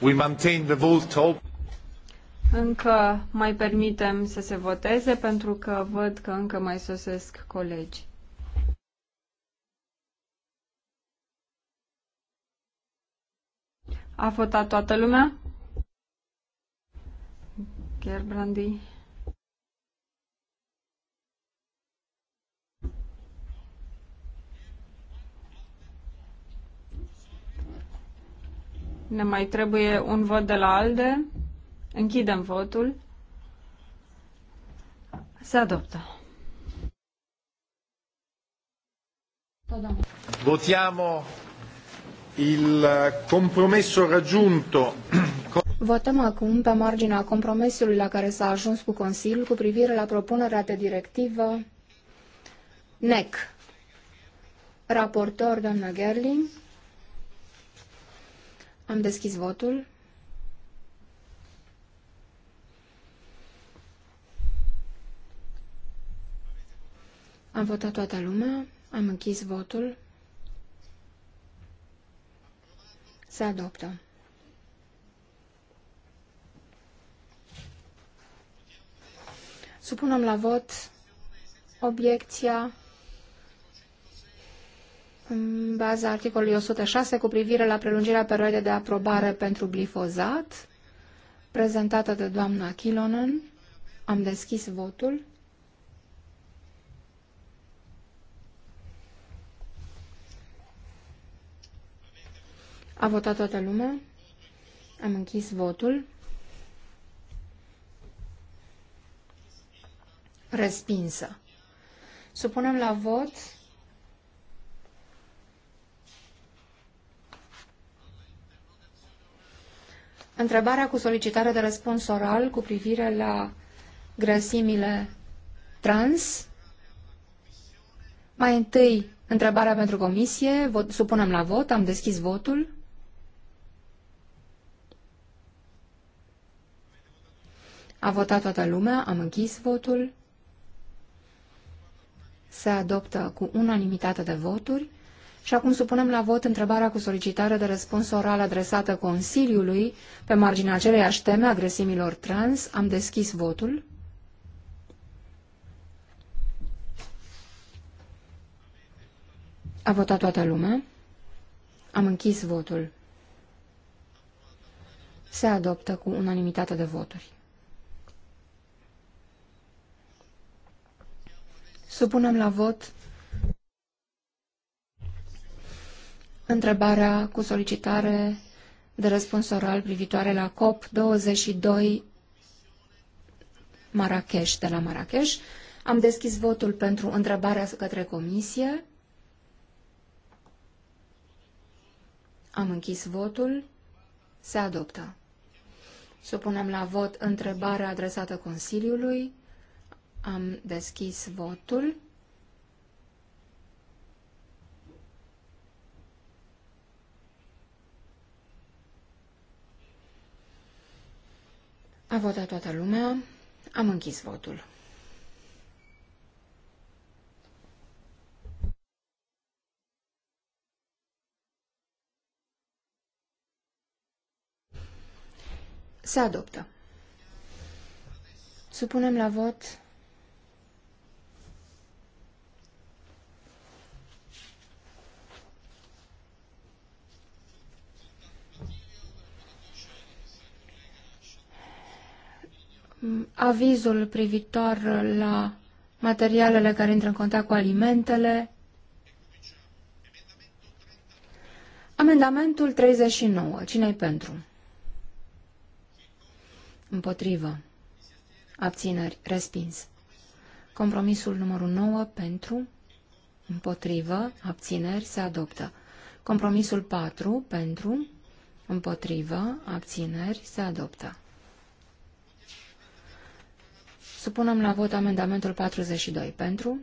We maintain the vote Încă mai permitem să se voteze pentru că văd că încă mai sosesc colegi. A votat toată lumea? Gerbrandi. Ne mai trebuie un vot de la ALDE. Închidem votul. Se adoptă. Votiamo il compromesso raggiunto. Votăm acum pe marginea compromisului la care s-a ajuns cu Consiliul cu privire la propunerea de directivă NEC. Raportor, doamna Gerling. Am deschis votul. Am votat toată lumea. Am închis votul. Se adoptă. Supunem la vot obiecția în baza articolului 106 cu privire la prelungirea perioadei de aprobare pentru glifozat, prezentată de doamna Kilonen. Am deschis votul. A votat toată lumea. Am închis votul. Respinsă. Supunem la vot Întrebarea cu solicitare de răspuns oral cu privire la grăsimile trans. Mai întâi, întrebarea pentru comisie. Vot, supunem la vot. Am deschis votul. A votat toată lumea. Am închis votul. Se adoptă cu unanimitate de voturi. Și acum supunem la vot întrebarea cu solicitare de răspuns oral adresată Consiliului pe marginea aceleiași teme agresimilor trans. Am deschis votul. A votat toată lumea. Am închis votul. Se adoptă cu unanimitate de voturi. Supunem la vot întrebarea cu solicitare de răspuns oral privitoare la COP22 Marrakesh de la Marrakesh. Am deschis votul pentru întrebarea către comisie. Am închis votul. Se adoptă. Supunem la vot întrebarea adresată Consiliului. Am deschis votul. A votat toată lumea. Am închis votul. Se adoptă. Supunem la vot avizul privitor la materialele care intră în contact cu alimentele. Amendamentul 39. Cine-i pentru? Împotrivă. Abțineri. Respins. Compromisul numărul 9. Pentru. Împotrivă. Abțineri. Se adoptă. Compromisul 4. Pentru. Împotrivă. Abțineri. Se adoptă. Supunem la vot amendamentul 42. Pentru?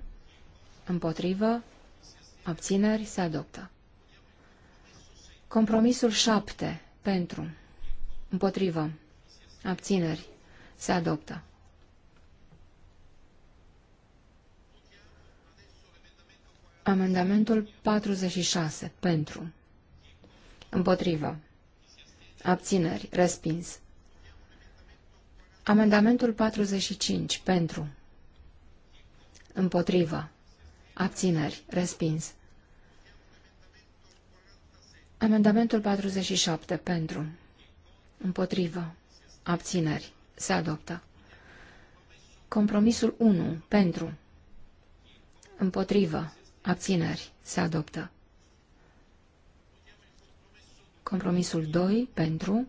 Împotrivă? Abțineri? Se adoptă. Compromisul 7. Pentru? Împotrivă? Abțineri? Se adoptă. Amendamentul 46. Pentru. Împotrivă. Abțineri. Respins. Amendamentul 45. Pentru. Împotrivă. Abțineri. Respins. Amendamentul 47. Pentru. Împotrivă. Abțineri. Se adoptă. Compromisul 1. Pentru. Împotrivă. Abțineri. Se adoptă. Compromisul 2. Pentru.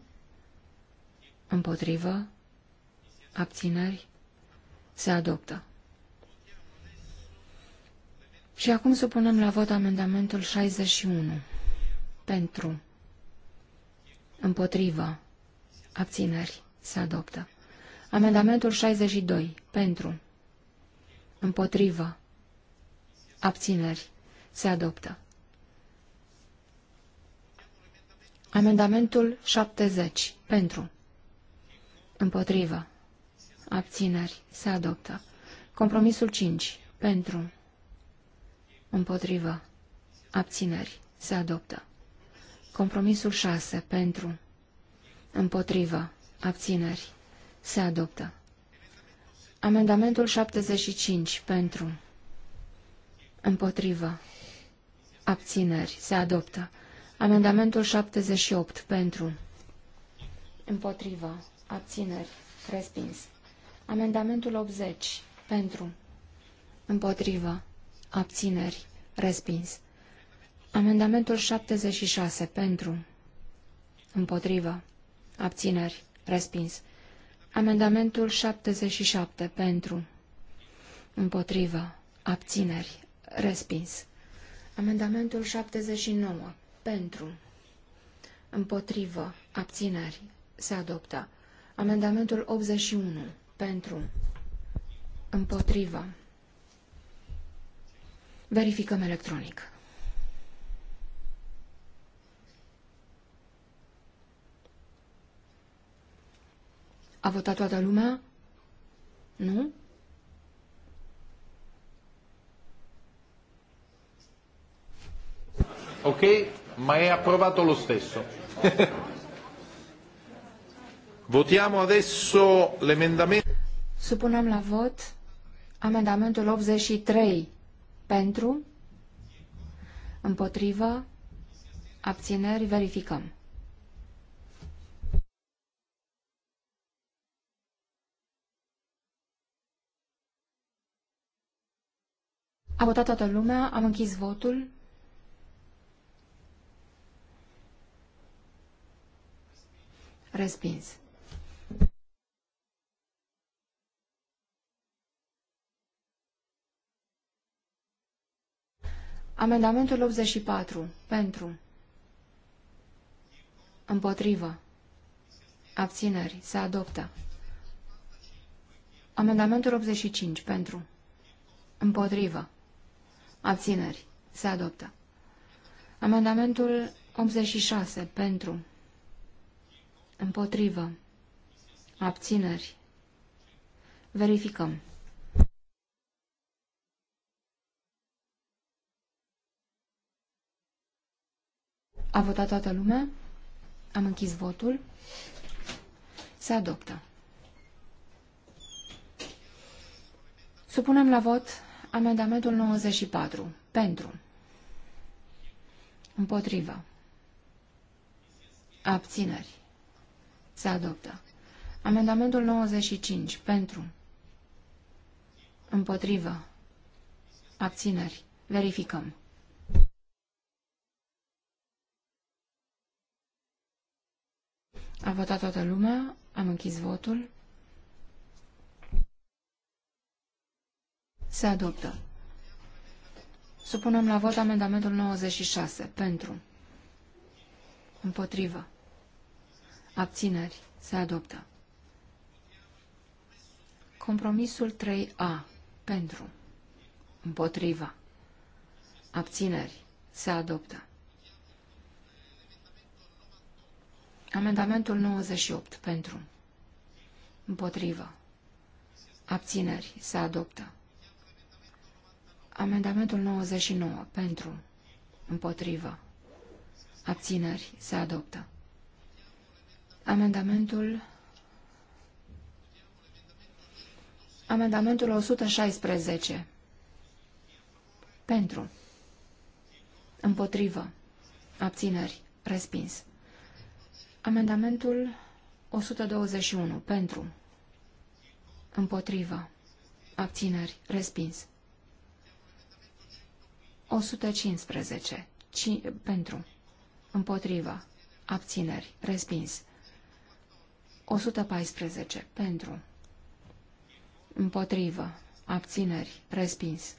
Împotrivă abțineri, se adoptă. Și acum supunem la vot amendamentul 61. Pentru. Împotrivă. Abțineri. Se adoptă. Amendamentul 62. Pentru. Împotrivă. Abțineri. Se adoptă. Amendamentul 70. Pentru. Împotrivă. Abțineri. Se adoptă. Compromisul 5. Pentru. Împotrivă. Abțineri. Se adoptă. Compromisul 6. Pentru. Împotrivă. Abțineri. Se adoptă. Amendamentul 75. Pentru. Împotrivă. Abțineri. Se adoptă. Amendamentul 78. Pentru. Împotrivă. Abțineri. Respins. Amendamentul 80. Pentru. Împotrivă. Abțineri. Respins. Amendamentul 76. Pentru. Împotrivă. Abțineri. Respins. Amendamentul 77. Pentru. Împotrivă. Abțineri. Respins. Amendamentul 79. Pentru. Împotrivă. Abțineri. Se adoptă. Amendamentul 81. Pentru. împotriva Verificăm electronic. A votat toată lumea? Nu? Ok, ma è approvato lo stesso. Votiamo adesso l'emendamento. Supunem la vot amendamentul 83 pentru, împotrivă, abțineri, verificăm. A votat toată lumea, am închis votul. Respins. Amendamentul 84. Pentru. Împotrivă. Abțineri. Se adoptă. Amendamentul 85. Pentru. Împotrivă. Abțineri. Se adoptă. Amendamentul 86. Pentru. Împotrivă. Abțineri. Verificăm. A votat toată lumea? Am închis votul. Se adoptă. Supunem la vot amendamentul 94. Pentru. Împotrivă. Abțineri. Se adoptă. Amendamentul 95. Pentru. Împotrivă. Abțineri. Verificăm. A votat toată lumea. Am închis votul. Se adoptă. Supunem la vot amendamentul 96. Pentru. Împotrivă. Abțineri. Se adoptă. Compromisul 3A. Pentru. Împotrivă. Abțineri. Se adoptă. Amendamentul 98. Pentru. Împotrivă. Abțineri. Se adoptă. Amendamentul 99. Pentru. Împotrivă. Abțineri. Se adoptă. Amendamentul Amendamentul 116. Pentru. Împotrivă. Abțineri. Respins. Amendamentul 121. Pentru. Împotrivă. Abțineri. Respins. 115. Ci, pentru. Împotrivă. Abțineri. Respins. 114. Pentru. Împotrivă. Abțineri. Respins.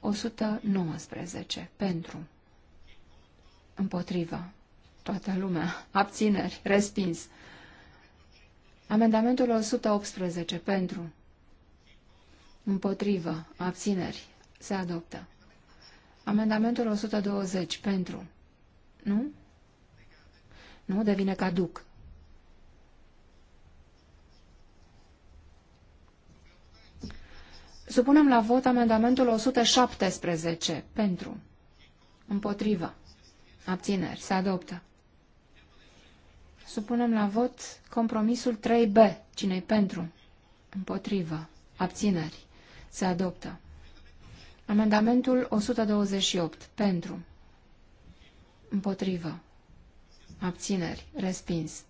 119. Pentru. Împotrivă toată lumea. Abțineri. Respins. Amendamentul 118. Pentru. Împotrivă. Abțineri. Se adoptă. Amendamentul 120. Pentru. Nu? Nu? Devine caduc. Supunem la vot amendamentul 117. Pentru. Împotrivă. Abțineri. Se adoptă. Supunem la vot compromisul 3B. cine e pentru? Împotrivă. Abțineri. Se adoptă. Amendamentul 128. Pentru. Împotrivă. Abțineri. Respins.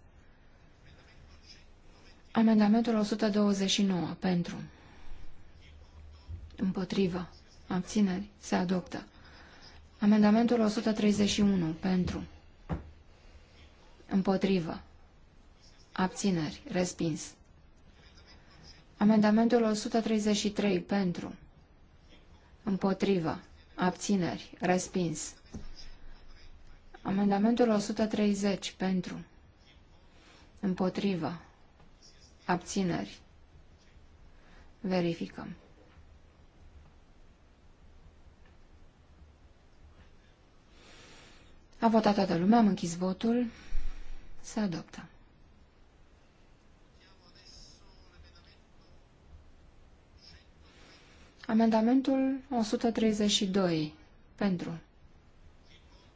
Amendamentul 129. Pentru. Împotrivă. Abțineri. Se adoptă. Amendamentul 131. Pentru. Împotrivă. Abțineri. Respins. Amendamentul 133. Pentru. Împotrivă. Abțineri. Respins. Amendamentul 130. Pentru. Împotrivă. Abțineri. Verificăm. A votat toată lumea, am închis votul. Se adoptă. Amendamentul 132. Pentru.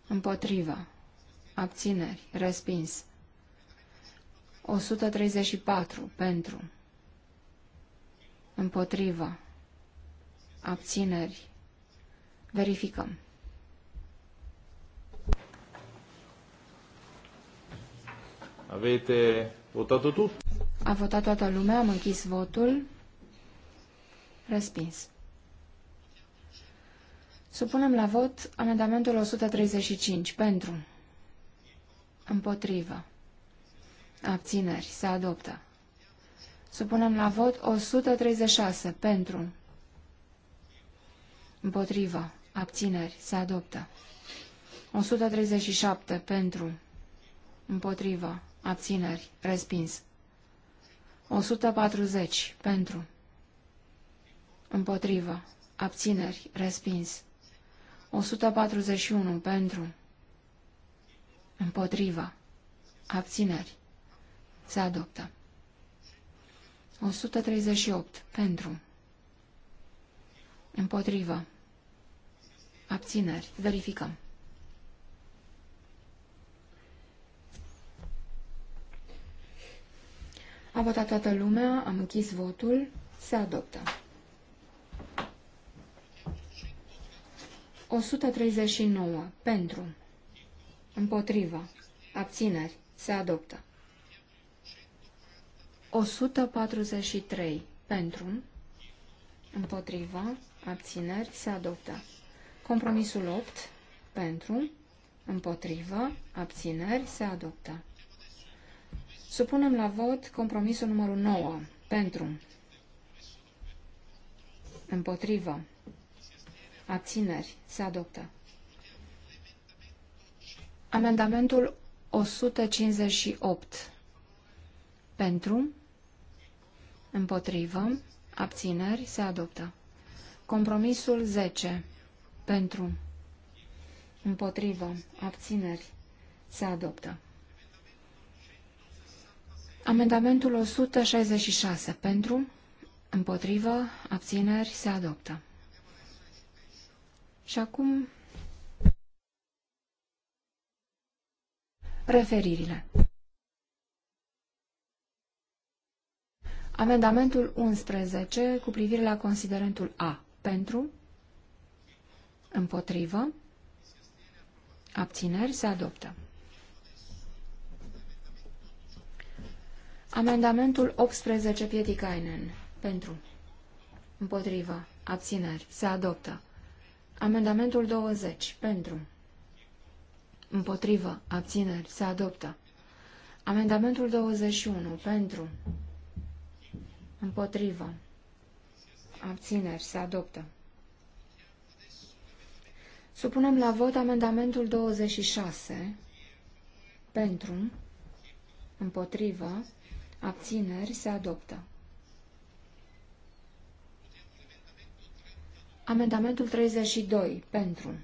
Împotriva. Abțineri. Respins. 134. Pentru. Împotriva. Abțineri. Verificăm. Avete votat tot? A votat toată lumea, am închis votul. Respins. Supunem la vot amendamentul 135. Pentru. Împotrivă. Abțineri. Se adoptă. Supunem la vot 136. Pentru. Împotrivă. Abțineri. Se adoptă. 137. Pentru. Împotrivă. Abțineri. Respins. 140. Pentru. Împotrivă. Abțineri. Respins. 141. Pentru. Împotrivă. Abțineri. Se adoptă. 138. Pentru. Împotrivă. Abțineri. Verificăm. A votat toată lumea, am închis votul, se adoptă. 139. Pentru. Împotriva. Abțineri. Se adoptă. 143. Pentru. Împotriva. Abțineri. Se adoptă. Compromisul 8. Pentru. Împotriva. Abțineri. Se adoptă. Supunem la vot compromisul numărul 9. Pentru. Împotrivă. Abțineri. Se adoptă. Amendamentul 158. Pentru. Împotrivă. Abțineri. Se adoptă. Compromisul 10. Pentru. Împotrivă. Abțineri. Se adoptă. Amendamentul 166 pentru, împotrivă, abțineri, se adoptă. Și acum referirile. Amendamentul 11 cu privire la considerentul A. Pentru, împotrivă, abțineri, se adoptă. Amendamentul 18 Pietikainen. Pentru. Împotrivă. Abțineri. Se adoptă. Amendamentul 20. Pentru. Împotrivă. Abțineri. Se adoptă. Amendamentul 21. Pentru. Împotrivă. Abțineri. Se adoptă. Supunem la vot amendamentul 26. Pentru. Împotrivă abțineri, se adoptă. Amendamentul 32. Pentru.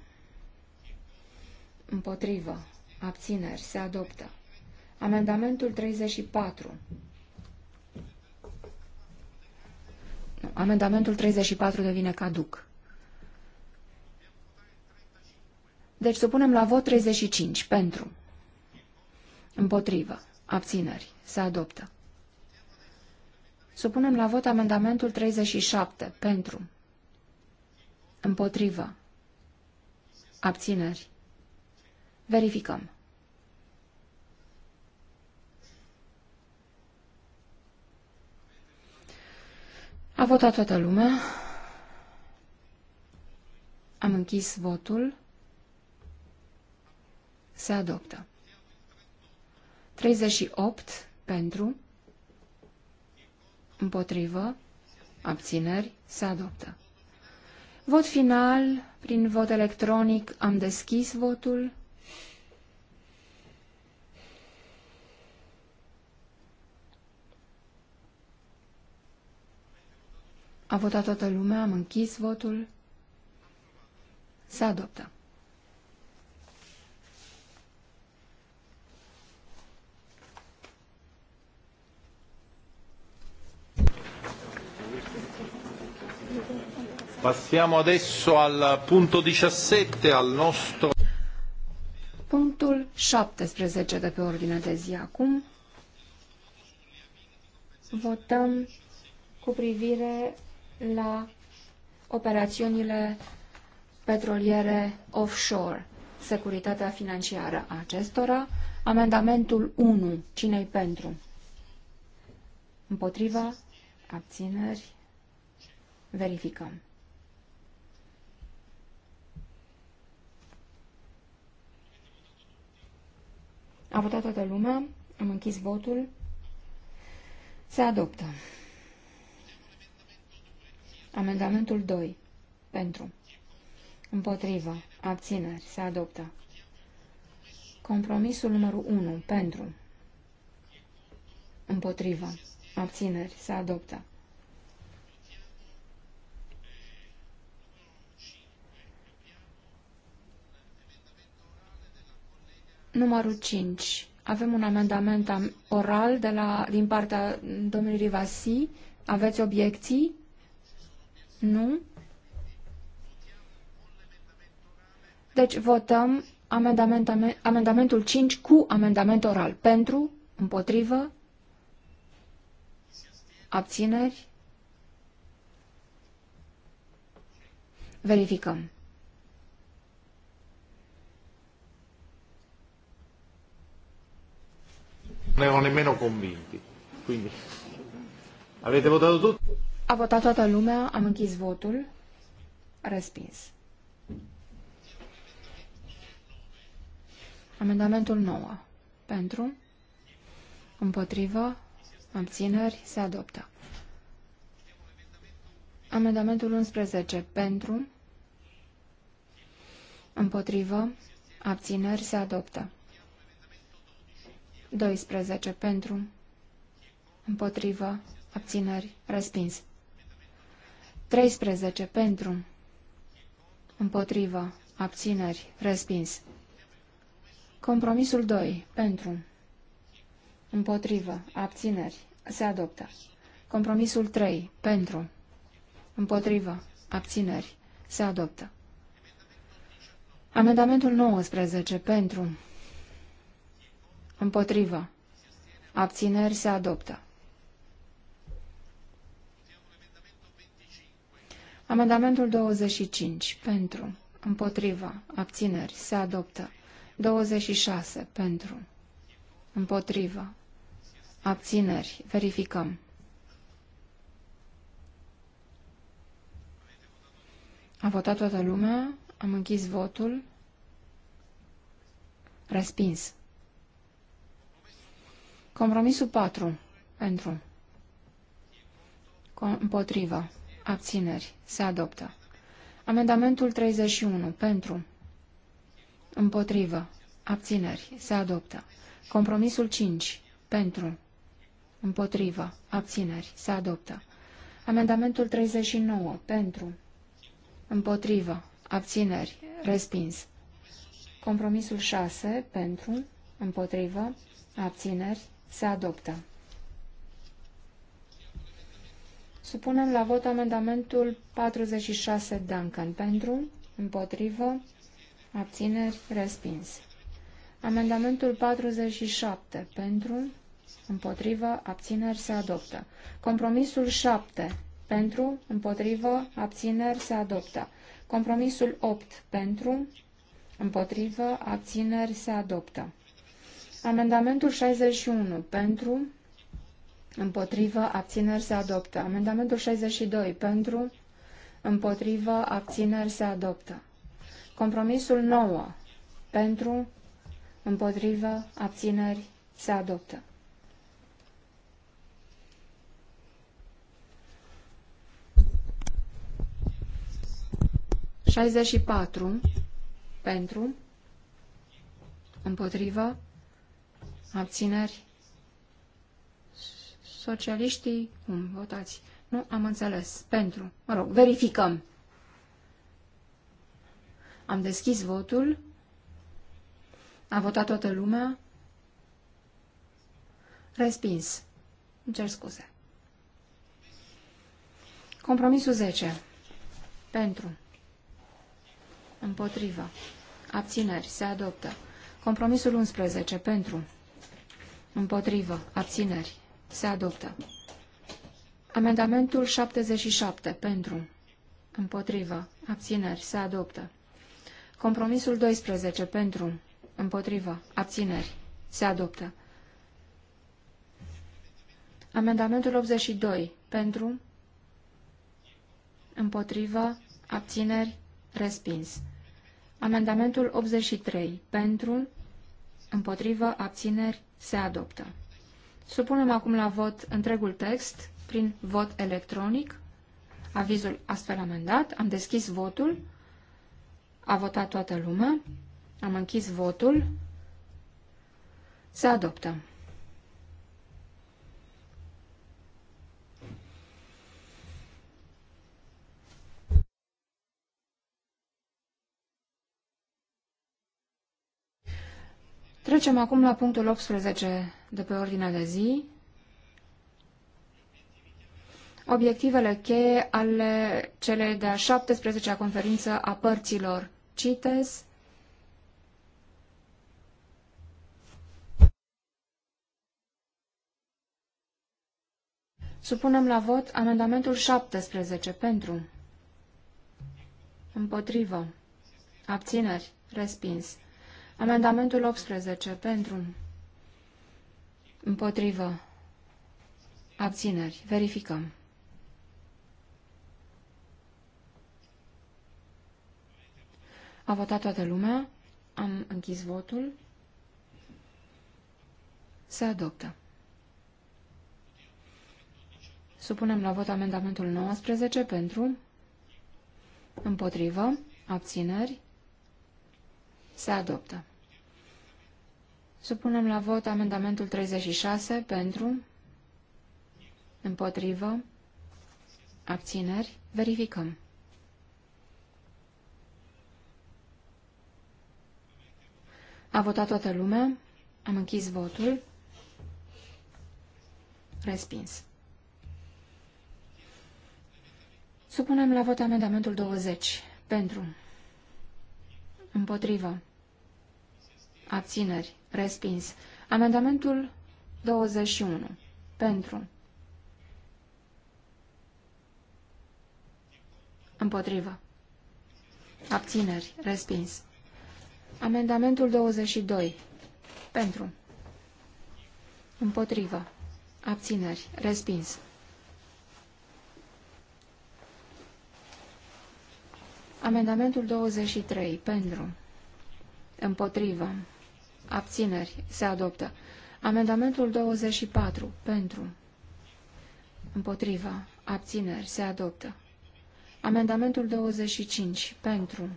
Împotrivă. Abțineri. Se adoptă. Amendamentul 34. Nu, amendamentul 34 devine caduc. Deci supunem la vot 35. Pentru. Împotrivă. Abțineri. Se adoptă. Supunem la vot amendamentul 37. Pentru. Împotrivă. Abțineri. Verificăm. A votat toată lumea. Am închis votul. Se adoptă. 38 pentru, împotrivă, abțineri, se adoptă. Vot final, prin vot electronic, am deschis votul. A votat toată lumea, am închis votul. Se adoptă. Passiamo adesso al punto 17 al nostro Punctul 17 de pe ordinea de zi acum. Votăm cu privire la operațiunile petroliere offshore, securitatea financiară a acestora, amendamentul 1, cine-i pentru? Împotriva, abțineri, verificăm. A votat toată lumea. Am închis votul. Se adoptă. Amendamentul 2. Pentru. Împotrivă. Abțineri. Se adoptă. Compromisul numărul 1. Pentru. Împotrivă. Abțineri. Se adoptă. Numărul 5. Avem un amendament oral de la, din partea domnului Rivasi. Aveți obiecții? Nu? Deci votăm amendament, amendamentul 5 cu amendament oral. Pentru, împotrivă, abțineri. Verificăm. non erano nemmeno convinti. Quindi avete votato tutti? A votat tutta lumea, am închis votul, respins. Amendamentul 9. Pentru, împotrivă, abțineri, se adoptă. Amendamentul 11. Pentru, împotrivă, abțineri, se adoptă. 12 pentru, împotrivă, abțineri, respins. 13 pentru, împotrivă, abțineri, respins. Compromisul 2 pentru, împotrivă, abțineri, se adoptă. Compromisul 3 pentru, împotrivă, abțineri, se adoptă. Amendamentul 19 pentru, Împotrivă. Abțineri se adoptă. Amendamentul 25. Pentru. Împotrivă. Abțineri se adoptă. 26. Pentru. Împotrivă. Abțineri. Verificăm. A votat toată lumea. Am închis votul. Respins. Compromisul 4. Pentru. Împotrivă. Abțineri. Se adoptă. Amendamentul 31. Pentru. Împotrivă. Abțineri. Se adoptă. Compromisul 5. Pentru. Împotrivă. Abțineri. Se adoptă. Amendamentul 39. Pentru. Împotrivă. Abțineri. Respins. Compromisul 6. Pentru. Împotrivă. Abțineri. Se adoptă. Supunem la vot amendamentul 46 Duncan pentru, împotrivă, abțineri, respins. Amendamentul 47 pentru, împotrivă, abțineri, se adoptă. Compromisul 7 pentru, împotrivă, abțineri, se adoptă. Compromisul 8 pentru, împotrivă, abțineri, se adoptă. Amendamentul 61 pentru, împotrivă, abțineri se adoptă. Amendamentul 62 pentru, împotrivă, abțineri se adoptă. Compromisul 9 pentru, împotrivă, abțineri se adoptă. Șaizeci și patru pentru împotrivă Abțineri? Socialiștii? Cum? Votați. Nu am înțeles. Pentru. Mă rog, verificăm. Am deschis votul. A votat toată lumea. Respins. Îmi cer scuze. Compromisul 10. Pentru. Împotrivă. Abțineri. Se adoptă. Compromisul 11. Pentru. Împotrivă. Abțineri. Se adoptă. Amendamentul 77. Pentru. Împotrivă. Abțineri. Se adoptă. Compromisul 12. Pentru. Împotrivă. Abțineri. Se adoptă. Amendamentul 82. Pentru. Împotrivă. Abțineri. Respins. Amendamentul 83. Pentru împotrivă, abțineri, se adoptă. Supunem acum la vot întregul text prin vot electronic. Avizul astfel amendat. Am deschis votul. A votat toată lumea. Am închis votul. Se adoptă. Trecem acum la punctul 18 de pe ordinea de zi. Obiectivele cheie ale cele de-a 17-a conferință a părților CITES Supunem la vot amendamentul 17 pentru. Împotrivă. Abțineri. Respins. Amendamentul 18. Pentru. Împotrivă. Abțineri. Verificăm. A votat toată lumea. Am închis votul. Se adoptă. Supunem la vot amendamentul 19 pentru, împotrivă, abțineri, se adoptă. Supunem la vot amendamentul 36 pentru, împotrivă, abțineri, verificăm. A votat toată lumea, am închis votul, respins. Supunem la vot amendamentul 20 pentru, împotrivă, abțineri, Respins. Amendamentul 21. Pentru. Împotrivă. Abțineri. Respins. Amendamentul 22. Pentru. Împotrivă. Abțineri. Respins. Amendamentul 23. Pentru. Împotrivă. Abțineri. Se adoptă. Amendamentul 24. Pentru. Împotriva. Abțineri. Se adoptă. Amendamentul 25. Pentru.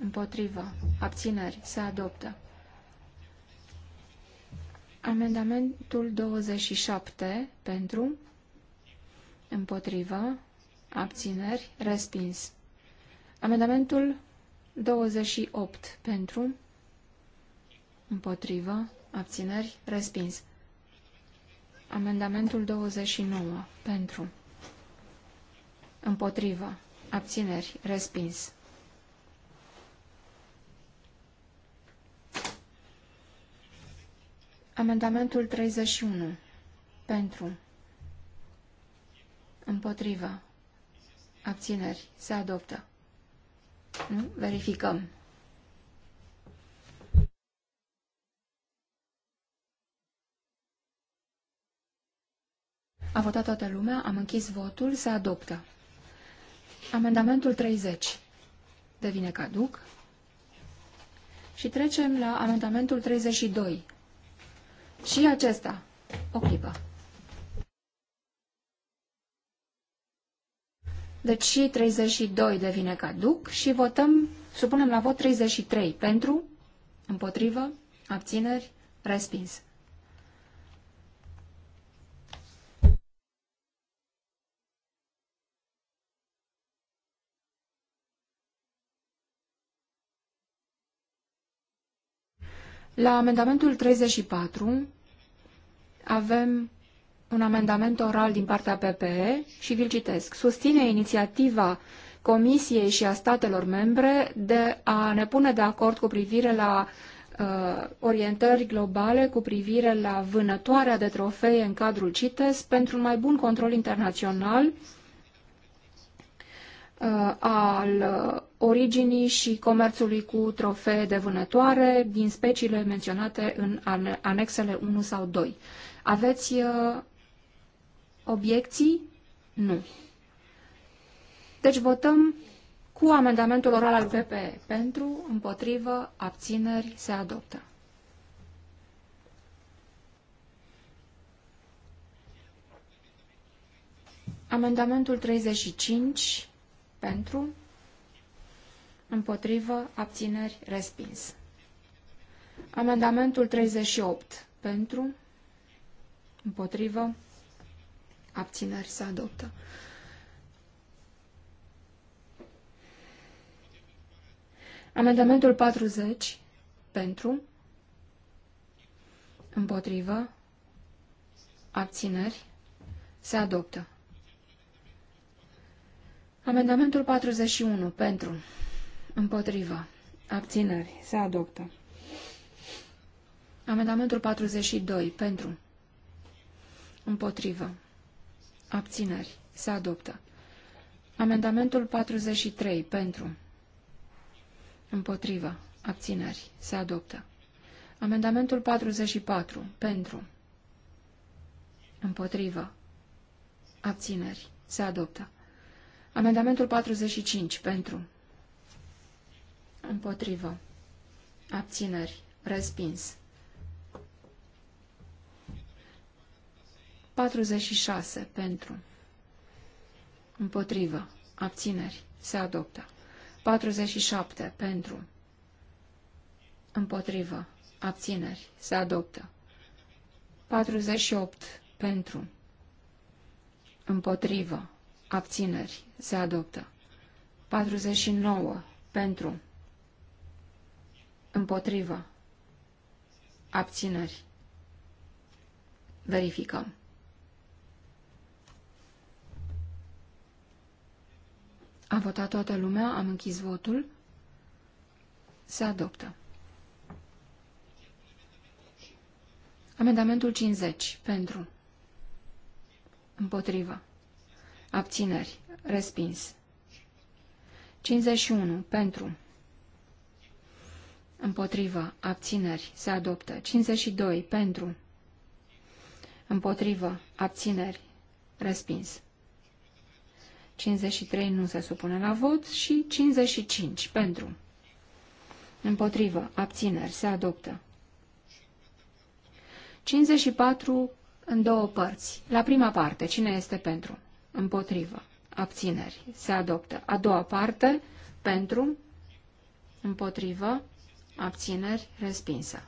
Împotriva. Abțineri. Se adoptă. Amendamentul 27. Pentru. Împotriva. Abțineri. Respins. Amendamentul 28. Pentru. Împotrivă. Abțineri. Respins. Amendamentul 29. Pentru. Împotrivă. Abțineri. Respins. Amendamentul 31. Pentru. Împotrivă. Abțineri. Se adoptă. Nu? Verificăm. A votat toată lumea, am închis votul, se adoptă. Amendamentul 30 devine caduc. Și trecem la amendamentul 32. Și acesta. O clipă. Deci și 32 devine caduc și votăm, supunem la vot 33 pentru, împotrivă, abțineri, respins. La amendamentul 34 avem un amendament oral din partea PPE și vi-l citesc. Susține inițiativa Comisiei și a statelor membre de a ne pune de acord cu privire la uh, orientări globale cu privire la vânătoarea de trofee în cadrul CITES pentru un mai bun control internațional Uh, al originii și comerțului cu trofee de vânătoare din speciile menționate în anexele 1 sau 2. Aveți uh, obiecții? Nu. Deci votăm cu amendamentul oral al PPE. Pentru, împotrivă, abțineri, se adoptă. Amendamentul 35 pentru. Împotrivă. Abțineri. Respins. Amendamentul 38. Pentru. Împotrivă. Abțineri. Se adoptă. Amendamentul 40. Pentru. Împotrivă. Abțineri. Se adoptă. Amendamentul 41. Pentru. Împotrivă. Abțineri. Se adoptă. Amendamentul 42. Pentru. Împotrivă. Abțineri. Se adoptă. Amendamentul 43. Pentru. Împotrivă. Abțineri. Se adoptă. Amendamentul 44. Pentru. Împotrivă. Abțineri. Se adoptă. Amendamentul 45. Pentru. Împotrivă. Abțineri. Respins. 46. Pentru. Împotrivă. Abțineri. Se adoptă. 47. Pentru. Împotrivă. Abțineri. Se adoptă. 48. Pentru. Împotrivă. Abțineri. Se adoptă. 49. Pentru. Împotrivă. Abțineri. Verificăm. A votat toată lumea, am închis votul. Se adoptă. Amendamentul 50. Pentru. Împotrivă. Abțineri. Respins. 51. Pentru. Împotrivă. Abțineri. Se adoptă. 52. Pentru. Împotrivă. Abțineri. Respins. 53 nu se supune la vot și 55 pentru. Împotrivă. Abțineri. Se adoptă. 54 în două părți. La prima parte, cine este pentru? Împotrivă. Abțineri. Se adoptă. A doua parte. Pentru. Împotrivă. Abțineri. Respinsă.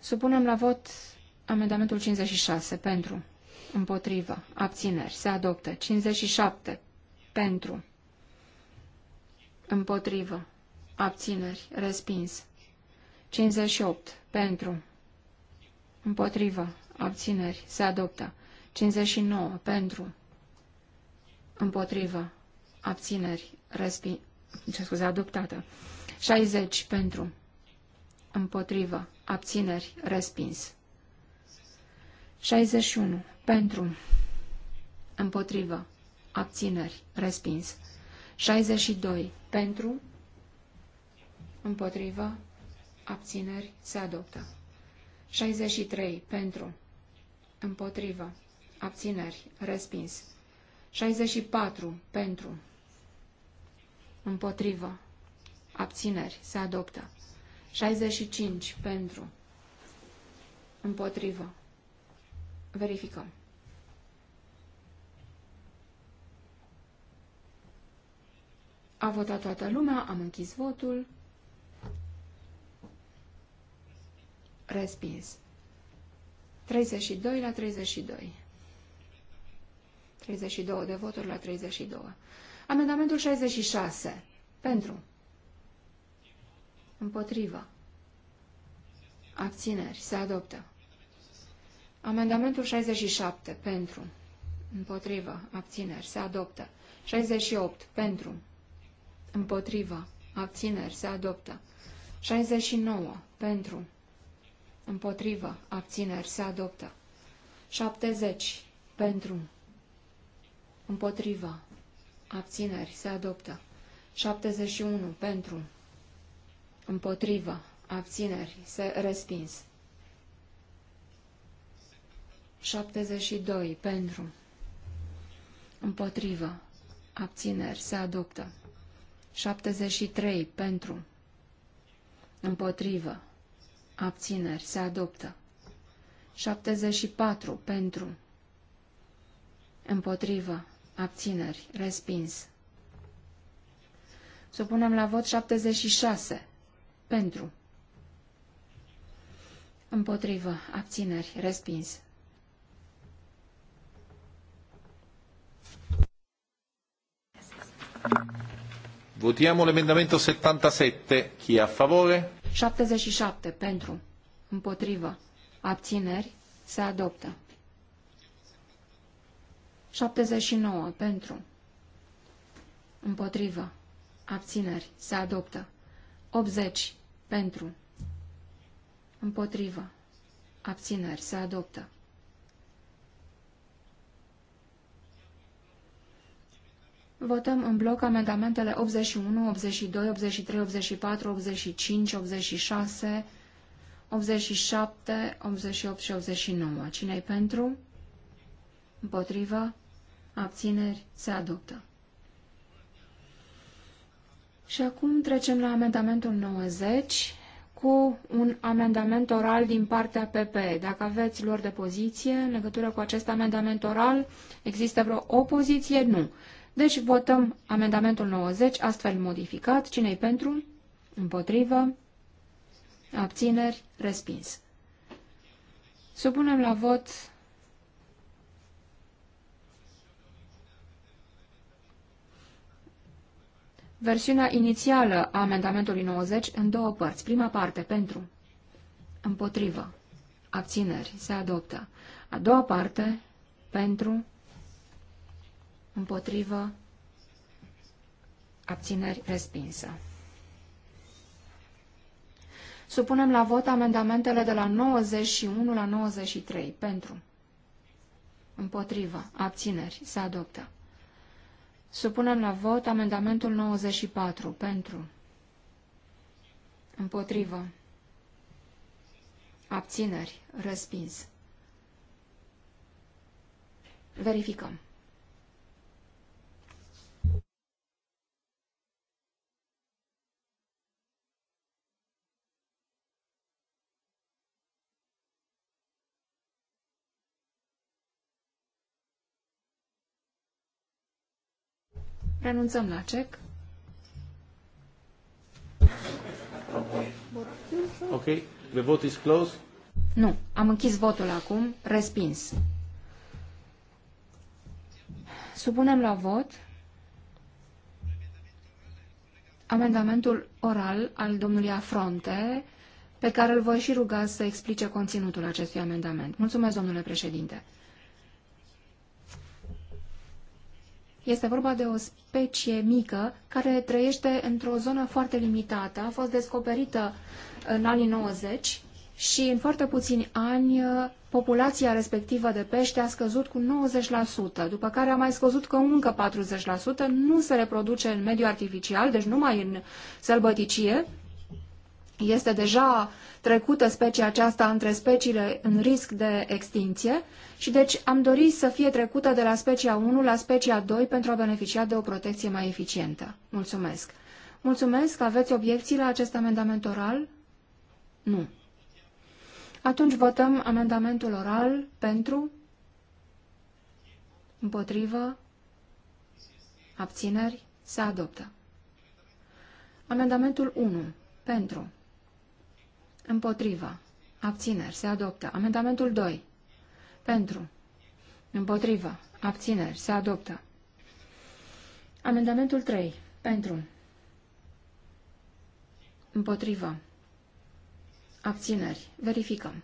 Supunem la vot amendamentul 56. Pentru. Împotrivă. Abțineri. Se adoptă. 57. Pentru. Împotrivă. Abțineri. Respins. 58. Pentru. Împotrivă. Abțineri. Se adoptă. 59. Pentru. Împotrivă. Abțineri. Respi... Ce scuze, adoptată. 60. Pentru. Împotrivă. Abțineri. Respins. 61. Pentru. Împotrivă. Abțineri. Respins. 62. Pentru. Împotrivă. Abțineri. Se adoptă. 63. Pentru. Împotrivă. Abțineri. Respins. 64. Pentru. Împotrivă. Abțineri. Se adoptă. 65. Pentru. Împotrivă. Verificăm. A votat toată lumea, am închis votul. Respins. 32 la 32. 32 de voturi la 32. Amendamentul 66. Pentru. Împotrivă. Abțineri. Se adoptă. Amendamentul 67. Pentru. Împotrivă. Abțineri. Se adoptă. 68. Pentru. Împotrivă. Abțineri. Se adoptă. 69. Pentru. Împotrivă. Abțineri. Se adoptă. 70. Pentru. Împotrivă. Abțineri. Se adoptă. 71. Pentru. Împotrivă. Abțineri. Se respins. 72. Pentru. Împotrivă. Abțineri. Se adoptă. 73. Pentru. Împotrivă. Abțineri. Se adoptă. 74. Pentru. Împotrivă. Abțineri. Respins. Supunem la vot 76. Pentru. Împotrivă. Abțineri. Respins. Votiamo l'emendamento 77. Chi è a favore? 77 pentru, împotrivă, abțineri, se adoptă. 79 pentru, împotrivă, abțineri, se adoptă. 80 pentru, împotrivă, abțineri, se adoptă. Votăm în bloc amendamentele 81, 82, 83, 84, 85, 86, 87, 88 și 89. Cine-i pentru? Împotrivă? Abțineri? Se adoptă. Și acum trecem la amendamentul 90 cu un amendament oral din partea PP. Dacă aveți lor de poziție în legătură cu acest amendament oral, există vreo opoziție? Nu. Deci votăm amendamentul 90, astfel modificat. Cine-i pentru? Împotrivă. Abțineri. Respins. Supunem la vot versiunea inițială a amendamentului 90 în două părți. Prima parte pentru. Împotrivă. Abțineri. Se adoptă. A doua parte pentru împotrivă, abțineri respinsă. Supunem la vot amendamentele de la 91 la 93. Pentru. Împotrivă. Abțineri. Se adoptă. Supunem la vot amendamentul 94. Pentru. Împotrivă. Abțineri. Respins. Verificăm. Renunțăm la cec. Ok, the vote is closed. Nu, am închis votul acum, respins. Supunem la vot amendamentul oral al domnului Afronte, pe care îl voi și ruga să explice conținutul acestui amendament. Mulțumesc, domnule președinte. Este vorba de o specie mică care trăiește într-o zonă foarte limitată. A fost descoperită în anii 90 și în foarte puțini ani uh, populația respectivă de pește a scăzut cu 90%, după care a mai scăzut cu încă 40%, nu se reproduce în mediu artificial, deci numai în sălbăticie, este deja trecută specia aceasta între speciile în risc de extinție și deci am dorit să fie trecută de la specia 1 la specia 2 pentru a beneficia de o protecție mai eficientă. Mulțumesc. Mulțumesc. Aveți obiecții la acest amendament oral? Nu. Atunci votăm amendamentul oral pentru, împotrivă, abțineri, se adoptă. Amendamentul 1. Pentru. Împotrivă. Abțineri. Se adoptă. Amendamentul 2. Pentru. Împotrivă. Abțineri. Se adoptă. Amendamentul 3. Pentru. Împotrivă. Abțineri. Verificăm.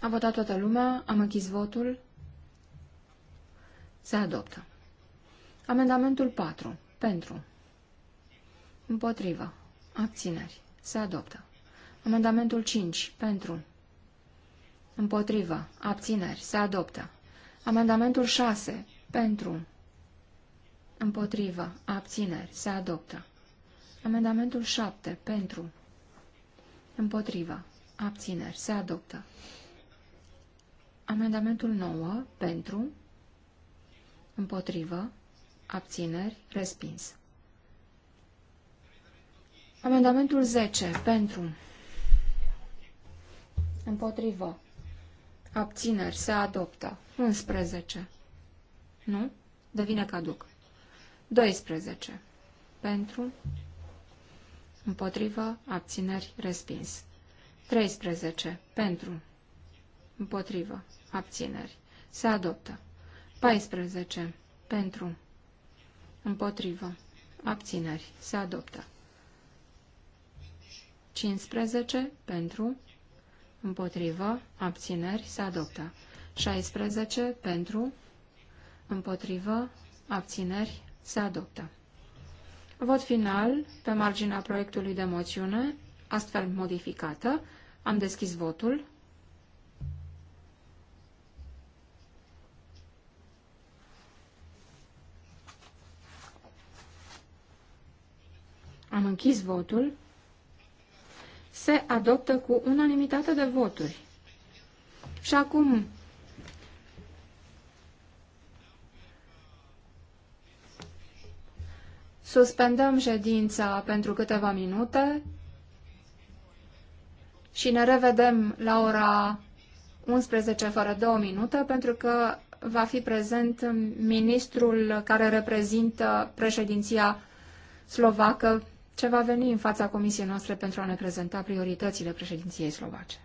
A votat toată lumea, am închis votul, se adoptă. Amendamentul 4. Pentru. Împotrivă. Abțineri. Se adoptă. Amendamentul 5. Pentru. Împotrivă. Abțineri. Se adoptă. Amendamentul 6. Pentru. Împotrivă. Abțineri. Se adoptă. Amendamentul 7. Pentru. Împotrivă. Abțineri. Se adoptă. Amendamentul 9. Pentru. Împotrivă abțineri, respins. Amendamentul 10. Pentru. Împotrivă. Abțineri. Se adoptă. 11. Nu? Devine caduc. 12. Pentru. Împotrivă. Abțineri. Respins. 13. Pentru. Împotrivă. Abțineri. Se adoptă. 14. Pentru. Împotrivă. Abțineri. Se adoptă. 15 pentru. Împotrivă. Abțineri. Se adoptă. 16 pentru. Împotrivă. Abțineri. Se adoptă. Vot final pe marginea proiectului de moțiune, astfel modificată. Am deschis votul. Am închis votul. Se adoptă cu unanimitate de voturi. Și acum suspendăm ședința pentru câteva minute și ne revedem la ora 11 fără 2 minute pentru că va fi prezent ministrul care reprezintă președinția slovacă ce va veni în fața comisiei noastre pentru a ne prezenta prioritățile președinției slovace.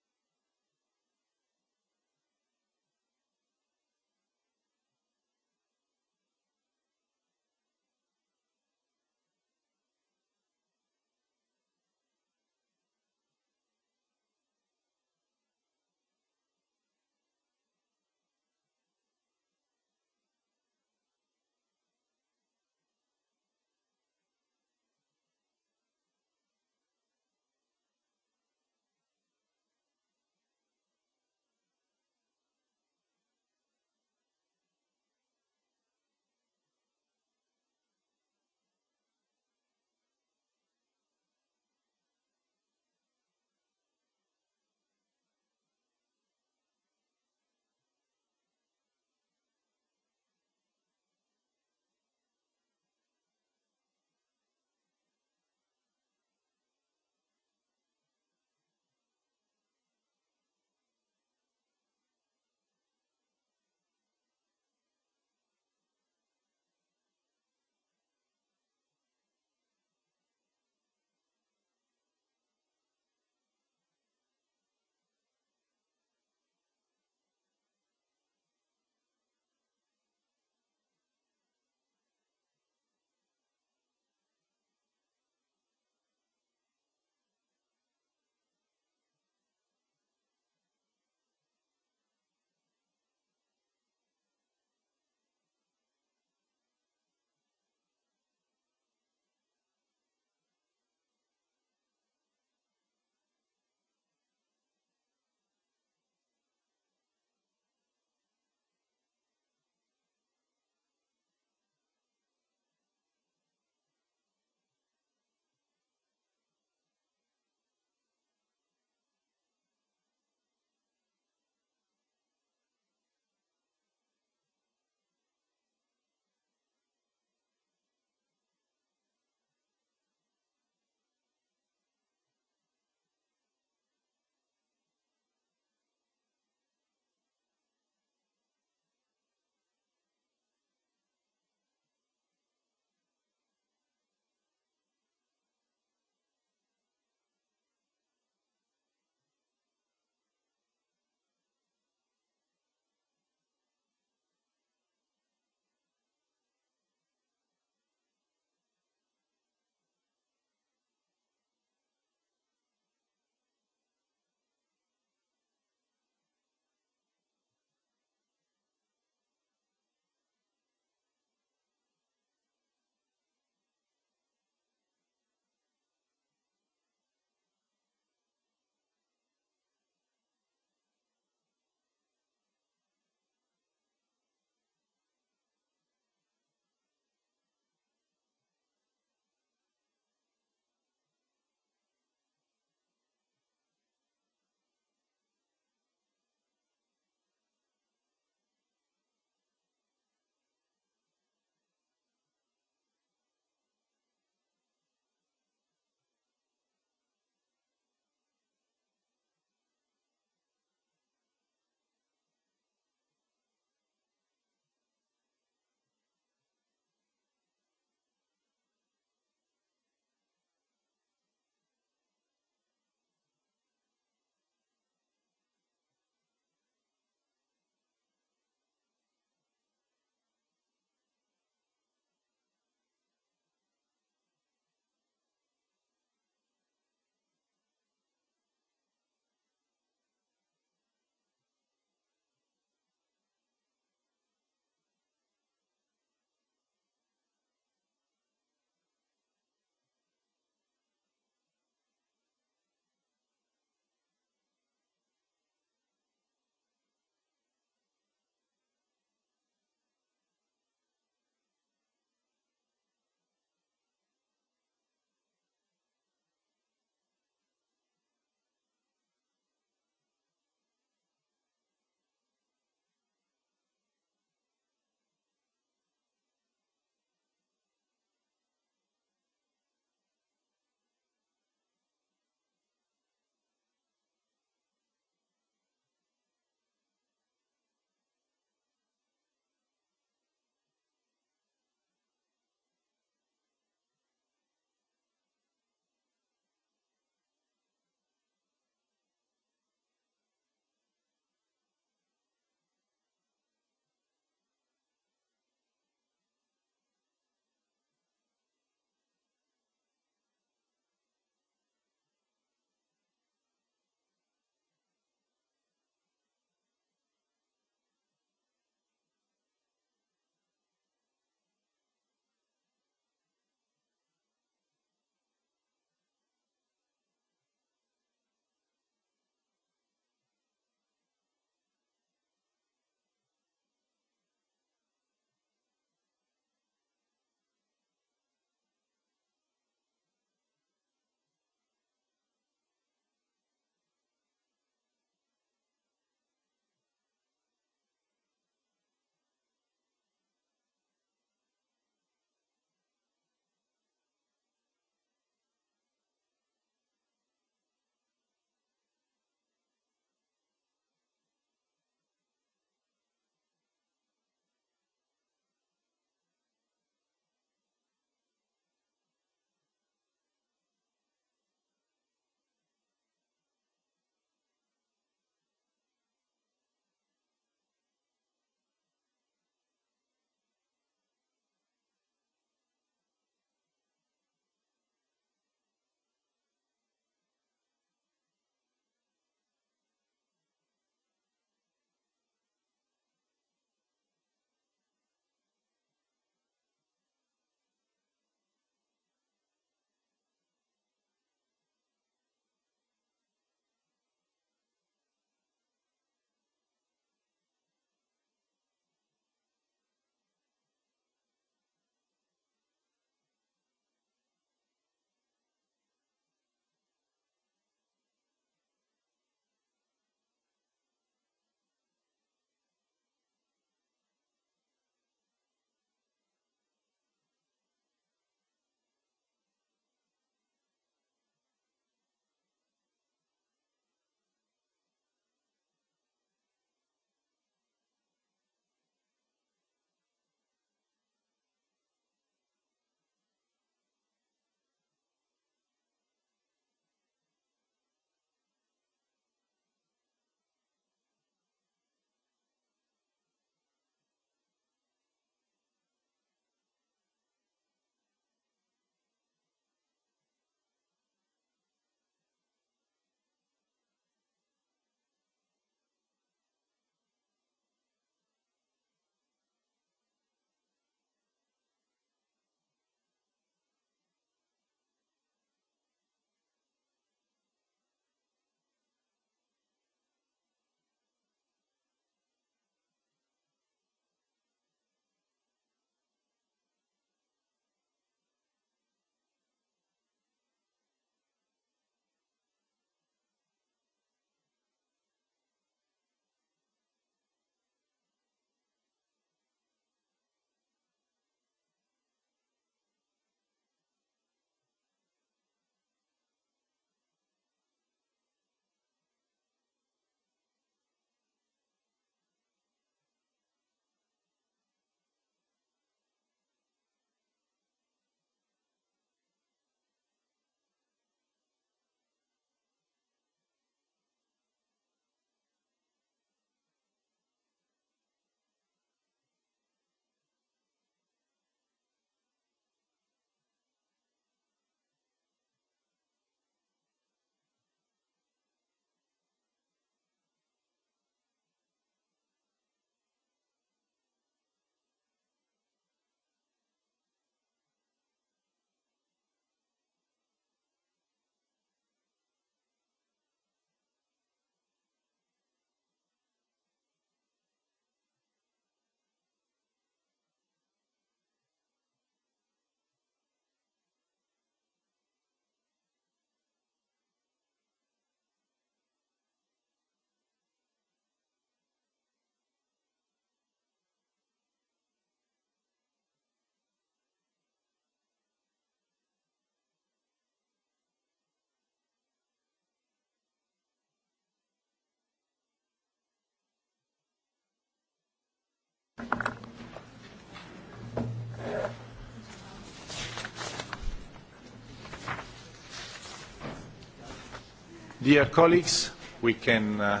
Dear colleagues, we can... Uh,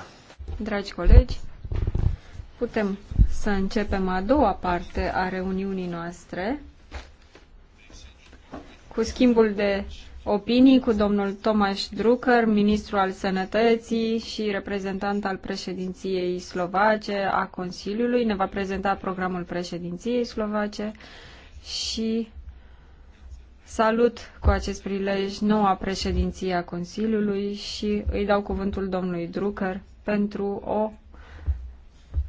Dragi colegi, putem să începem a doua parte a reuniunii noastre cu schimbul de opinii cu domnul Tomaș Drucker, ministru al sănătății și reprezentant al președinției slovace a Consiliului. Ne va prezenta programul președinției slovace și Salut cu acest prilej noua președinție a Consiliului și îi dau cuvântul domnului Drucker pentru o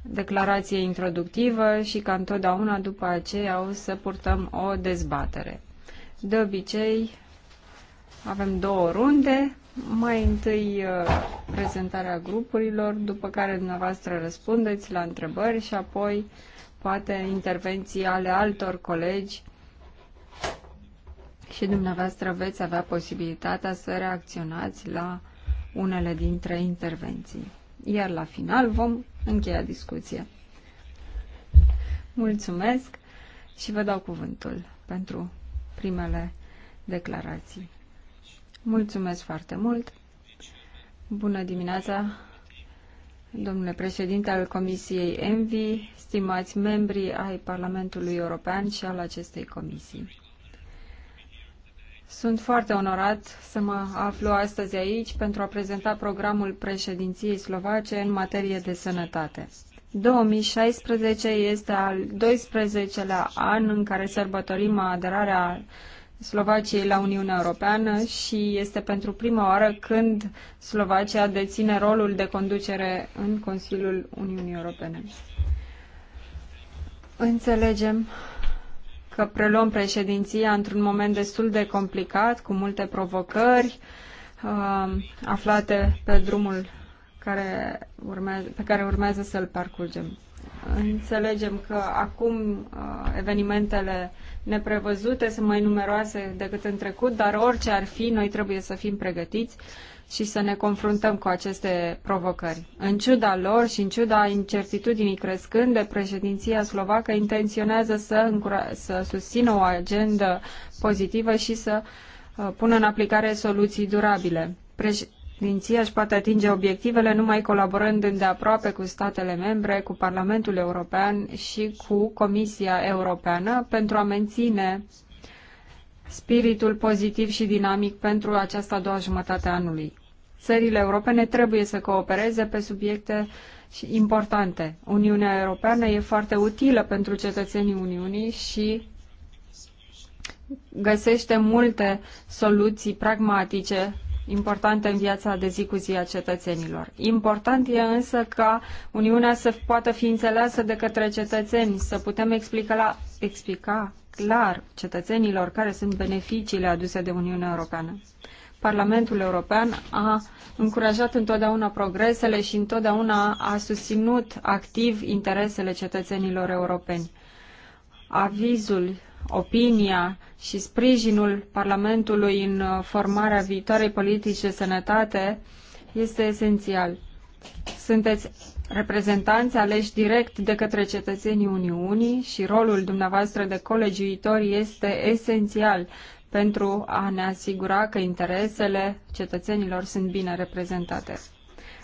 declarație introductivă și ca întotdeauna după aceea o să purtăm o dezbatere. De obicei avem două runde, mai întâi uh, prezentarea grupurilor, după care dumneavoastră răspundeți la întrebări și apoi poate intervenții ale altor colegi și dumneavoastră veți avea posibilitatea să reacționați la unele dintre intervenții. Iar la final vom încheia discuția. Mulțumesc și vă dau cuvântul pentru primele declarații. Mulțumesc foarte mult! Bună dimineața, domnule președinte al Comisiei ENVI, stimați membri ai Parlamentului European și al acestei comisii. Sunt foarte onorat să mă aflu astăzi aici pentru a prezenta programul președinției slovace în materie de sănătate. 2016 este al 12-lea an în care sărbătorim aderarea Slovaciei la Uniunea Europeană și este pentru prima oară când Slovacia deține rolul de conducere în Consiliul Uniunii Europene. Înțelegem că preluăm președinția într-un moment destul de complicat, cu multe provocări uh, aflate pe drumul care urmează, pe care urmează să-l parcurgem. Înțelegem că acum uh, evenimentele neprevăzute sunt mai numeroase decât în trecut, dar orice ar fi, noi trebuie să fim pregătiți și să ne confruntăm cu aceste provocări. În ciuda lor și în ciuda incertitudinii crescânde, președinția slovacă intenționează să, să susțină o agendă pozitivă și să uh, pună în aplicare soluții durabile. Președinția își poate atinge obiectivele numai colaborând îndeaproape cu statele membre, cu Parlamentul European și cu Comisia Europeană pentru a menține spiritul pozitiv și dinamic pentru această a doua jumătate a anului țările europene trebuie să coopereze pe subiecte importante. Uniunea Europeană e foarte utilă pentru cetățenii Uniunii și găsește multe soluții pragmatice importante în viața de zi cu zi a cetățenilor. Important e însă ca Uniunea să poată fi înțeleasă de către cetățeni, să putem explica, la, explica clar cetățenilor care sunt beneficiile aduse de Uniunea Europeană. Parlamentul European a încurajat întotdeauna progresele și întotdeauna a susținut activ interesele cetățenilor europeni. Avizul, opinia și sprijinul Parlamentului în formarea viitoarei politici de sănătate este esențial. Sunteți reprezentanți aleși direct de către cetățenii Uniunii și rolul dumneavoastră de colegiuitori este esențial pentru a ne asigura că interesele cetățenilor sunt bine reprezentate.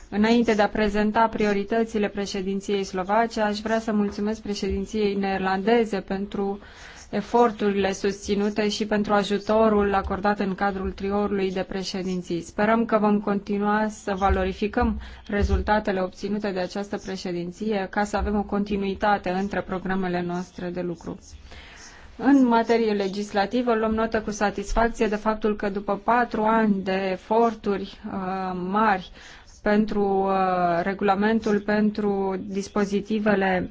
Înainte de a prezenta prioritățile președinției slovace, aș vrea să mulțumesc președinției neerlandeze pentru eforturile susținute și pentru ajutorul acordat în cadrul triorului de președinții. Sperăm că vom continua să valorificăm rezultatele obținute de această președinție ca să avem o continuitate între programele noastre de lucru. În materie legislativă luăm notă cu satisfacție de faptul că după patru ani de eforturi uh, mari pentru uh, regulamentul pentru dispozitivele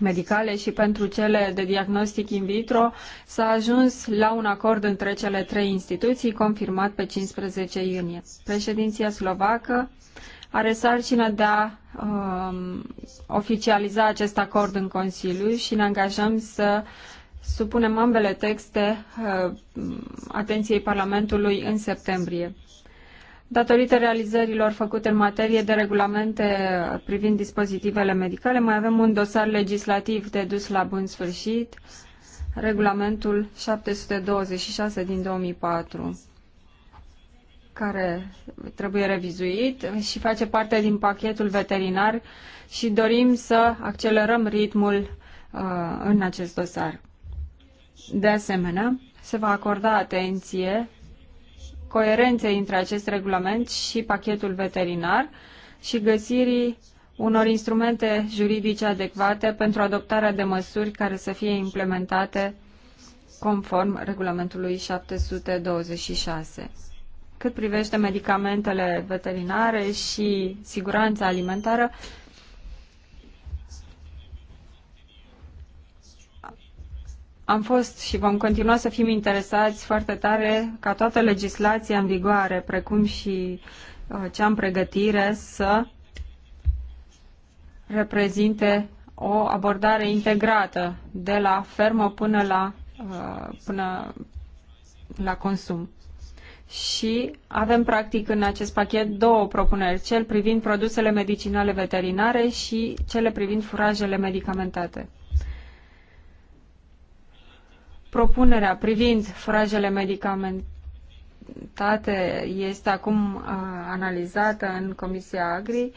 medicale și pentru cele de diagnostic in vitro s-a ajuns la un acord între cele trei instituții confirmat pe 15 iunie. Președinția slovacă are sarcina de a um, oficializa acest acord în Consiliu și ne angajăm să uh, supunem ambele texte uh, atenției Parlamentului în septembrie. Datorită realizărilor făcute în materie de regulamente privind dispozitivele medicale, mai avem un dosar legislativ de dus la bun sfârșit, regulamentul 726 din 2004 care trebuie revizuit și face parte din pachetul veterinar și dorim să accelerăm ritmul uh, în acest dosar. De asemenea, se va acorda atenție coerenței între acest regulament și pachetul veterinar și găsirii unor instrumente juridice adecvate pentru adoptarea de măsuri care să fie implementate conform regulamentului 726. Cât privește medicamentele veterinare și siguranța alimentară, am fost și vom continua să fim interesați foarte tare ca toată legislația în vigoare, precum și uh, cea în pregătire, să reprezinte o abordare integrată de la fermă până la, uh, până la consum. Și avem practic în acest pachet două propuneri, cel privind produsele medicinale veterinare și cele privind furajele medicamentate. Propunerea privind frajele medicamentate este acum analizată în Comisia Agri.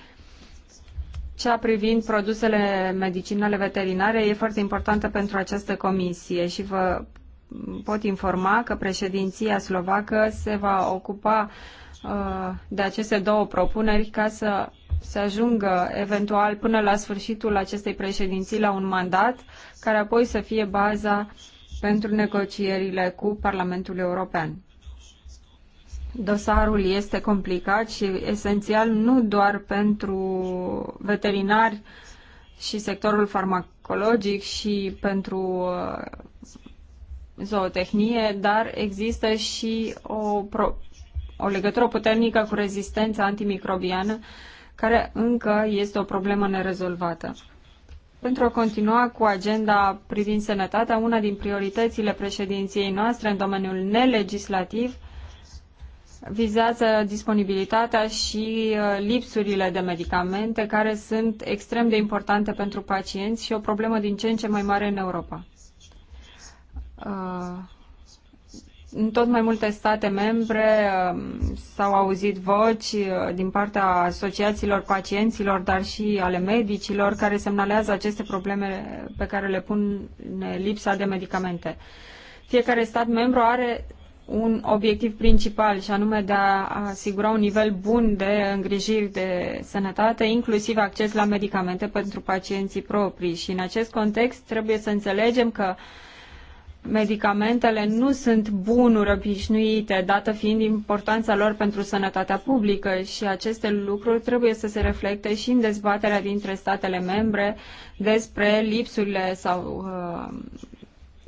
Cea privind produsele medicinale veterinare e foarte importantă pentru această comisie și vă pot informa că președinția slovacă se va ocupa de aceste două propuneri ca să se ajungă eventual până la sfârșitul acestei președinții la un mandat care apoi să fie baza uh, pentru negocierile cu Parlamentul European. Dosarul este complicat și esențial nu doar pentru veterinari și sectorul farmacologic și pentru uh, zootehnie, dar există și o, pro, o legătură puternică cu rezistența antimicrobiană, care încă este o problemă nerezolvată pentru a continua cu agenda privind sănătatea, una din prioritățile președinției noastre în domeniul nelegislativ vizează disponibilitatea și uh, lipsurile de medicamente care sunt extrem de importante pentru pacienți și o problemă din ce în ce mai mare în Europa. Uh, în tot mai multe state membre um, s-au auzit voci uh, din partea asociațiilor pacienților, dar și ale medicilor, care semnalează aceste probleme pe care le pun lipsa de medicamente. Fiecare stat membru are un obiectiv principal și anume de a asigura un nivel bun de îngrijiri de sănătate, inclusiv acces la medicamente pentru pacienții proprii. Și în acest context trebuie să înțelegem că medicamentele nu sunt bunuri obișnuite, dată fiind importanța lor pentru sănătatea publică și aceste lucruri trebuie să se reflecte și în dezbaterea dintre statele membre despre lipsurile sau uh,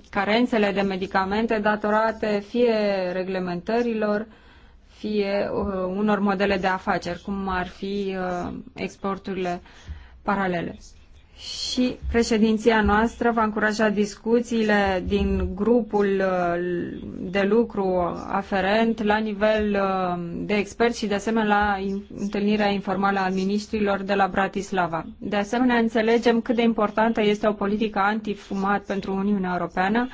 carențele de medicamente datorate fie reglementărilor, fie uh, unor modele de afaceri, cum ar fi uh, exporturile paralele și președinția noastră va încuraja discuțiile din grupul uh, de lucru aferent la nivel uh, de experți și de asemenea la întâlnirea informală a ministrilor de la Bratislava. De asemenea, înțelegem cât de importantă este o politică antifumat pentru Uniunea Europeană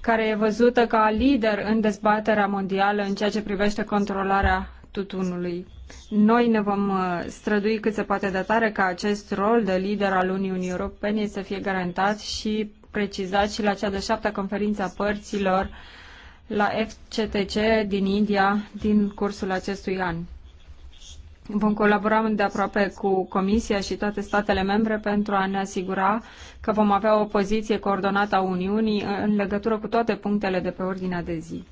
care e văzută ca lider în dezbaterea mondială în ceea ce privește controlarea tutunului noi ne vom uh, strădui cât se poate de tare ca acest rol de lider al Uniunii Europene să fie garantat și precizat și la cea de șaptea conferință a părților la FCTC din India din cursul acestui an. Vom colabora de aproape cu Comisia și toate statele membre pentru a ne asigura că vom avea o poziție coordonată a Uniunii în legătură cu toate punctele de pe ordinea de zi.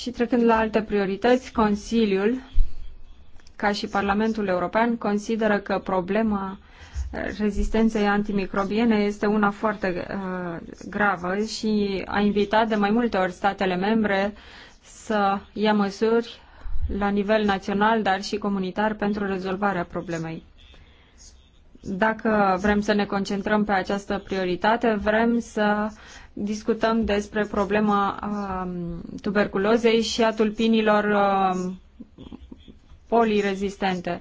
Și trecând la alte priorități, Consiliul, ca și Parlamentul European, consideră că problema uh, rezistenței antimicrobiene este una foarte uh, gravă și a invitat de mai multe ori statele membre să ia măsuri la nivel național, dar și comunitar pentru rezolvarea problemei dacă vrem să ne concentrăm pe această prioritate, vrem să discutăm despre problema um, tuberculozei și a tulpinilor um, polirezistente.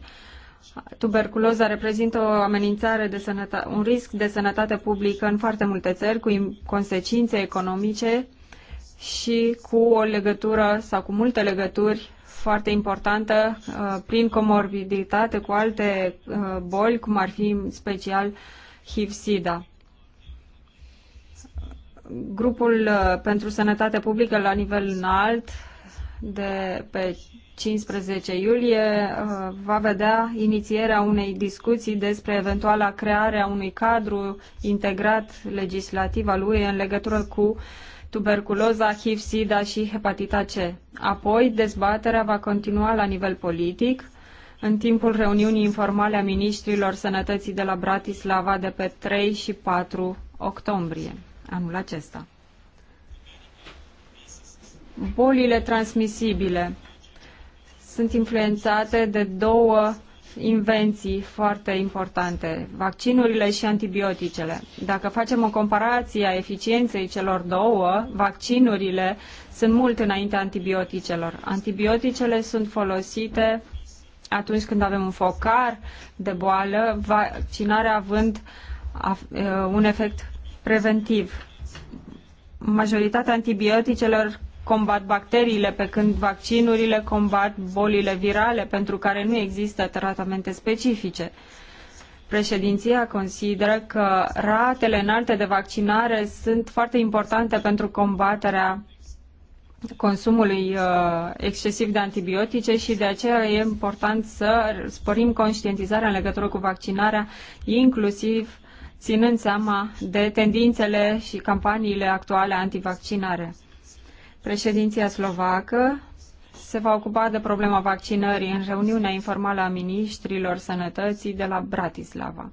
Tuberculoza reprezintă o amenințare de sănătate, un risc de sănătate publică în foarte multe țări, cu consecințe economice și cu o legătură sau cu multe legături foarte importantă uh, prin comorbiditate cu alte uh, boli, cum ar fi în special HIV-SIDA. Grupul uh, pentru sănătate publică la nivel înalt de pe 15 iulie va vedea inițierea unei discuții despre eventuala creare a unui cadru integrat legislativ al UE în legătură cu uh, tuberculoza, HIV, SIDA și hepatita C. Apoi, dezbaterea va continua la nivel politic în timpul reuniunii informale a ministrilor sănătății de la Bratislava de pe 3 și 4 octombrie anul acesta. Bolile transmisibile sunt influențate de două invenții foarte importante, vaccinurile și antibioticele. Dacă facem o comparație a eficienței celor două, vaccinurile sunt mult înainte antibioticelor. Antibioticele sunt folosite atunci când avem un focar de boală, vaccinarea având un efect preventiv. Majoritatea antibioticelor combat bacteriile, pe când vaccinurile combat bolile virale pentru care nu există tratamente specifice. Președinția consideră că ratele înalte de vaccinare sunt foarte importante pentru combaterea consumului uh, excesiv de antibiotice și de aceea e important să sporim conștientizarea în legătură cu vaccinarea, inclusiv ținând seama de tendințele și campaniile actuale antivaccinare. Președinția slovacă se va ocupa de problema vaccinării în reuniunea informală a ministrilor sănătății de la Bratislava.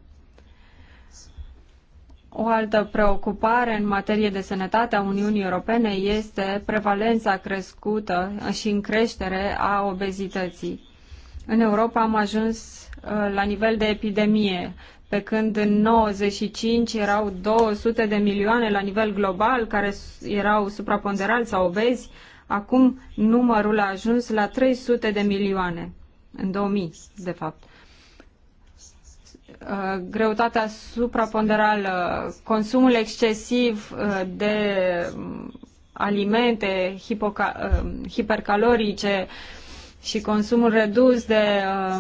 O altă preocupare în materie de sănătate a Uniunii Europene este prevalența crescută și în creștere a obezității. În Europa am ajuns uh, la nivel de epidemie pe când în 95 erau 200 de milioane la nivel global care erau supraponderali sau obezi, acum numărul a ajuns la 300 de milioane, în 2000 de fapt. Uh, greutatea supraponderală, consumul excesiv uh, de mm, alimente uh, hipercalorice, și consumul redus de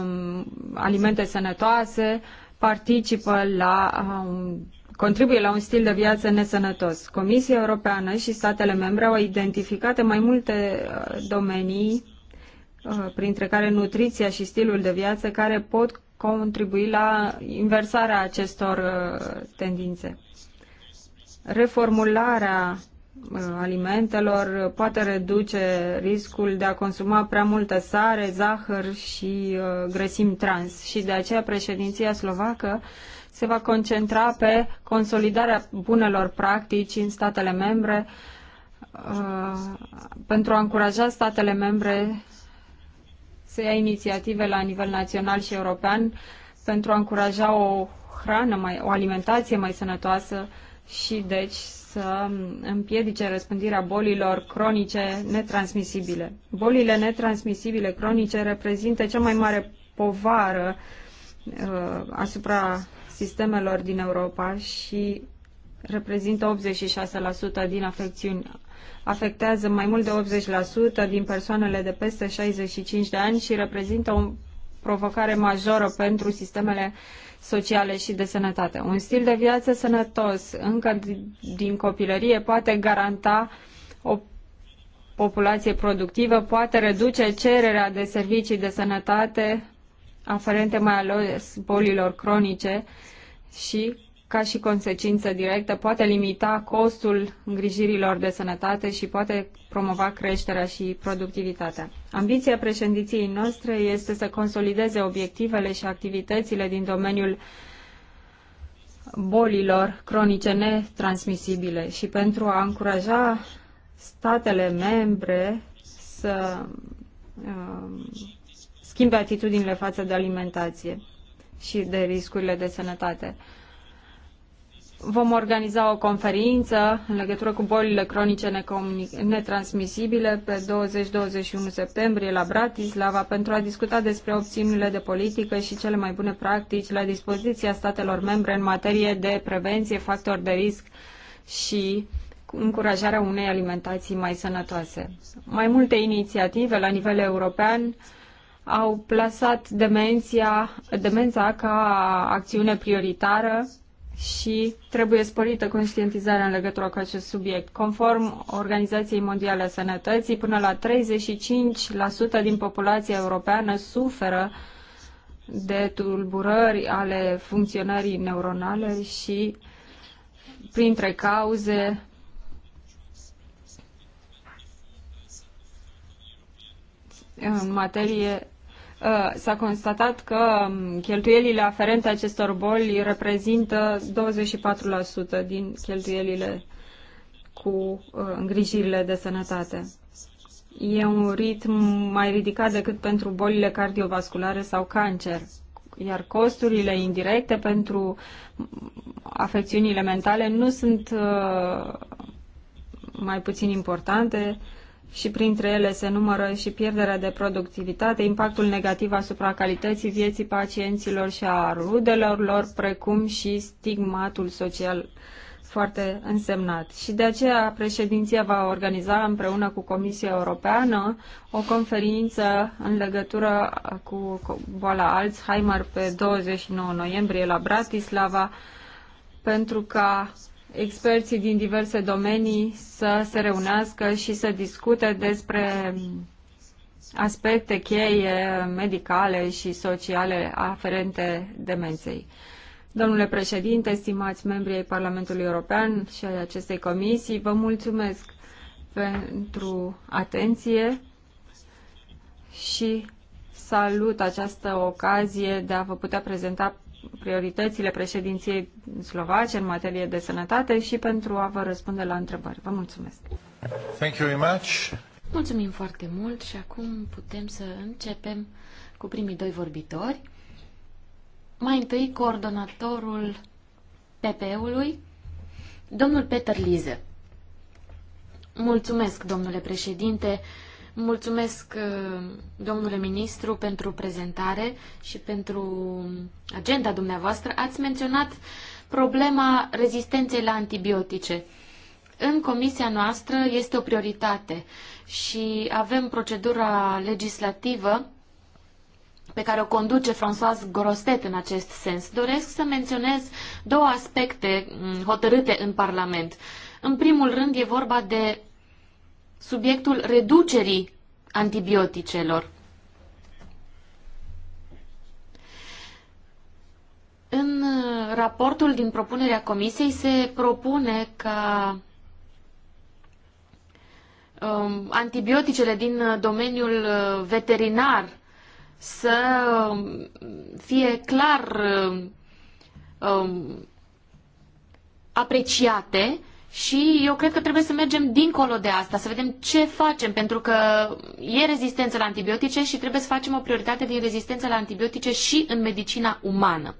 um, alimente sănătoase participă la um, contribuie la un stil de viață nesănătos. Comisia Europeană și statele membre au identificat mai multe uh, domenii, uh, printre care nutriția și stilul de viață, care pot contribui la inversarea acestor uh, tendințe. Reformularea alimentelor poate reduce riscul de a consuma prea multă sare, zahăr și uh, grăsimi trans. Și de aceea președinția slovacă se va concentra pe consolidarea bunelor practici în statele membre uh, pentru a încuraja statele membre să ia inițiative la nivel național și european pentru a încuraja o hrană, mai, o alimentație mai sănătoasă și deci să împiedice răspândirea bolilor cronice netransmisibile. Bolile netransmisibile cronice reprezintă cea mai mare povară uh, asupra sistemelor din Europa și reprezintă 86% din afecțiuni. Afectează mai mult de 80% din persoanele de peste 65 de ani și reprezintă o provocare majoră pentru sistemele uh, sociale și de sănătate. Un stil de viață sănătos încă din copilărie poate garanta o populație productivă, poate reduce cererea de servicii de sănătate aferente mai ales bolilor cronice și ca și consecință directă, poate limita costul îngrijirilor de sănătate și poate promova creșterea și productivitatea. Ambiția președinției noastre este să consolideze obiectivele și activitățile din domeniul bolilor cronice netransmisibile și pentru a încuraja statele membre să uh, schimbe atitudinile față de alimentație și de riscurile de sănătate. Vom organiza o conferință în legătură cu bolile cronice netransmisibile pe 20-21 septembrie la Bratislava pentru a discuta despre opțiunile de politică și cele mai bune practici la dispoziția statelor membre în materie de prevenție, factori de risc și încurajarea unei alimentații mai sănătoase. Mai multe inițiative la nivel european au plasat demenția, demența ca acțiune prioritară și trebuie sporită conștientizarea în legătură cu acest subiect. Conform Organizației Mondiale a Sănătății, până la 35% din populația europeană suferă de tulburări ale funcționării neuronale și printre cauze în materie Uh, s-a constatat că um, cheltuielile aferente acestor boli reprezintă 24% din cheltuielile cu uh, îngrijirile de sănătate. E un ritm mai ridicat decât pentru bolile cardiovasculare sau cancer, iar costurile indirecte pentru afecțiunile mentale nu sunt uh, mai puțin importante, și printre ele se numără și pierderea de productivitate, impactul negativ asupra calității vieții pacienților și a rudelor lor, precum și stigmatul social foarte însemnat. Și de aceea președinția va organiza împreună cu Comisia Europeană o conferință în legătură cu boala Alzheimer pe 29 noiembrie la Bratislava pentru ca experții din diverse domenii să se reunească și să discute despre aspecte cheie medicale și sociale aferente demenței. Domnule președinte, stimați membri ai Parlamentului European și ai acestei comisii, vă mulțumesc pentru atenție și salut această ocazie de a vă putea prezenta prioritățile președinției slovace în materie de sănătate și pentru a vă răspunde la întrebări. Vă mulțumesc! Thank you very much. Mulțumim foarte mult și acum putem să începem cu primii doi vorbitori. Mai întâi, coordonatorul PP-ului, domnul Peter Lize. Mulțumesc, domnule președinte. Mulțumesc, uh, domnule ministru, pentru prezentare și pentru agenda dumneavoastră. Ați menționat problema rezistenței la antibiotice. În comisia noastră este o prioritate și avem procedura legislativă pe care o conduce François Grostet în acest sens. Doresc să menționez două aspecte mm, hotărâte în Parlament. În primul rând e vorba de subiectul reducerii antibioticelor. În uh, raportul din propunerea comisiei se propune ca um, antibioticele din uh, domeniul uh, veterinar să um, fie clar um, apreciate și eu cred că trebuie să mergem dincolo de asta, să vedem ce facem, pentru că e rezistență la antibiotice și trebuie să facem o prioritate din rezistența la antibiotice și în medicina umană.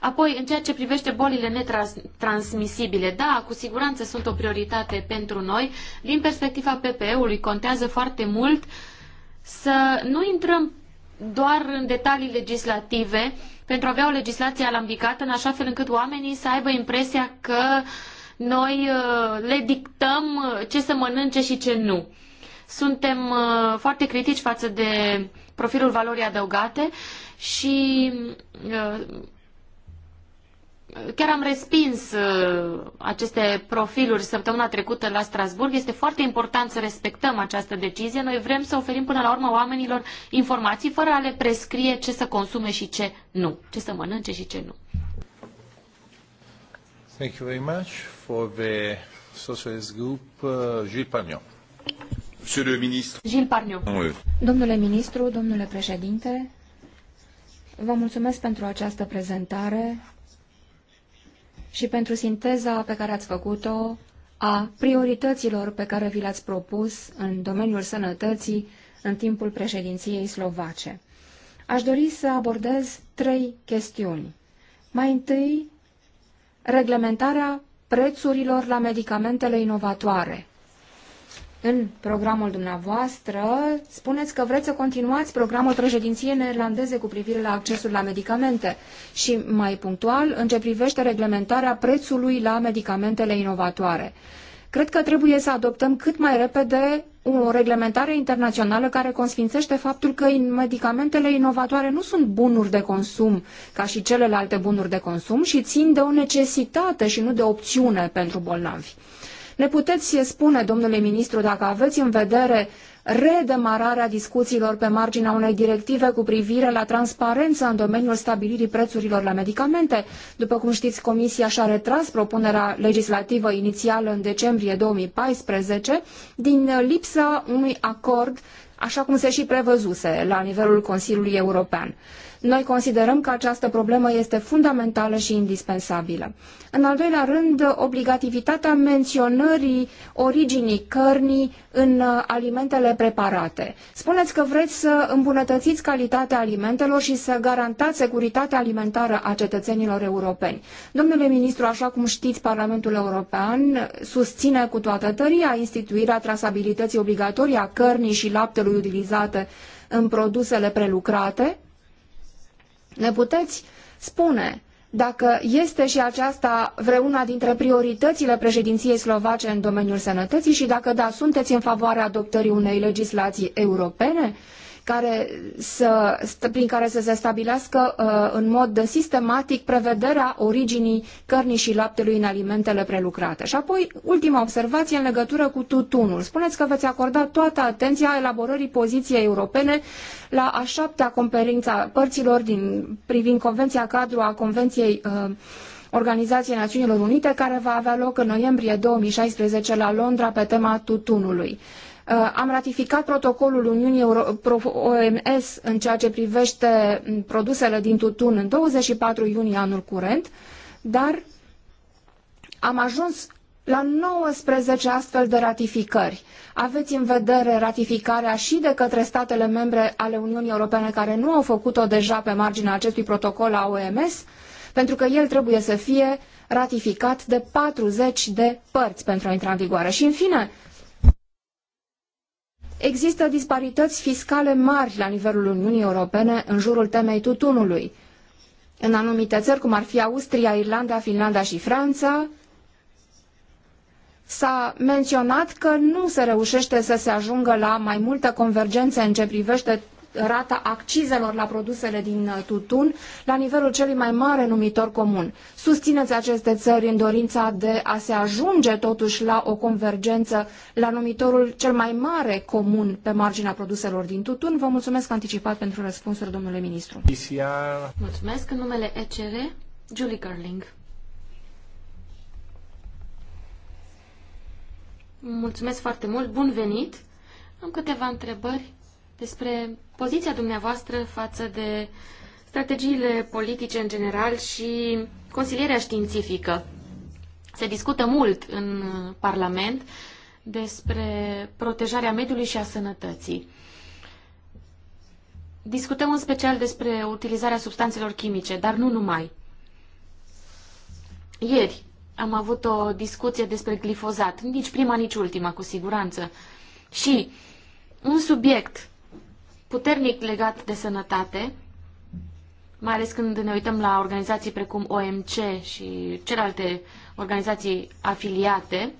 Apoi, în ceea ce privește bolile netransmisibile, da, cu siguranță sunt o prioritate pentru noi. Din perspectiva PPE-ului, contează foarte mult să nu intrăm doar în detalii legislative, uh, pentru a avea o legislație alambicată în așa fel încât oamenii să aibă impresia că noi uh, le dictăm ce să mănânce și ce nu. Suntem uh, foarte critici față de profilul valorii adăugate și uh, Chiar am respins uh, aceste profiluri săptămâna trecută la Strasburg. Este foarte important să respectăm această decizie. Noi vrem să oferim până la urmă oamenilor informații fără a le prescrie ce să consume și ce nu, ce să mănânce și ce nu. Thank you very much for the socialist group, uh, Gilles Pagnon. Monsieur le ministre. Gilles Parniu. Domnule ministru, domnule președinte, vă mulțumesc pentru această prezentare și pentru sinteza pe care ați făcut-o a priorităților pe care vi le-ați propus în domeniul sănătății în timpul președinției slovace. Aș dori să abordez trei chestiuni. Mai întâi, reglementarea prețurilor la medicamentele inovatoare în programul dumneavoastră spuneți că vreți să continuați programul președinției neerlandeze cu privire la accesul la medicamente și, mai punctual, în ce privește reglementarea prețului la medicamentele inovatoare. Cred că trebuie să adoptăm cât mai repede o reglementare internațională care consfințește faptul că medicamentele inovatoare nu sunt bunuri de consum ca și celelalte bunuri de consum și țin de o necesitate și nu de opțiune pentru bolnavi. Ne puteți spune, domnule ministru, dacă aveți în vedere redemararea discuțiilor pe marginea unei directive cu privire la transparența în domeniul stabilirii prețurilor la medicamente. După cum știți, Comisia și-a retras propunerea legislativă inițială în decembrie 2014 din lipsa unui acord, așa cum se și prevăzuse la nivelul Consiliului European. Noi considerăm că această problemă este fundamentală și indispensabilă. În al doilea rând, obligativitatea menționării originii cărnii în uh, alimentele preparate. Spuneți că vreți să îmbunătățiți calitatea alimentelor și să garantați securitatea alimentară a cetățenilor europeni. Domnule ministru, așa cum știți, Parlamentul European susține cu toată tăria instituirea trasabilității obligatorii a cărnii și laptelui utilizate în produsele prelucrate, ne puteți spune dacă este și aceasta vreuna dintre prioritățile președinției slovace în domeniul sănătății și dacă da, sunteți în favoarea adoptării unei legislații europene care să, prin care să se stabilească uh, în mod sistematic prevederea originii cărnii și laptelui în alimentele prelucrate. Și apoi, ultima observație în legătură cu tutunul. Spuneți că veți acorda toată atenția elaborării poziției europene la a șaptea conferință a părților din, privind Convenția Cadru a Convenției uh, Organizației Națiunilor Unite, care va avea loc în noiembrie 2016 la Londra pe tema tutunului. Uh, am ratificat protocolul Uniunii Euro OMS în ceea ce privește mm, produsele din tutun în 24 iunie anul curent, dar am ajuns la 19 astfel de ratificări. Aveți în vedere ratificarea și de către statele membre ale Uniunii Europene care nu au făcut-o deja pe marginea acestui protocol a OMS, pentru că el trebuie să fie ratificat de 40 de părți pentru a intra în vigoare. Și în fine, Există disparități fiscale mari la nivelul Uniunii Europene în jurul temei tutunului. În anumite țări, cum ar fi Austria, Irlanda, Finlanda și Franța, s-a menționat că nu se reușește să se ajungă la mai multă convergență în ce privește rata accizelor la produsele din uh, tutun la nivelul celui mai mare numitor comun. Susțineți aceste țări în dorința de a se ajunge totuși la o convergență la numitorul cel mai mare comun pe marginea produselor din tutun. Vă mulțumesc anticipat pentru răspunsuri, domnule ministru. Mulțumesc. În numele ECR, Julie Garling. Mulțumesc foarte mult. Bun venit. Am câteva întrebări despre poziția dumneavoastră față de strategiile politice în general și consilierea științifică. Se discută mult în Parlament despre protejarea mediului și a sănătății. Discutăm în special despre utilizarea substanțelor chimice, dar nu numai. Ieri am avut o discuție despre glifozat, nici prima, nici ultima, cu siguranță. Și un subiect puternic legat de sănătate, mai ales când ne uităm la organizații precum OMC și celelalte organizații afiliate,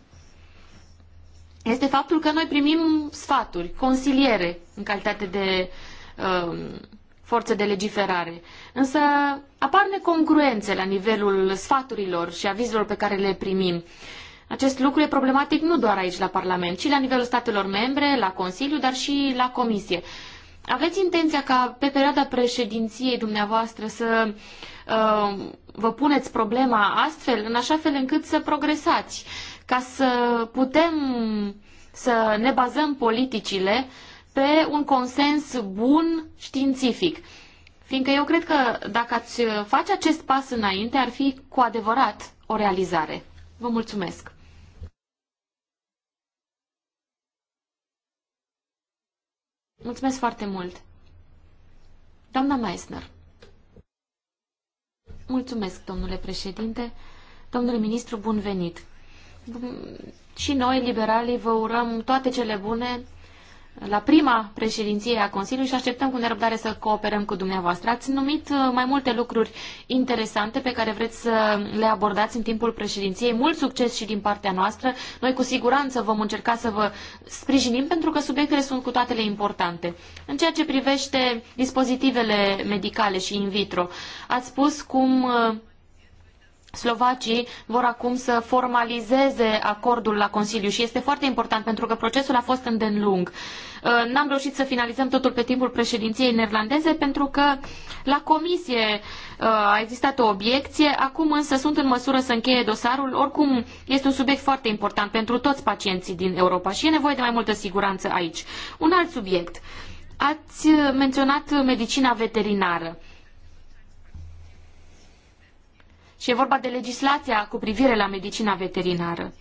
este faptul că noi primim sfaturi, consiliere în calitate de um, forță de legiferare. Însă apar necongruențe la nivelul sfaturilor și avizelor pe care le primim. Acest lucru e problematic nu doar aici la Parlament, ci la nivelul statelor membre, la Consiliu, dar și la Comisie. Aveți intenția ca pe perioada președinției dumneavoastră să uh, vă puneți problema astfel, în așa fel încât să progresați, ca să putem să ne bazăm politicile pe un consens bun științific. Fiindcă eu cred că dacă ați face acest pas înainte, ar fi cu adevărat o realizare. Vă mulțumesc! Mulțumesc foarte mult. Doamna Meissner. Mulțumesc, domnule președinte. Domnule ministru, bun venit. Și noi, liberalii, vă urăm toate cele bune la prima președinție a Consiliului și așteptăm cu nerăbdare să cooperăm cu dumneavoastră. Ați numit uh, mai multe lucruri interesante pe care vreți să le abordați în timpul președinției. Mult succes și din partea noastră. Noi cu siguranță vom încerca să vă sprijinim pentru că subiectele sunt cu toatele importante. În ceea ce privește dispozitivele medicale și in vitro, ați spus cum uh, Slovacii vor acum să formalizeze acordul la Consiliu și este foarte important pentru că procesul a fost îndelung. Uh, n-am reușit să finalizăm totul pe timpul președinției neerlandeze pentru că la comisie uh, a existat o obiecție, acum însă sunt în măsură să încheie dosarul. Oricum, este un subiect foarte important pentru toți pacienții din Europa și e nevoie de mai multă siguranță aici. Un alt subiect. Ați menționat medicina veterinară. și e vorba de legislația cu privire la medicina veterinară.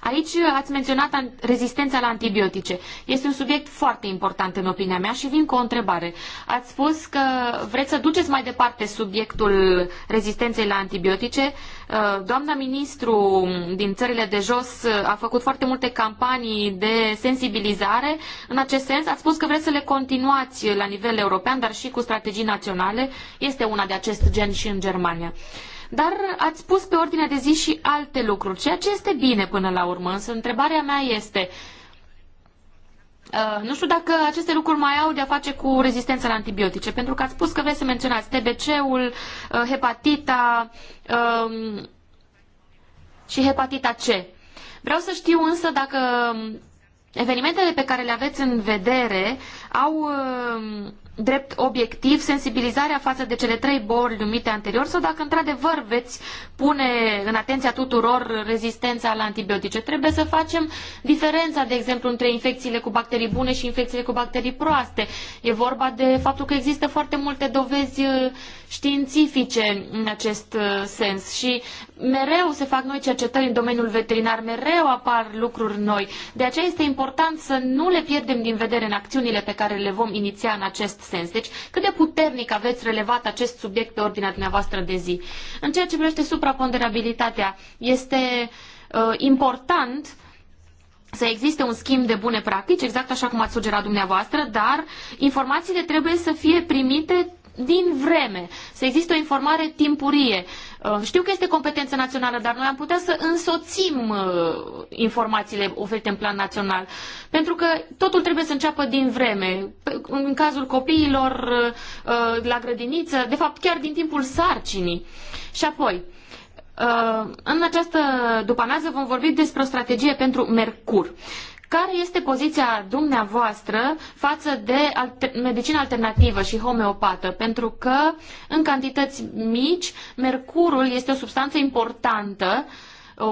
Aici ați menționat rezistența la antibiotice. Este un subiect foarte important în opinia mea și vin cu o întrebare. Ați spus că vreți să duceți mai departe subiectul rezistenței la antibiotice. Uh, doamna ministru din țările de jos uh, a făcut foarte multe campanii de sensibilizare. În acest sens, ați spus că vreți să le continuați la nivel european, dar și cu strategii naționale. Este una de acest gen și în Germania. Dar ați pus pe ordinea de zi și alte lucruri, ceea ce este bine până la urmă. Însă întrebarea mea este, uh, nu știu dacă aceste lucruri mai au de-a face cu rezistența la antibiotice, pentru că ați spus că vreți să menționați TBC-ul, uh, hepatita um, și hepatita C. Vreau să știu însă dacă um, evenimentele pe care le aveți în vedere au um, drept obiectiv sensibilizarea față de cele trei boli numite anterior sau dacă într-adevăr veți pune în atenția tuturor rezistența la antibiotice. Trebuie să facem diferența, de exemplu, între infecțiile cu bacterii bune și infecțiile cu bacterii proaste. E vorba de faptul că există foarte multe dovezi uh, științifice în acest uh, sens și mereu se fac noi cercetări în domeniul veterinar, mereu apar lucruri noi. De aceea este important să nu le pierdem din vedere în acțiunile pe care le vom iniția în acest sens. Deci, cât de puternic aveți relevat acest subiect pe ordinea dumneavoastră de zi. În ceea ce privește supraponderabilitatea, este uh, important să existe un schimb de bune practici, exact așa cum ați sugerat dumneavoastră, dar informațiile trebuie să fie primite din vreme, să existe o informare timpurie. Uh, Uh, știu că este competență națională, dar noi am putea să însoțim uh, informațiile oferite în plan național, pentru că totul trebuie să înceapă din vreme. În cazul copiilor uh, la grădiniță, de fapt chiar din timpul sarcinii. Și apoi, în această după-amiază vom vorbi despre o strategie pentru Mercur. Care este poziția dumneavoastră față de alter- medicina alternativă și homeopată? Pentru că în cantități mici, mercurul este o substanță importantă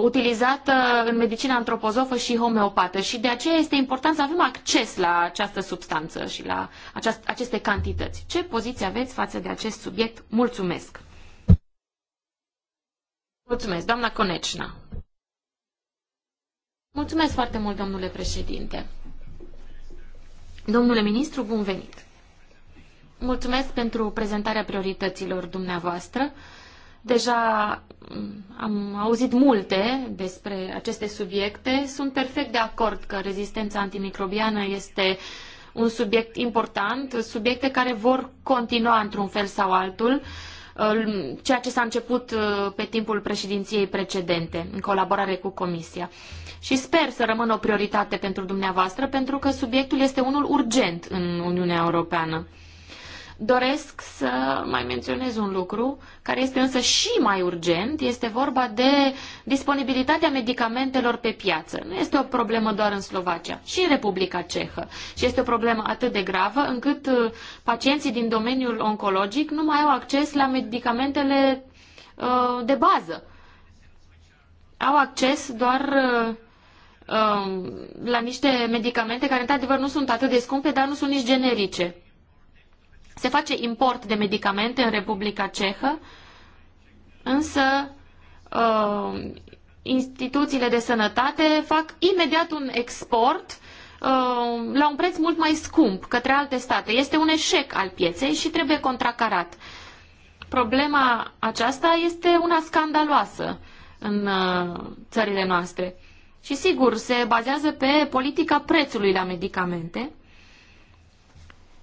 utilizată în medicina antropozofă și homeopată și de aceea este important să avem acces la această substanță și la aceast- aceste cantități. Ce poziție aveți față de acest subiect? Mulțumesc! Mulțumesc, doamna Conecna! Mulțumesc foarte mult, domnule președinte. Domnule ministru, bun venit! Mulțumesc pentru prezentarea priorităților dumneavoastră. Deja mm, am auzit multe despre aceste subiecte. Sunt perfect de acord că rezistența antimicrobiană este un subiect important, subiecte care vor continua într-un fel sau altul. Uh, ceea ce s-a început uh, pe timpul președinției precedente, în colaborare cu Comisia. Și sper să rămână o prioritate pentru dumneavoastră, pentru că subiectul este unul urgent în Uniunea Europeană. Doresc să mai menționez un lucru care este însă și mai urgent. Este vorba de disponibilitatea medicamentelor pe piață. Nu este o problemă doar în Slovacia, și în Republica Cehă. Și este o problemă atât de gravă încât uh, pacienții din domeniul oncologic nu mai au acces la medicamentele uh, de bază. Au acces doar uh, um, la niște medicamente care într-adevăr nu sunt atât de scumpe, dar nu sunt nici generice. Se face import de medicamente în Republica Cehă, însă uh, instituțiile de sănătate fac imediat un export uh, la un preț mult mai scump către alte state. Este un eșec al pieței și trebuie contracarat. Problema aceasta este una scandaloasă în uh, țările noastre. Și sigur, se bazează pe politica prețului la medicamente,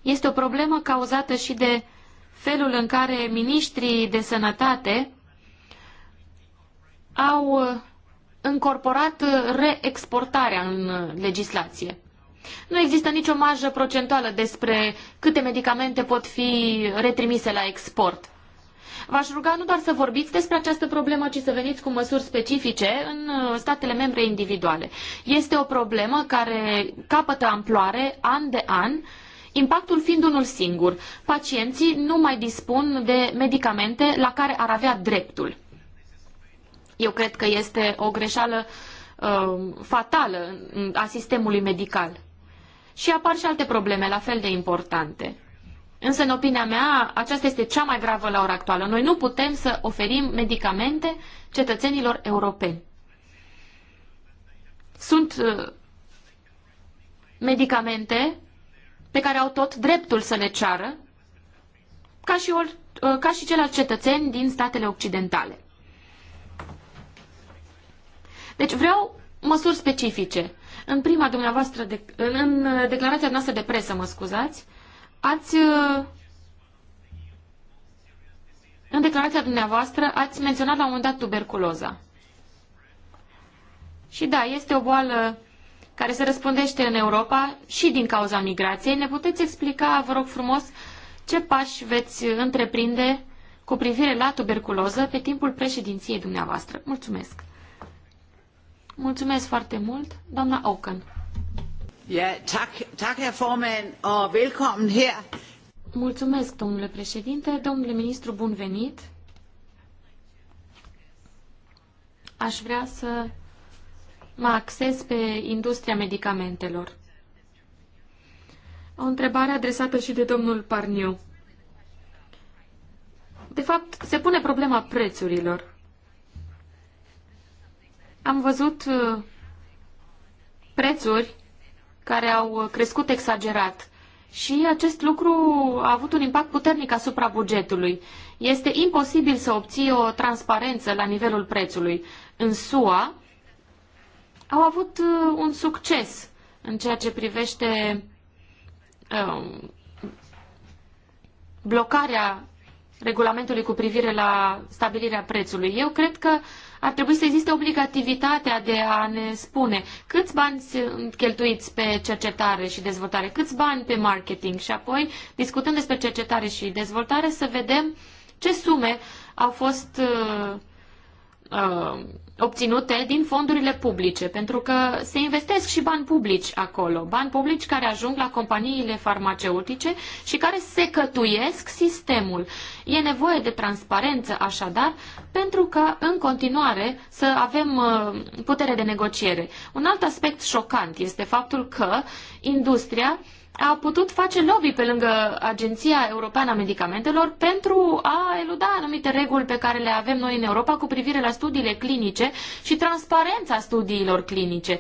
este o problemă cauzată și de felul în care ministrii de sănătate au uh, încorporat uh, reexportarea în uh, legislație. Nu există nicio marjă procentuală despre câte medicamente pot fi retrimise la export. V-aș ruga nu doar să vorbiți despre această problemă, ci să veniți cu măsuri specifice în statele membre individuale. Este o problemă care capătă amploare an de an impactul fiind unul singur. Pacienții nu mai dispun de medicamente la care ar avea dreptul. Eu cred că este o greșeală uh, fatală a sistemului medical. Și apar și alte probleme la fel de importante. Însă, în opinia mea, aceasta este cea mai gravă la ora actuală. Noi nu putem să oferim medicamente cetățenilor europeni. Sunt uh, medicamente pe care au tot dreptul să le ceară, ca și, or, ă, ca și cetățeni din statele occidentale. Deci vreau măsuri specifice. În prima dumneavoastră, de, în, în declarația noastră de presă, mă scuzați, ați ă, în declarația dumneavoastră ați menționat la un moment dat tuberculoza. Și da, este o boală care se răspândește în Europa și din cauza migrației. Ne puteți explica, vă rog frumos, ce pași veți întreprinde cu privire la tuberculoză pe timpul președinției dumneavoastră? Mulțumesc! Mulțumesc foarte mult, doamna Oaken. Ja, tak, tak, herr formand, og velkommen her. Mulțumesc, domnule președinte, domnule ministru, bun venit. Aș vrea să mă acces pe industria medicamentelor. O întrebare adresată și de domnul Parniu. De fapt, se pune problema prețurilor. Am văzut uh, prețuri care au crescut exagerat și acest lucru a avut un impact puternic asupra bugetului. Este imposibil să obții o transparență la nivelul prețului. În SUA, au avut uh, un succes în ceea ce privește um, blocarea regulamentului cu privire la stabilirea prețului. Eu cred că ar trebui să existe obligativitatea de a ne spune câți bani sunt cheltuiți pe cercetare și dezvoltare, câți bani pe marketing și apoi, discutând despre cercetare și dezvoltare, să vedem ce sume au fost uh, uh, obținute din fondurile publice, pentru că se investesc și bani publici acolo, bani publici care ajung la companiile farmaceutice și care secătuiesc sistemul. E nevoie de transparență, așadar, pentru că în continuare să avem uh, putere de negociere. Un alt aspect șocant este faptul că industria a putut face lobby pe lângă Agenția Europeană a Medicamentelor pentru a eluda anumite reguli pe care le avem noi în Europa cu privire la studiile clinice și transparența studiilor clinice.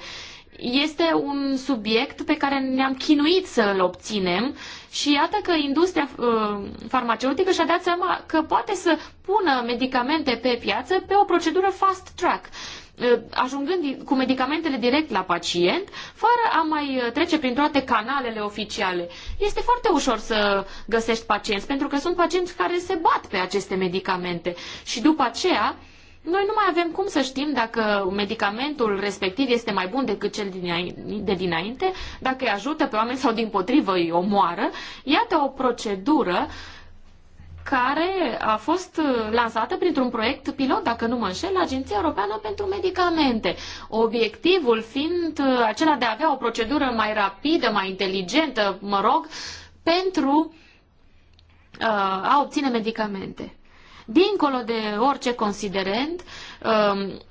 Este un subiect pe care ne-am chinuit să-l obținem și iată că industria uh, farmaceutică și-a dat seama că poate să pună medicamente pe piață pe o procedură fast track. Eh, ajungând cu medicamentele direct la pacient, fără a mai eh, trece prin toate canalele oficiale. Este foarte ușor să găsești pacienți, pentru că sunt pacienți care se bat pe aceste medicamente. Și după aceea, noi nu mai avem cum să știm dacă medicamentul respectiv este mai bun decât cel de dinainte, dacă îi ajută pe oameni sau din potrivă îi omoară. Iată o procedură uh, care a fost uh, lansată printr-un proiect pilot, dacă nu mă înșel, Agenția Europeană pentru Medicamente. Obiectivul fiind uh, acela de a avea o procedură mai rapidă, mai inteligentă, mă rog, pentru uh, a obține medicamente. Dincolo de orice considerent, um,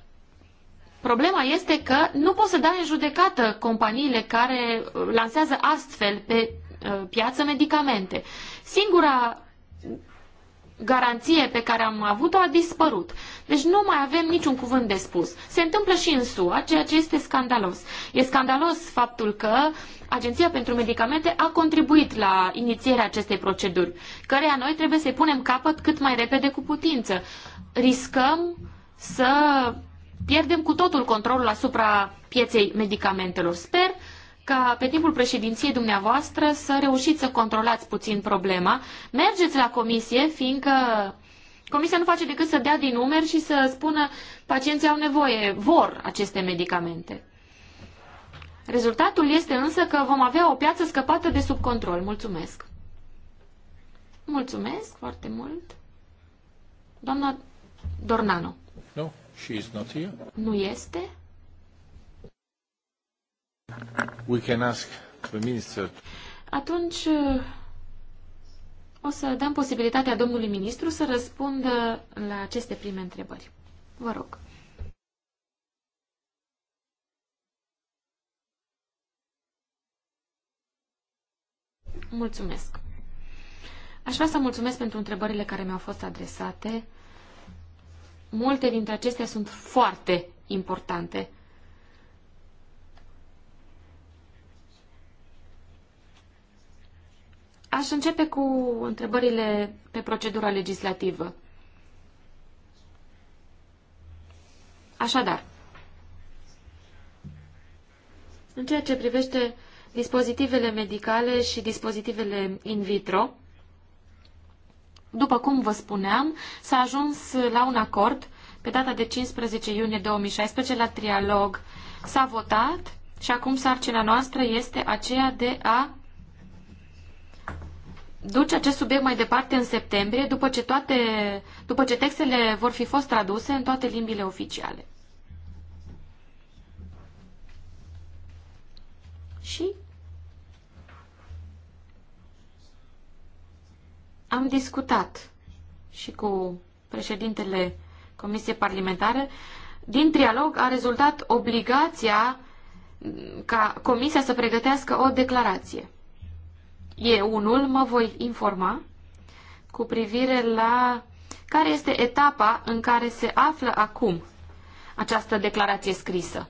Problema este că nu poți să dai în judecată companiile care lansează astfel pe piață medicamente. Singura garanție pe care am avut-o a dispărut. Deci nu mai avem niciun cuvânt de spus. Se întâmplă și în SUA, ceea ce este scandalos. E scandalos faptul că Agenția pentru Medicamente a contribuit la inițierea acestei proceduri, căreia noi trebuie să-i punem capăt cât mai repede cu putință. Riscăm să pierdem cu totul controlul asupra pieței medicamentelor. Sper ca pe timpul președinției dumneavoastră să reușiți să controlați puțin problema. Mergeți la comisie, fiindcă comisia nu face decât să dea din numeri și să spună pacienții au nevoie, vor aceste medicamente. Rezultatul este însă că vom avea o piață scăpată de sub control. Mulțumesc! Mulțumesc foarte mult! Doamna Dornano. No, she is not here. Nu este? We can ask the minister. Atunci o să dăm posibilitatea domnului ministru să răspundă la aceste prime întrebări. Vă rog. Mulțumesc. Aș vrea să mulțumesc pentru întrebările care mi-au fost adresate. Multe dintre acestea sunt foarte importante. Aș începe cu întrebările pe procedura legislativă. Așadar, în ceea ce privește dispozitivele medicale și dispozitivele in vitro, după cum vă spuneam, s-a ajuns la un acord pe data de 15 iunie 2016 la trialog. S-a votat și acum sarcina noastră este aceea de a duce acest subiect mai departe în septembrie, după ce, toate, după ce textele vor fi fost traduse în toate limbile oficiale. Și am discutat și cu președintele Comisiei Parlamentare. Din trialog a rezultat obligația ca Comisia să pregătească o declarație e unul, mă voi informa cu privire la care este etapa în care se află acum această declarație scrisă.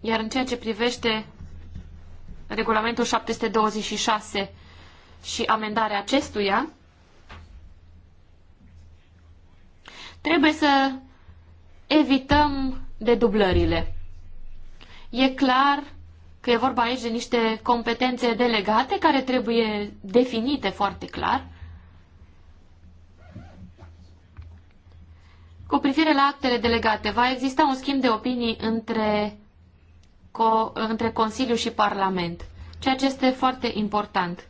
Iar în ceea ce privește regulamentul 726 și amendarea acestuia, trebuie să evităm de dublările. E clar că e vorba aici de niște competențe delegate care trebuie definite foarte clar. Cu privire la actele delegate, va exista un schimb de opinii între, co, între Consiliu și Parlament, ceea ce este foarte important.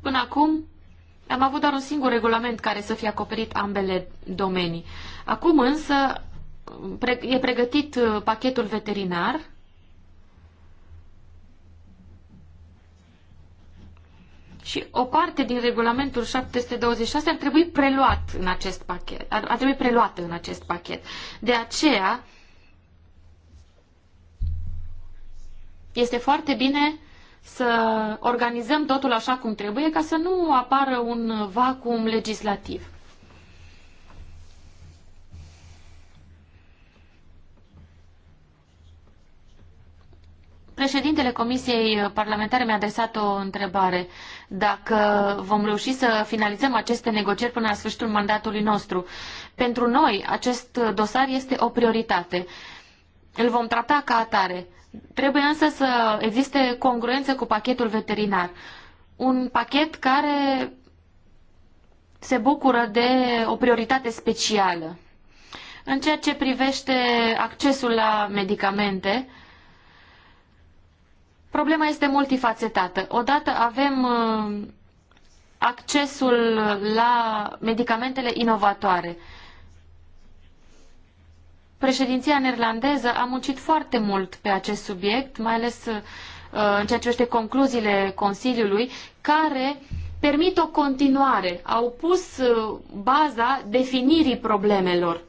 Până acum, am avut doar un singur regulament care să fie acoperit ambele domenii. Acum însă e pregătit uh, pachetul veterinar și o parte din regulamentul 726 ar trebui preluat în acest pachet, ar, ar trebui preluată în acest pachet. De aceea este foarte bine să organizăm totul așa cum trebuie ca să nu apară un vacuum legislativ. Președintele Comisiei Parlamentare mi-a adresat o întrebare. Dacă vom reuși să finalizăm aceste negocieri până la sfârșitul mandatului nostru. Pentru noi, acest dosar este o prioritate. Îl vom trata ca atare. Trebuie însă să existe congruență cu pachetul veterinar. Un pachet care se bucură de o prioritate specială. În ceea ce privește accesul la medicamente, problema este multifacetată. Odată avem uh, accesul la medicamentele inovatoare. Președinția neerlandeză a muncit foarte mult pe acest subiect, mai ales uh, în ceea ce privește concluziile Consiliului, care permit o continuare, au pus uh, baza definirii problemelor.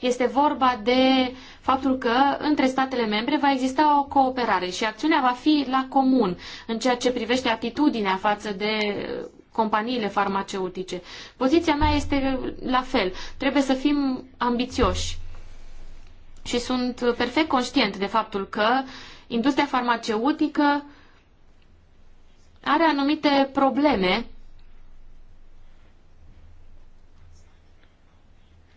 Este vorba de faptul că între statele membre va exista o cooperare și acțiunea va fi la comun în ceea ce privește atitudinea față de uh, companiile farmaceutice. Poziția mea este la fel. Trebuie să fim ambițioși și sunt perfect conștient de faptul că industria farmaceutică are anumite probleme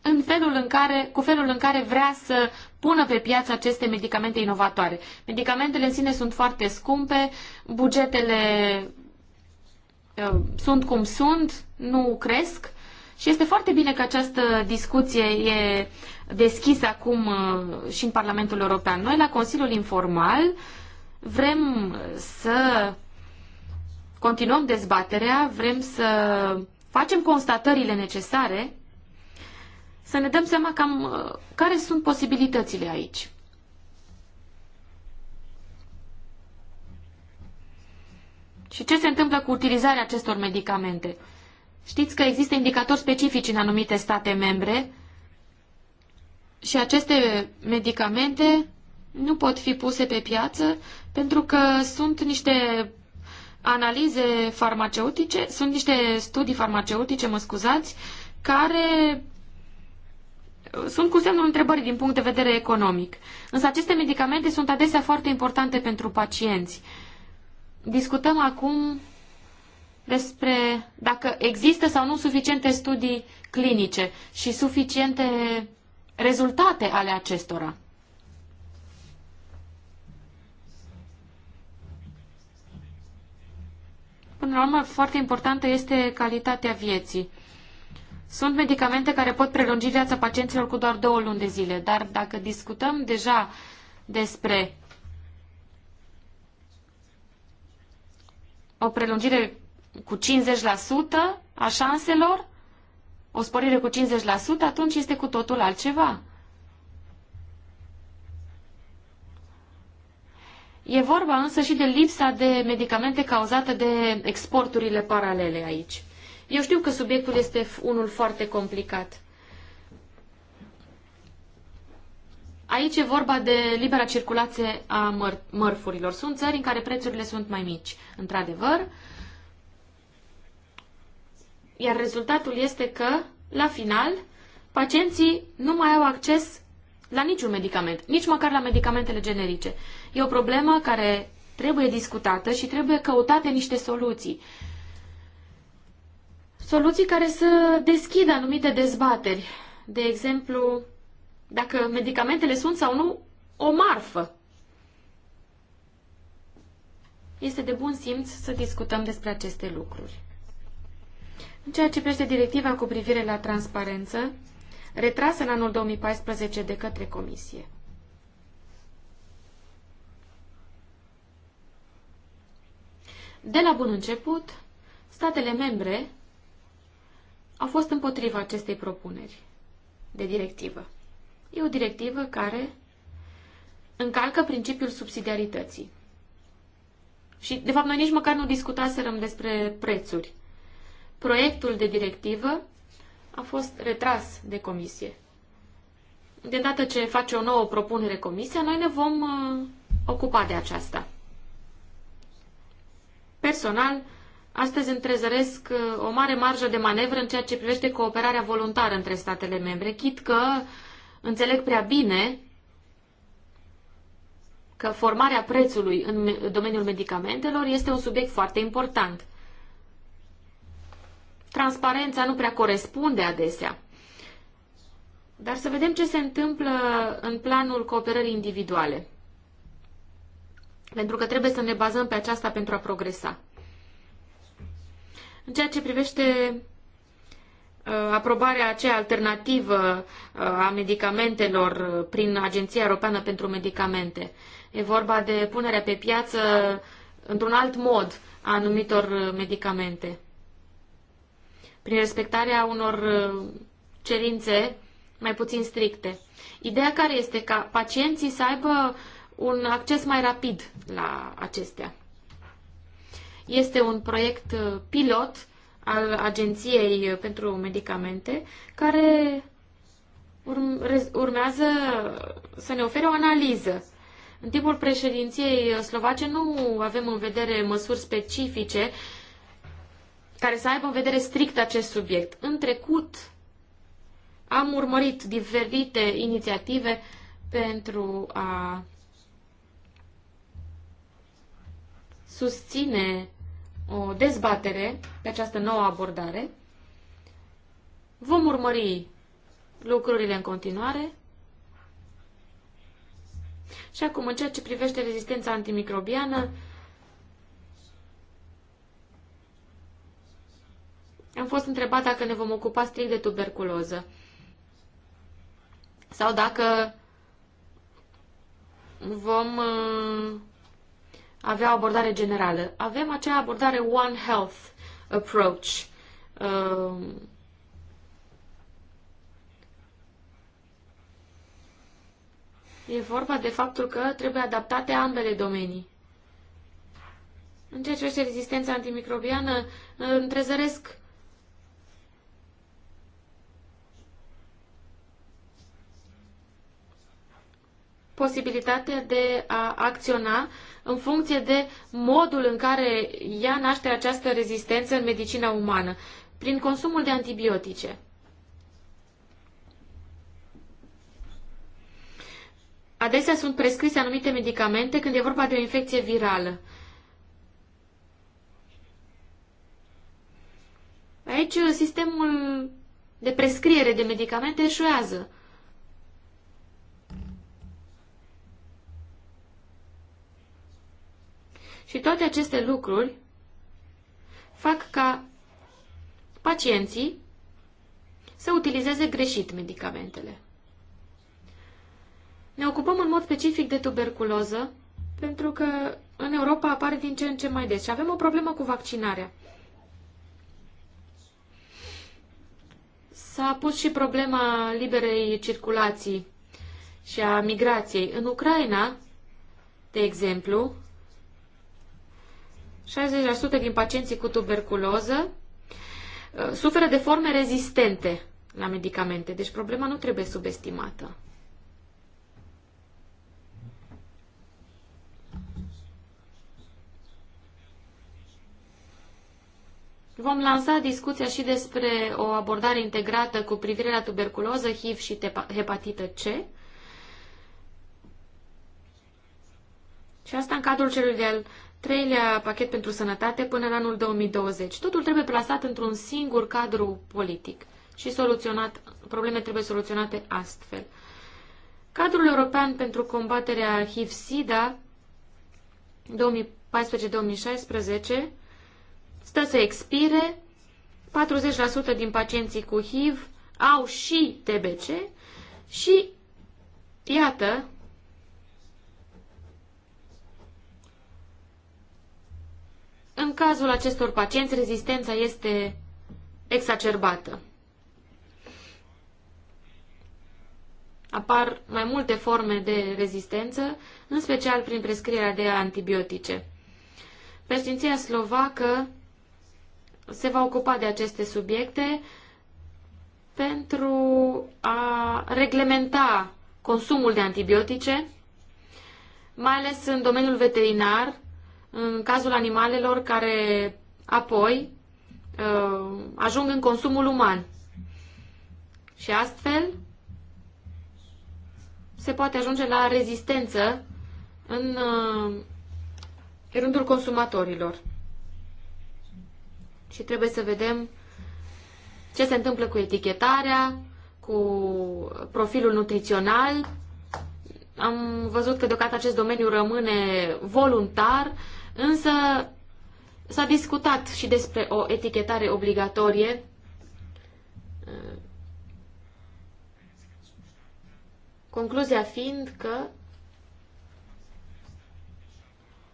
în felul în care, cu felul în care vrea să pună pe piață aceste medicamente inovatoare. Medicamentele în sine sunt foarte scumpe, bugetele uh, sunt cum sunt, nu cresc și este foarte bine că această discuție e deschisă acum uh, și în Parlamentul European. Noi, la Consiliul Informal, vrem să continuăm dezbaterea, vrem să facem constatările necesare, să ne dăm seama cam uh, care sunt posibilitățile aici. Și ce se întâmplă cu utilizarea acestor medicamente? Știți că există indicatori specifici în anumite state membre și aceste medicamente nu pot fi puse pe piață pentru că sunt niște analize farmaceutice, sunt niște studii farmaceutice, mă scuzați, care sunt cu semnul întrebării din punct de vedere economic. Însă aceste medicamente sunt adesea foarte importante pentru pacienți. Discutăm acum despre dacă există sau nu suficiente studii clinice și suficiente rezultate ale acestora. Până la urmă, foarte importantă este calitatea vieții. Sunt medicamente care pot prelungi viața pacienților cu doar două luni de zile, dar dacă discutăm deja despre o prelungire cu 50% a șanselor, o sporire cu 50%, atunci este cu totul altceva. E vorba însă și de lipsa de medicamente cauzată de exporturile paralele aici. Eu știu că subiectul este unul foarte complicat. Aici e vorba de libera circulație a măr- mărfurilor. Sunt țări în care prețurile sunt mai mici, într-adevăr, iar rezultatul este că, la final, pacienții nu mai au acces la niciun medicament, nici măcar la medicamentele generice. E o problemă care trebuie discutată și trebuie căutate niște soluții. Soluții care să deschidă anumite dezbateri. De exemplu, dacă medicamentele sunt sau nu o marfă. Este de bun simț să discutăm despre aceste lucruri. În ceea ce privește directiva cu privire la transparență, retrasă în anul 2014 de către Comisie. De la bun început, statele membre au fost împotriva acestei propuneri de directivă. E o directivă care încalcă principiul subsidiarității. Și, de fapt, noi nici măcar nu discutaserăm despre prețuri proiectul de directivă a fost retras de comisie. De data ce face o nouă propunere comisia, noi ne vom uh, ocupa de aceasta. Personal, astăzi întrezăresc uh, o mare marjă de manevră în ceea ce privește cooperarea voluntară între statele membre, chit că înțeleg prea bine că formarea prețului în domeniul medicamentelor este un subiect foarte important transparența nu prea corespunde adesea. Dar să vedem ce se întâmplă în planul cooperării individuale. Pentru că trebuie să ne bazăm pe aceasta pentru a progresa. În ceea ce privește uh, aprobarea aceea alternativă uh, a medicamentelor uh, prin Agenția Europeană pentru Medicamente. E vorba de punerea pe piață într-un alt mod a anumitor medicamente prin respectarea unor uh, cerințe mai puțin stricte. Ideea care este ca pacienții să aibă un acces mai rapid la acestea. Este un proiect uh, pilot al Agenției pentru Medicamente care urmează să ne ofere o analiză. În timpul președinției slovace nu avem în vedere măsuri specifice care să aibă în vedere strict acest subiect. În trecut am urmărit diferite inițiative pentru a susține o dezbatere pe această nouă abordare. Vom urmări lucrurile în continuare. Și acum, în ceea ce privește rezistența antimicrobiană, am fost întrebat dacă ne vom ocupa strict de tuberculoză sau dacă vom uh, avea o abordare generală. Avem acea abordare One Health Approach. Uh, e vorba de faptul că trebuie adaptate ambele domenii. În ceea ce este rezistența antimicrobiană, întrezăresc posibilitatea de a acționa în funcție de modul în care ea naște această rezistență în medicina umană, prin consumul de antibiotice. Adesea sunt prescrise anumite medicamente când e vorba de o infecție virală. Aici sistemul de prescriere de medicamente eșuează. Și toate aceste lucruri fac ca pacienții să utilizeze greșit medicamentele. Ne ocupăm în mod specific de tuberculoză, pentru că în Europa apare din ce în ce mai des și avem o problemă cu vaccinarea. S-a pus și problema liberei circulații și a migrației. În Ucraina, de exemplu, 60% din pacienții cu tuberculoză uh, suferă de forme rezistente la medicamente, deci problema nu trebuie subestimată. Vom lansa discuția și despre o abordare integrată cu privire la tuberculoză, HIV și hepatită C. Și asta în cadrul celui de-al treilea pachet pentru sănătate până în anul 2020. Totul trebuie plasat într-un singur cadru politic și soluționat, probleme trebuie soluționate astfel. Cadrul european pentru combaterea HIV-SIDA 2014-2016 stă să expire. 40% din pacienții cu HIV au și TBC și, iată, În cazul acestor pacienți, rezistența este exacerbată. Apar mai multe forme de rezistență, în special prin prescrierea de antibiotice. Președinția slovacă se va ocupa de aceste subiecte pentru a reglementa consumul de antibiotice, mai ales în domeniul veterinar, în cazul animalelor care apoi uh, ajung în consumul uman. Și astfel se poate ajunge la rezistență în uh, rândul consumatorilor. Și trebuie să vedem ce se întâmplă cu etichetarea, cu profilul nutrițional. Am văzut că deocamdată acest domeniu rămâne voluntar, Însă s-a discutat și despre o etichetare obligatorie Concluzia fiind că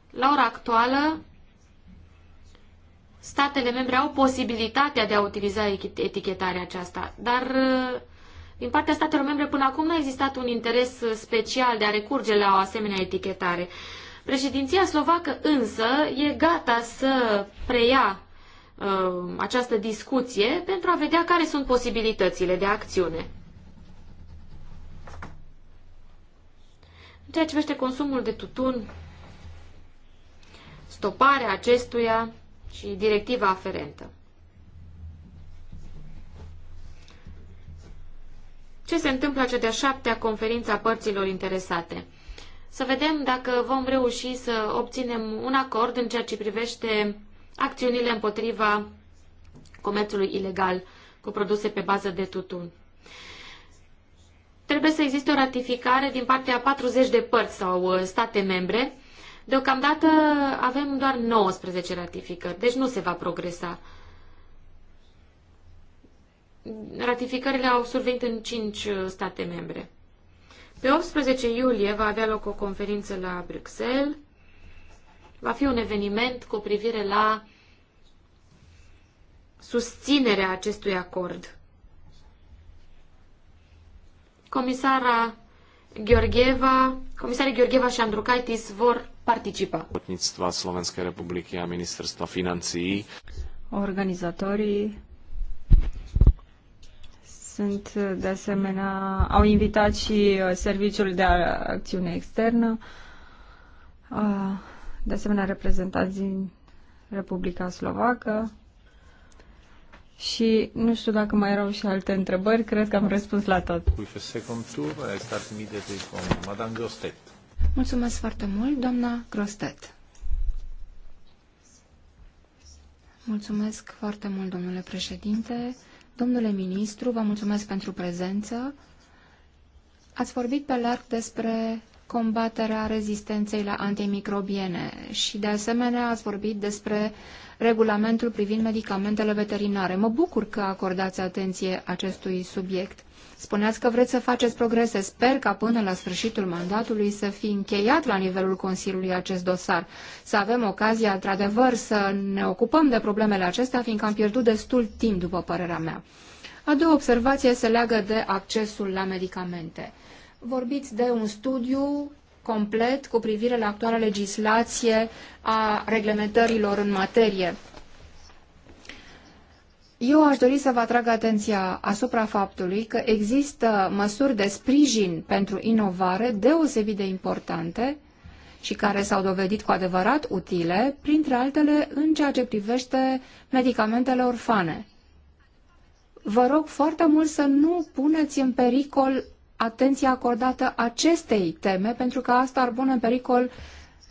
la ora actuală statele membre au posibilitatea de a utiliza etichetarea aceasta, dar uh, din partea statelor membre până acum nu a existat un interes special de a recurge la o asemenea etichetare. Președinția slovacă însă e gata să preia uh, această discuție pentru a vedea care sunt posibilitățile de acțiune. În ceea ce vește consumul de tutun, stoparea acestuia și directiva aferentă. Ce se întâmplă cea de-a șaptea conferință a părților interesate? să vedem dacă vom reuși să obținem un acord în ceea ce privește acțiunile împotriva comerțului ilegal cu produse pe bază de tutun. Trebuie să existe o ratificare din partea 40 de părți sau uh, state membre. Deocamdată avem doar 19 ratificări, deci nu se va progresa. Ratificările au survenit în 5 uh, state membre. Pe 18 iulie va avea loc o conferință la Bruxelles. Va fi un eveniment cu privire la susținerea acestui acord. Comisara Gheorgheva, comisarii Gheorgheva și Andrukaitis vor participa. Potnictva Slovenskej republiky a Ministerstva financí. Organizatorii sunt, de asemenea, au invitat și uh, Serviciul de Acțiune Externă, uh, de asemenea reprezentanți din Republica Slovacă. Și nu știu dacă mai erau și alte întrebări, cred că am răspuns la tot. Mulțumesc foarte mult, doamna Grostet. Mulțumesc foarte mult, domnule președinte. Domnule ministru, vă mulțumesc pentru prezență. Ați vorbit pe larg despre combaterea rezistenței la antimicrobiene și, de asemenea, ați vorbit despre regulamentul privind medicamentele veterinare. Mă bucur că acordați atenție acestui subiect. Spuneați că vreți să faceți progrese. Sper ca până la sfârșitul mandatului să fi încheiat la nivelul Consiliului acest dosar. Să avem ocazia, într-adevăr, să ne ocupăm de problemele acestea, fiindcă am pierdut destul timp, după părerea mea. A doua observație se leagă de accesul la medicamente. Vorbiți de un studiu complet cu privire la actuala legislație a reglementărilor în materie. Eu aș dori să vă atrag atenția asupra faptului că există măsuri de sprijin pentru inovare deosebit de importante și care s-au dovedit cu adevărat utile, printre altele în ceea ce privește medicamentele orfane. Vă rog foarte mult să nu puneți în pericol atenția acordată acestei teme, pentru că asta ar pune în pericol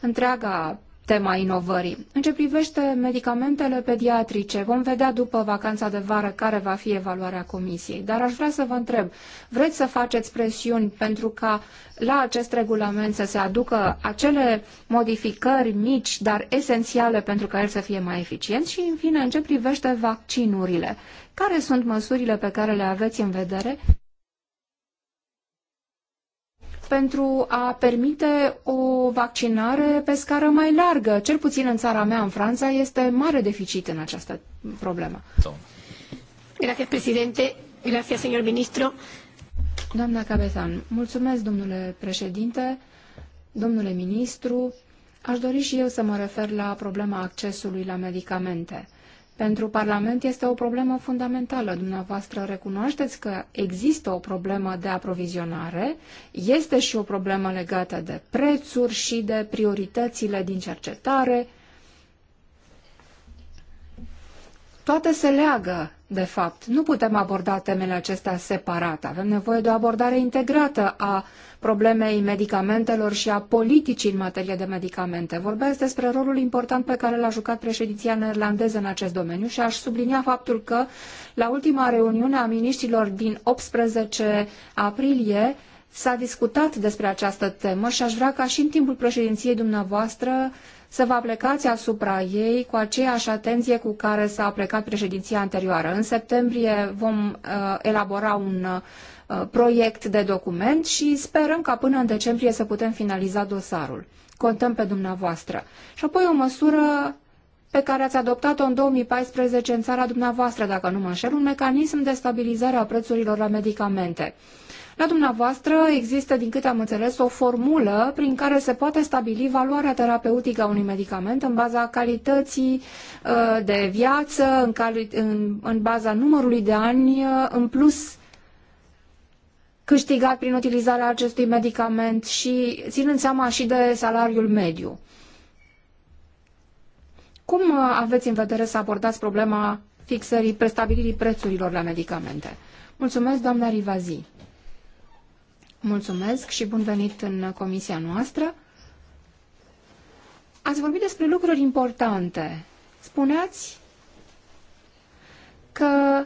întreaga tema inovării. În ce privește medicamentele pediatrice, vom vedea după vacanța de vară care va fi evaluarea comisiei. Dar aș vrea să vă întreb, vreți să faceți presiuni pentru ca la acest regulament să se aducă acele modificări mici, dar esențiale pentru ca el să fie mai eficient? Și, în fine, în ce privește vaccinurile, care sunt măsurile pe care le aveți în vedere pentru a permite o vaccinare pe scară mai largă. Cel puțin în țara mea, în Franța, este mare deficit în această problemă. Gracias, presidente. Gracias, señor ministro. Doamna Cabezan, mulțumesc, domnule președinte, domnule ministru. Aș dori și eu să mă refer la problema accesului la medicamente. Pentru Parlament este o problemă fundamentală. Dumneavoastră recunoașteți că există o problemă de aprovizionare, este și o problemă legată de prețuri și de prioritățile din cercetare. Toate se leagă de fapt. Nu putem aborda temele acestea separat. Avem nevoie de o abordare integrată a problemei medicamentelor și a politicii în materie de medicamente. Vorbesc despre rolul important pe care l-a jucat președinția neerlandeză în acest domeniu și aș sublinia faptul că la ultima reuniune a miniștilor din 18 aprilie s-a discutat despre această temă și aș vrea ca și în timpul președinției dumneavoastră să vă aplecați asupra ei cu aceeași atenție cu care s-a aplecat președinția anterioară. În septembrie vom uh, elabora un uh, proiect de document și sperăm ca până în decembrie să putem finaliza dosarul. Contăm pe dumneavoastră. Și apoi o măsură pe care ați adoptat-o în 2014 în țara dumneavoastră, dacă nu mă înșel, un mecanism de stabilizare a prețurilor la medicamente. Uh, la dumneavoastră există, din câte am înțeles, o formulă prin care se poate stabili valoarea terapeutică a unui medicament în baza calității uh, de viață, în, cali- în, în baza numărului de ani, uh, în plus câștigat prin utilizarea acestui medicament și ținând seama și de salariul mediu. Cum uh, aveți în vedere să abordați problema fixării, prestabilirii prețurilor la medicamente? Mulțumesc, doamna Rivazi. Mulțumesc și bun venit în comisia noastră. Ați vorbit despre lucruri importante. Spuneați că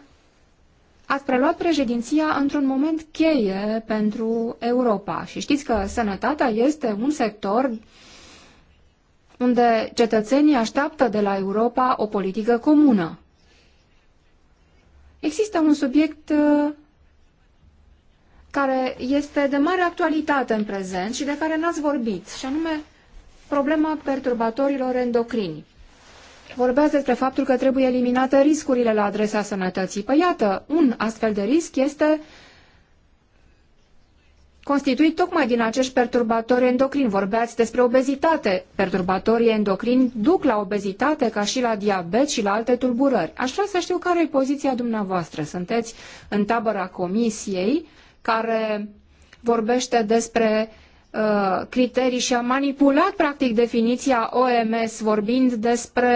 ați preluat președinția într-un moment cheie pentru Europa și știți că sănătatea este un sector unde cetățenii așteaptă de la Europa o politică comună. Există un subiect uh, care este de mare actualitate în prezent și de care n-ați vorbit, și anume problema perturbatorilor endocrini. Vorbeați despre faptul că trebuie eliminate riscurile la adresa sănătății. Păi iată, un astfel de risc este constituit tocmai din acești perturbatori endocrini. Vorbeați despre obezitate. Perturbatorii endocrini duc la obezitate ca și la diabet și la alte tulburări. Aș vrea să știu care e poziția dumneavoastră. Sunteți în tabăra comisiei care vorbește despre uh, criterii și a manipulat practic definiția OMS vorbind despre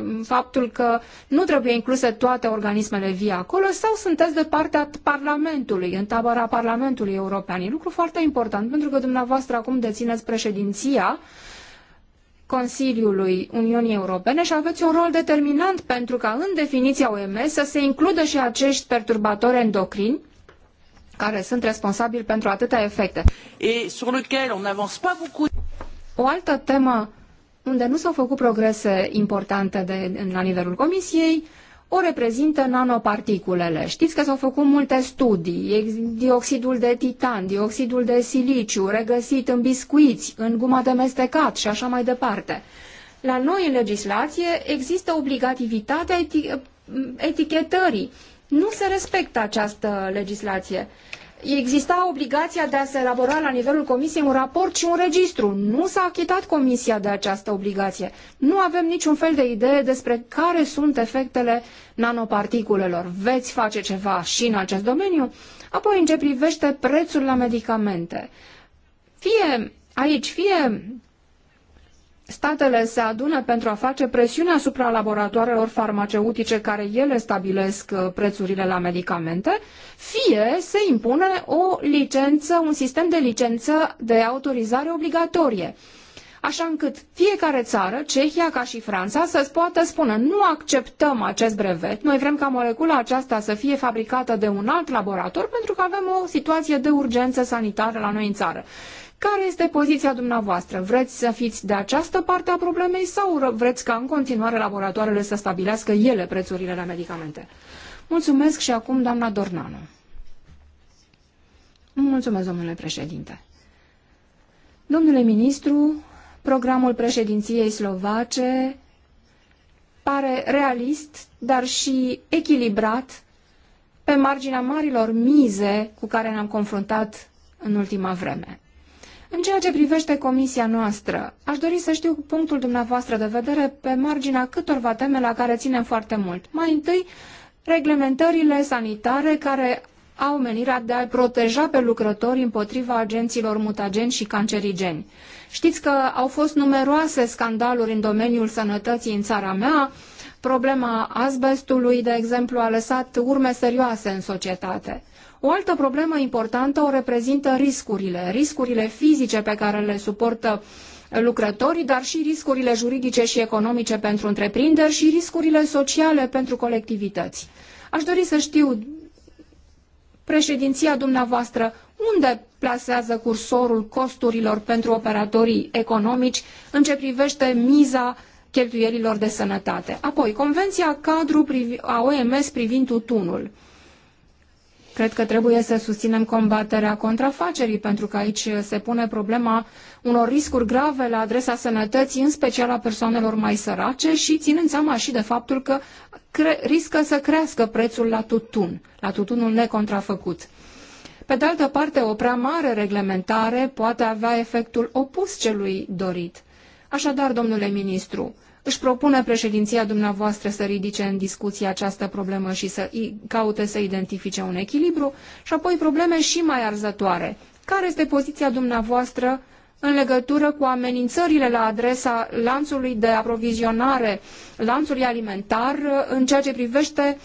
um, faptul că nu trebuie incluse toate organismele vie acolo sau sunteți de partea Parlamentului, în tabăra Parlamentului European. E lucru foarte important pentru că dumneavoastră acum dețineți președinția Consiliului Uniunii Europene și aveți un rol determinant pentru ca în definiția OMS să se includă și acești perturbatori endocrini care sunt responsabili pentru atâtea efecte. Et sur lequel on n'avance pas beaucoup. O altă temă unde nu s-au făcut progrese importante de, la nivelul comisiei, o reprezintă nanoparticulele. Știți că s-au făcut multe studii, dioxidul de titan, dioxidul de siliciu, regăsit în biscuiți, în guma de mestecat și așa mai departe. La noi în legislație există obligativitatea etichetării nu se respectă această legislație. Exista obligația de a se elabora la nivelul comisiei un raport și un registru. Nu s-a achitat comisia de această obligație. Nu avem niciun fel de idee despre care sunt efectele nanoparticulelor. Veți face ceva și în acest domeniu? Apoi, în ce privește prețul la medicamente. Fie aici, fie statele se adună pentru a face presiune asupra laboratoarelor farmaceutice care ele stabilesc uh, prețurile la medicamente, fie se impune o licență, un sistem de licență de autorizare obligatorie. Așa încât fiecare țară, Cehia ca și Franța, să-ți poată spune nu acceptăm acest brevet, noi vrem ca molecula aceasta să fie fabricată de un alt laborator pentru că avem o situație de urgență sanitară la noi în țară. Care este poziția dumneavoastră? Vreți să fiți de această parte a problemei sau vreți ca în continuare laboratoarele să stabilească ele prețurile la medicamente? Mulțumesc și acum doamna Dornanu. Mulțumesc, domnule președinte. Domnule ministru, programul președinției slovace pare realist, dar și echilibrat pe marginea marilor mize cu care ne-am confruntat în ultima vreme. În ceea ce privește comisia noastră, aș dori să știu punctul dumneavoastră de vedere pe marginea câtorva teme la care ținem foarte mult. Mai întâi, reglementările sanitare care au menirea de a proteja pe lucrători împotriva agenților mutageni și cancerigeni. Știți că au fost numeroase scandaluri în domeniul sănătății în țara mea, Problema azbestului, de exemplu, a lăsat urme serioase în societate. O altă problemă importantă o reprezintă riscurile, riscurile fizice pe care le suportă lucrătorii, dar și riscurile juridice și economice pentru întreprinderi și riscurile sociale pentru colectivități. Aș dori să știu, președinția dumneavoastră, unde plasează cursorul costurilor pentru operatorii economici în ce privește miza cheltuielilor de sănătate. Apoi, Convenția Cadru a OMS privind tutunul. Cred că trebuie să susținem combaterea contrafacerii, pentru că aici se pune problema unor riscuri grave la adresa sănătății, în special a persoanelor mai sărace și ținând seama și de faptul că riscă să crească prețul la tutun, la tutunul necontrafăcut. Pe de altă parte, o prea mare reglementare poate avea efectul opus celui dorit. Așadar, domnule ministru, își propune președinția dumneavoastră să ridice în discuție această problemă și să caute să identifice un echilibru și apoi probleme și mai arzătoare. Care este poziția dumneavoastră în legătură cu amenințările la adresa lanțului de aprovizionare, lanțului alimentar, în ceea ce privește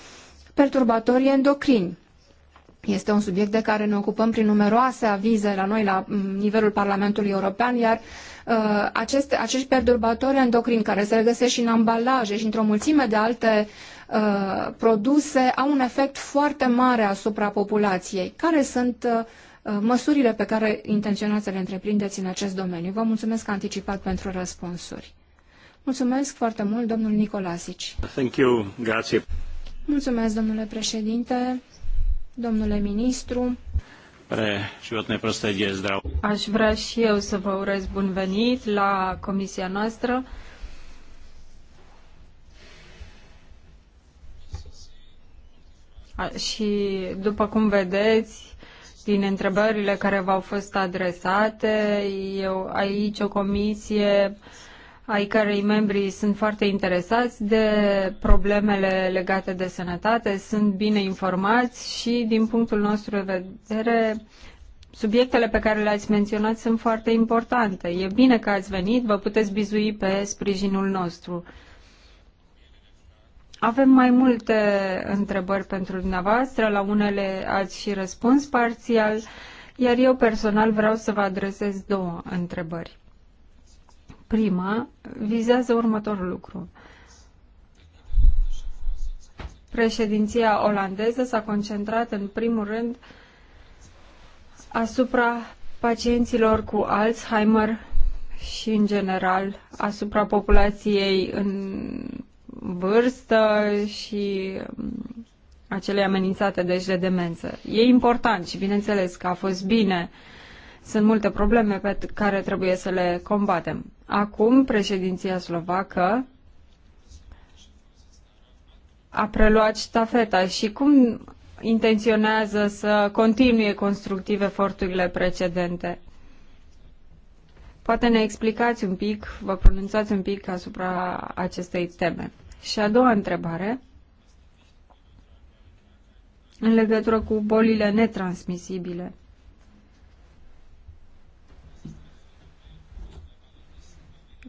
perturbatorii endocrini? Este un subiect de care ne ocupăm prin numeroase avize la noi, la mm, nivelul Parlamentului European, iar uh, uh, aceste, acești perturbatori endocrini care se regăsesc și în ambalaje și într-o mulțime de alte uh, produse au un efect foarte mare asupra populației. Care sunt uh, uh, măsurile pe care intenționați să le întreprindeți în acest domeniu? Vă mulțumesc anticipat pentru răspunsuri. Mulțumesc foarte mult, domnul Nicolasici. Thank you. Grazie. Mulțumesc, domnule președinte, domnule ministru pre životné prostredie zdrav. Aș vrea și eu să vă urez bun venit la comisia noastră. Și după cum vedeți, din întrebările care v-au fost adresate, eu aici o comisie uh, ai cărei membri sunt foarte interesați de problemele legate de sănătate, sunt bine informați și, din punctul nostru de vedere, subiectele pe care le-ați menționat sunt foarte importante. E bine că ați venit, vă puteți bizui pe sprijinul nostru. Avem mai multe întrebări pentru dumneavoastră, la unele ați și răspuns parțial, iar eu personal vreau să vă adresez două întrebări prima vizează următorul lucru. Președinția olandeză s-a concentrat în primul rând asupra pacienților cu Alzheimer și în general asupra populației în vârstă și um, acele amenințate deci de demență. E important și bineînțeles că a fost bine. Sunt multe probleme pe care trebuie să le combatem. Acum, președinția slovacă a preluat ștafeta și cum intenționează să continue constructiv eforturile precedente? Poate ne explicați un pic, vă pronunțați un pic asupra acestei teme. Și a doua întrebare, în legătură cu bolile netransmisibile.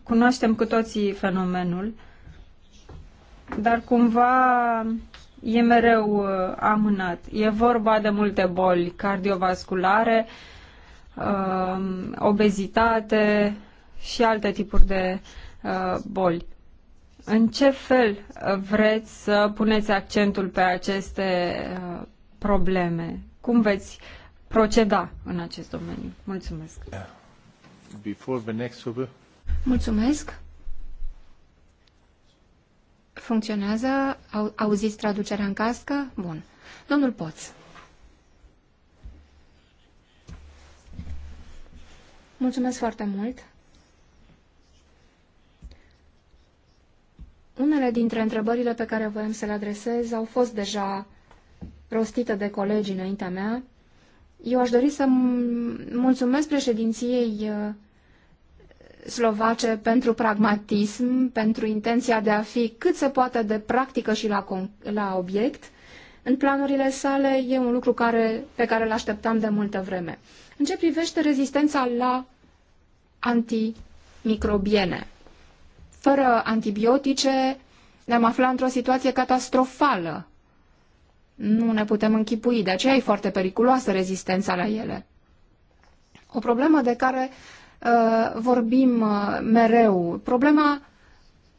cunoaștem cu toții fenomenul, dar cumva e mereu uh, amânat. E vorba de multe boli cardiovasculare, um, obezitate și alte tipuri de uh, boli. În ce fel uh, vreți să puneți accentul pe aceste probleme? Cum veți proceda în acest domeniu? Mulțumesc. Before the next Mulțumesc. Funcționează? Au, auziți traducerea în cască? Bun. Domnul Poț. Mulțumesc foarte mult. Unele dintre întrebările pe care voiam să le adresez au fost deja rostite de colegii înaintea mea. Eu aș dori să mulțumesc președinției uh, slovace pentru pragmatism, pentru intenția de a fi cât se poate de practică și la, la obiect, în planurile sale e un lucru care, pe care îl așteptam de multă vreme. În ce privește rezistența la antimicrobiene. Fără antibiotice ne-am aflat într-o situație catastrofală. Nu ne putem închipui, de aceea e foarte periculoasă rezistența la ele. O problemă de care Uh, vorbim uh, mereu. Problema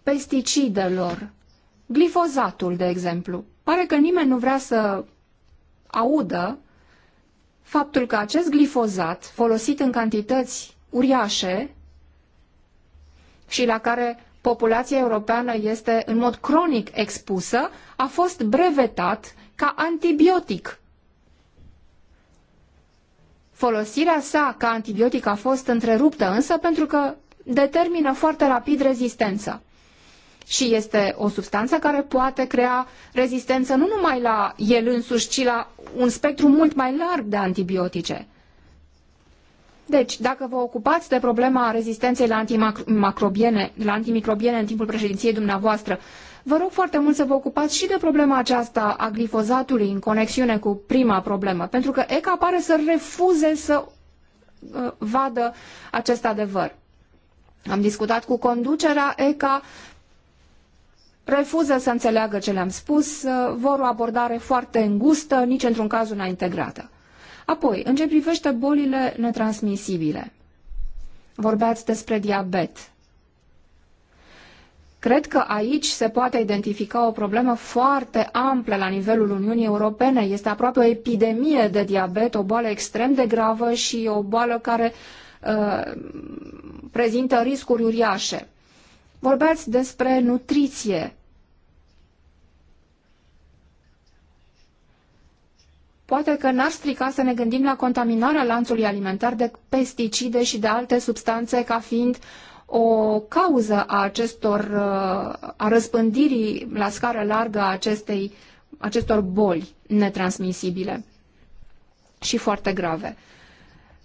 pesticidelor, glifozatul, de exemplu. Pare că nimeni nu vrea să audă faptul că acest glifozat, folosit în cantități uriașe și la care populația europeană este în mod cronic expusă, a fost brevetat ca antibiotic Folosirea sa ca antibiotic a fost întreruptă însă pentru că determină foarte rapid rezistență. Și este o substanță care poate crea rezistență nu numai la el însuși, ci la un spectru mult mai larg de antibiotice. Deci, dacă vă ocupați de problema rezistenței la, antimacrobiene, la antimicrobiene în timpul președinției dumneavoastră, Vă rog foarte mult să vă ocupați și de problema aceasta a glifozatului în conexiune cu prima problemă, pentru că ECA pare să refuze să uh, vadă acest adevăr. Am discutat cu conducerea ECA, refuză să înțeleagă ce le-am spus, uh, vor o abordare foarte îngustă, nici într-un caz una integrată. Apoi, în ce privește bolile netransmisibile, vorbeați despre diabet. Cred că aici se poate identifica o problemă foarte amplă la nivelul Uniunii Europene. Este aproape o epidemie de diabet, o boală extrem de gravă și o boală care uh, prezintă riscuri uriașe. Vorbeați despre nutriție. Poate că n-ar strica să ne gândim la contaminarea lanțului alimentar de pesticide și de alte substanțe ca fiind o cauză a acestor, uh, a răspândirii la scară largă a acestei, acestor boli netransmisibile și foarte grave.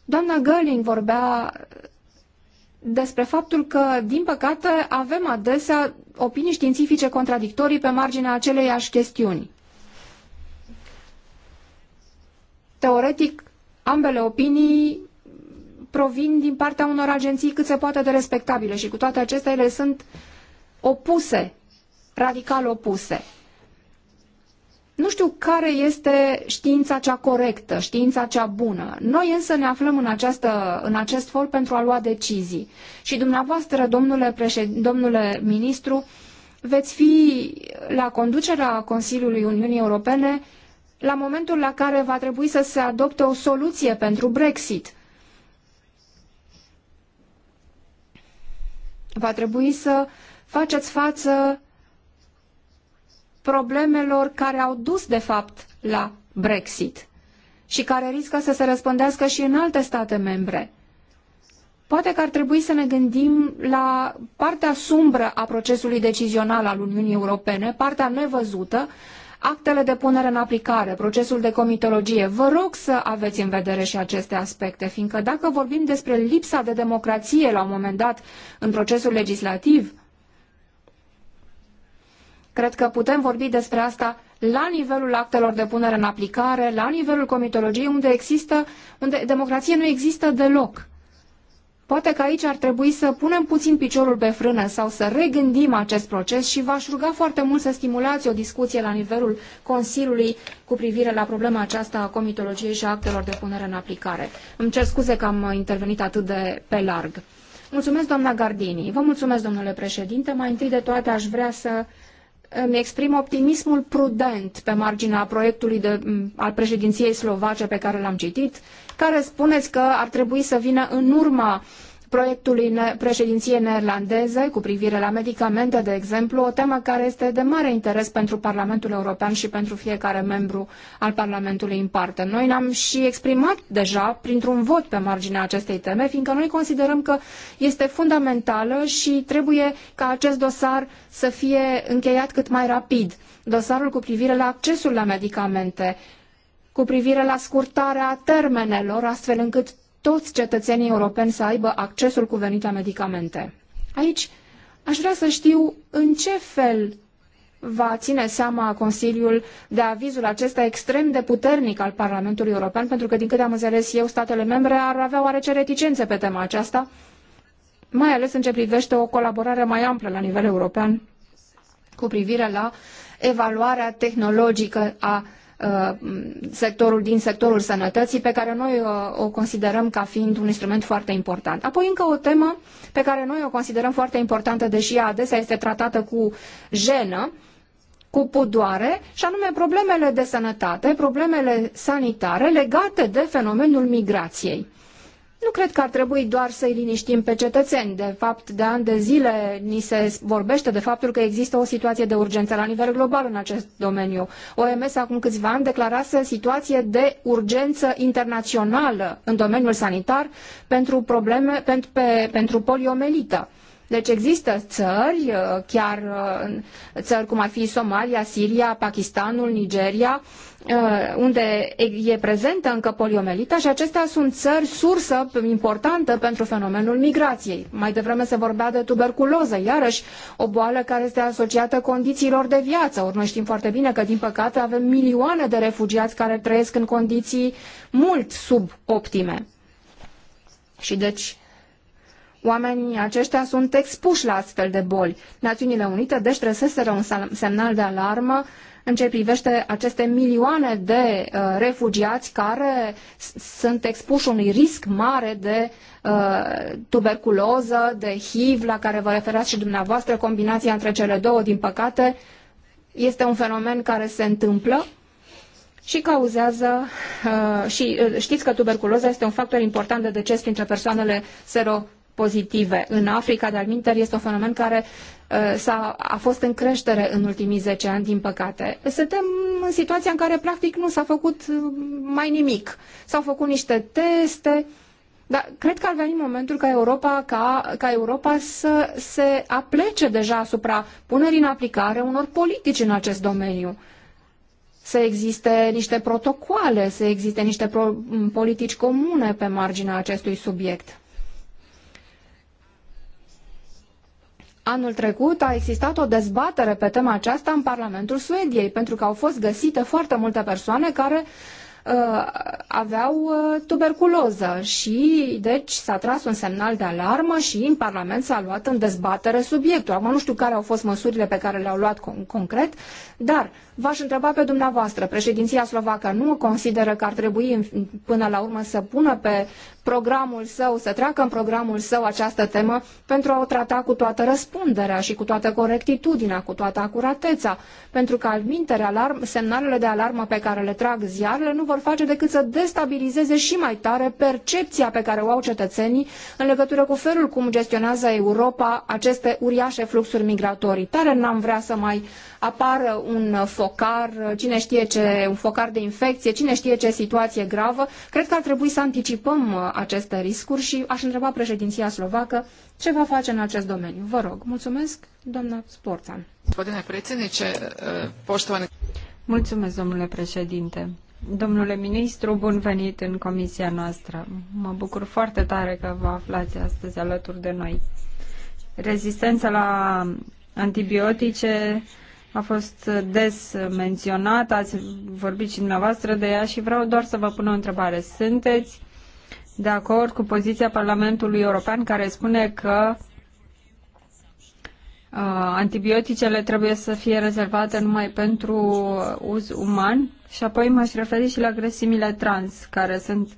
Doamna Gölling vorbea despre faptul că, din păcate, avem adesea opinii științifice contradictorii pe marginea aceleiași chestiuni. Teoretic, ambele opinii provin din partea unor agenții cât se poate de respectabile și cu toate acestea ele sunt opuse, radical opuse. Nu știu care este știința cea corectă, știința cea bună. Noi însă ne aflăm în, această, în acest for pentru a lua decizii. Și dumneavoastră, domnule, președ, domnule ministru, veți fi la conducerea Consiliului Uniunii Europene la momentul la care va trebui să se adopte o soluție pentru Brexit. va trebui să faceți față problemelor care au dus, de fapt, la Brexit și care riscă să se răspândească și în alte state membre. Poate că ar trebui să ne gândim la partea sumbră a procesului decizional al Uniunii Europene, partea nevăzută, actele de punere în aplicare, procesul de comitologie. Vă rog să aveți în vedere și aceste aspecte, fiindcă dacă vorbim despre lipsa de democrație la un moment dat în procesul legislativ, cred că putem vorbi despre asta la nivelul actelor de punere în aplicare, la nivelul comitologiei, unde, există, unde democrație nu există deloc. Poate că aici ar trebui să punem puțin piciorul pe frână sau să regândim acest proces și v-aș ruga foarte mult să stimulați o discuție la nivelul Consiliului cu privire la problema aceasta a comitologiei și a actelor de punere în aplicare. Îmi cer scuze că am intervenit atât de pe larg. Mulțumesc, doamna Gardini. Vă mulțumesc, domnule președinte. Mai întâi de toate aș vrea să îmi exprim optimismul prudent pe marginea proiectului de, al președinției slovace pe care l-am citit care spuneți că ar trebui să vină în urma proiectului președinției neerlandeze cu privire la medicamente, de exemplu, o temă care este de mare interes pentru Parlamentul European și pentru fiecare membru al Parlamentului în parte. Noi ne-am și exprimat deja printr-un vot pe marginea acestei teme, fiindcă noi considerăm că este fundamentală și trebuie ca acest dosar să fie încheiat cât mai rapid. Dosarul cu privire la accesul la medicamente, cu privire la scurtarea termenelor, astfel încât toți cetățenii europeni să aibă accesul cuvenit la medicamente. Aici aș vrea să știu în ce fel va ține seama Consiliul de avizul acesta extrem de puternic al Parlamentului European, pentru că, din câte am înțeles eu, statele membre ar avea oarece reticențe pe tema aceasta, mai ales în ce privește o colaborare mai amplă la nivel european cu privire la evaluarea tehnologică a Uh, sectorul, din sectorul sănătății, pe care noi uh, o considerăm ca fiind un instrument foarte important. Apoi încă o temă pe care noi o considerăm foarte importantă, deși ea adesea este tratată cu jenă, cu pudoare, și anume problemele de sănătate, problemele sanitare legate de fenomenul migrației. Nu cred că ar trebui doar să-i liniștim pe cetățeni. De fapt, de ani de zile ni se vorbește de faptul că există o situație de urgență la nivel global în acest domeniu. OMS acum câțiva ani declarase situație de urgență internațională în domeniul sanitar pentru, probleme, pentru, pe, pentru poliomelită. Deci există țări, uh, chiar uh, țări cum ar fi Somalia, Siria, Pakistanul, Nigeria, uh, unde e prezentă încă poliomelita și acestea sunt țări sursă importantă pentru fenomenul migrației. Mai devreme se vorbea de tuberculoză, iarăși o boală care este asociată condițiilor de viață. Ori noi știm foarte bine că, din păcate, avem milioane de refugiați care trăiesc în condiții mult optime. Și deci Oamenii aceștia sunt expuși la astfel de boli. Națiunile Unite deci trăseseră un semnal de alarmă în ce privește aceste milioane de uh, refugiați care sunt expuși unui risc mare de uh, tuberculoză, de HIV, la care vă referați și dumneavoastră, combinația între cele două, din păcate, este un fenomen care se întâmplă și cauzează, uh, și uh, știți că tuberculoza este un factor important de deces printre persoanele sero pozitive în Africa, dar altminteri este un fenomen care uh, a a fost în creștere în ultimii 10 ani, din păcate. Suntem în situația în care practic nu s-a făcut uh, mai nimic. S-au făcut niște teste, dar cred că ar veni momentul ca Europa, ca, ca Europa să se aplece deja asupra punerii în aplicare unor politici în acest domeniu. Să existe niște protocoale, să existe niște pro, politici comune pe marginea acestui subiect. Anul trecut a existat o dezbatere pe tema aceasta în Parlamentul Suediei, pentru că au fost găsite foarte multe persoane care uh, aveau uh, tuberculoză și deci s-a tras un semnal de alarmă și în Parlament s-a luat în dezbatere subiectul. Acum nu știu care au fost măsurile pe care le-au luat con concret, dar v-aș întreba pe dumneavoastră, președinția slovacă nu consideră că ar trebui până la urmă să pună pe programul său, să treacă în programul său această temă pentru a o trata cu toată răspunderea și cu toată corectitudinea, cu toată acuratețea, pentru că al alarm, semnalele de alarmă pe care le trag ziarele nu vor face decât să destabilizeze și mai tare percepția pe care o au cetățenii în legătură cu felul cum gestionează Europa aceste uriașe fluxuri migratorii. Tare n-am vrea să mai apară un focar, cine știe ce, un focar de infecție, cine știe ce situație gravă. Cred că ar trebui să anticipăm uh, aceste riscuri și aș întreba președinția slovacă ce va face în acest domeniu. Vă rog, mulțumesc, doamna Sporțan. Uh, mulțumesc, domnule președinte. Domnule ministru, bun venit în comisia noastră. Mă bucur foarte tare că vă aflați astăzi alături de noi. Rezistența la antibiotice a fost des menționată, ați vorbit și dumneavoastră de ea și vreau doar să vă pun o întrebare. Sunteți de acord cu poziția Parlamentului European care spune că Uh, antibioticele trebuie să fie rezervate numai pentru uz uman și apoi m-aș referi și la grăsimile trans, care sunt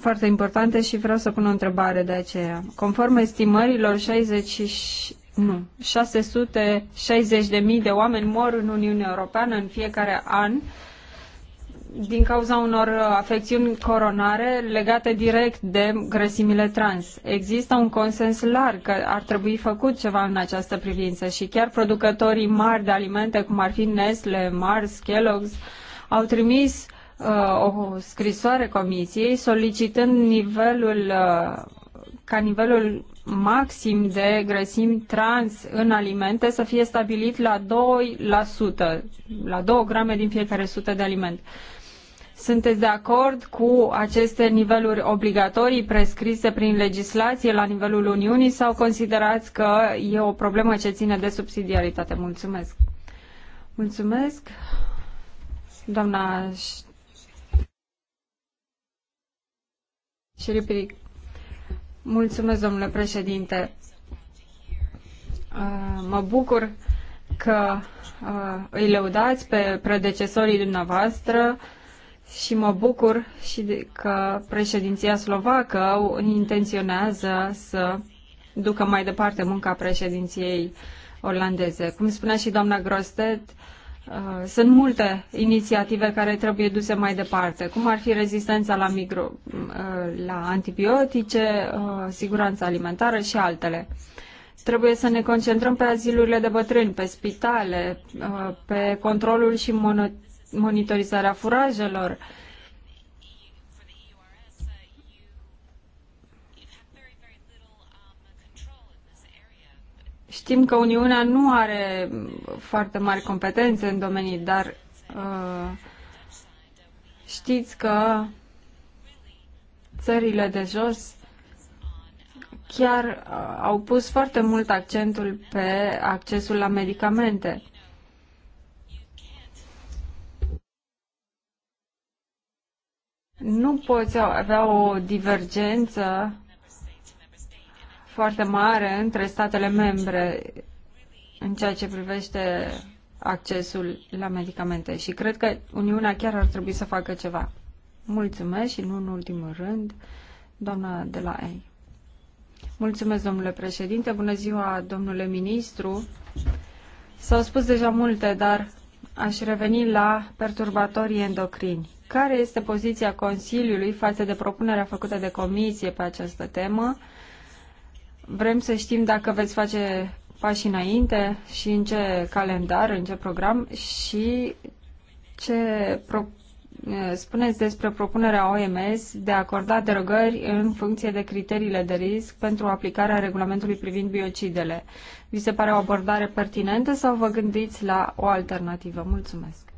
foarte importante și vreau să pun o întrebare de aceea. Conform estimărilor, 60 nu, 660.000 de oameni mor în Uniunea Europeană în fiecare an din cauza unor uh, afecțiuni coronare legate direct de grăsimile trans. Există un consens larg că ar trebui făcut ceva în această privință și chiar producătorii mari de alimente, cum ar fi Nestle, Mars, Kellogg's, au trimis uh, o scrisoare comisiei solicitând nivelul, uh, ca nivelul maxim de grăsimi trans în alimente să fie stabilit la 2%, la 2 grame din fiecare sută de aliment. Sunteți de acord cu aceste niveluri obligatorii prescrise prin legislație la nivelul Uniunii sau considerați că e o problemă ce ține de subsidiaritate? Mulțumesc. Mulțumesc. Doamna Șeripiric. Mulțumesc, domnule președinte. Uh, mă bucur că uh, îi lăudați pe predecesorii dumneavoastră și mă bucur și că președinția slovacă intenționează să ducă mai departe munca președinției olandeze. Cum spunea și doamna Grostet, uh, sunt multe inițiative care trebuie duse mai departe, cum ar fi rezistența la, micro, uh, la antibiotice, uh, siguranța alimentară și altele. Trebuie să ne concentrăm pe azilurile de bătrâni, pe spitale, pe controlul și monitorizarea furajelor. Știm că Uniunea nu are foarte mari competențe în domenii, dar uh, știți că țările de jos chiar uh, au pus foarte mult accentul pe accesul la medicamente. Nu poți avea o divergență foarte mare între statele membre în ceea ce privește accesul la medicamente și cred că Uniunea chiar ar trebui să facă ceva. Mulțumesc și nu în ultimul rând, doamna de la ei. Mulțumesc, domnule președinte, bună ziua, domnule ministru. S-au spus deja multe, dar aș reveni la perturbatorii endocrini care este poziția Consiliului față de propunerea făcută de Comisie pe această temă. Vrem să știm dacă veți face pași înainte și în ce calendar, în ce program și ce pro- spuneți despre propunerea OMS de a acorda derogări în funcție de criteriile de risc pentru aplicarea regulamentului privind biocidele. Vi se pare o abordare pertinentă sau vă gândiți la o alternativă? Mulțumesc!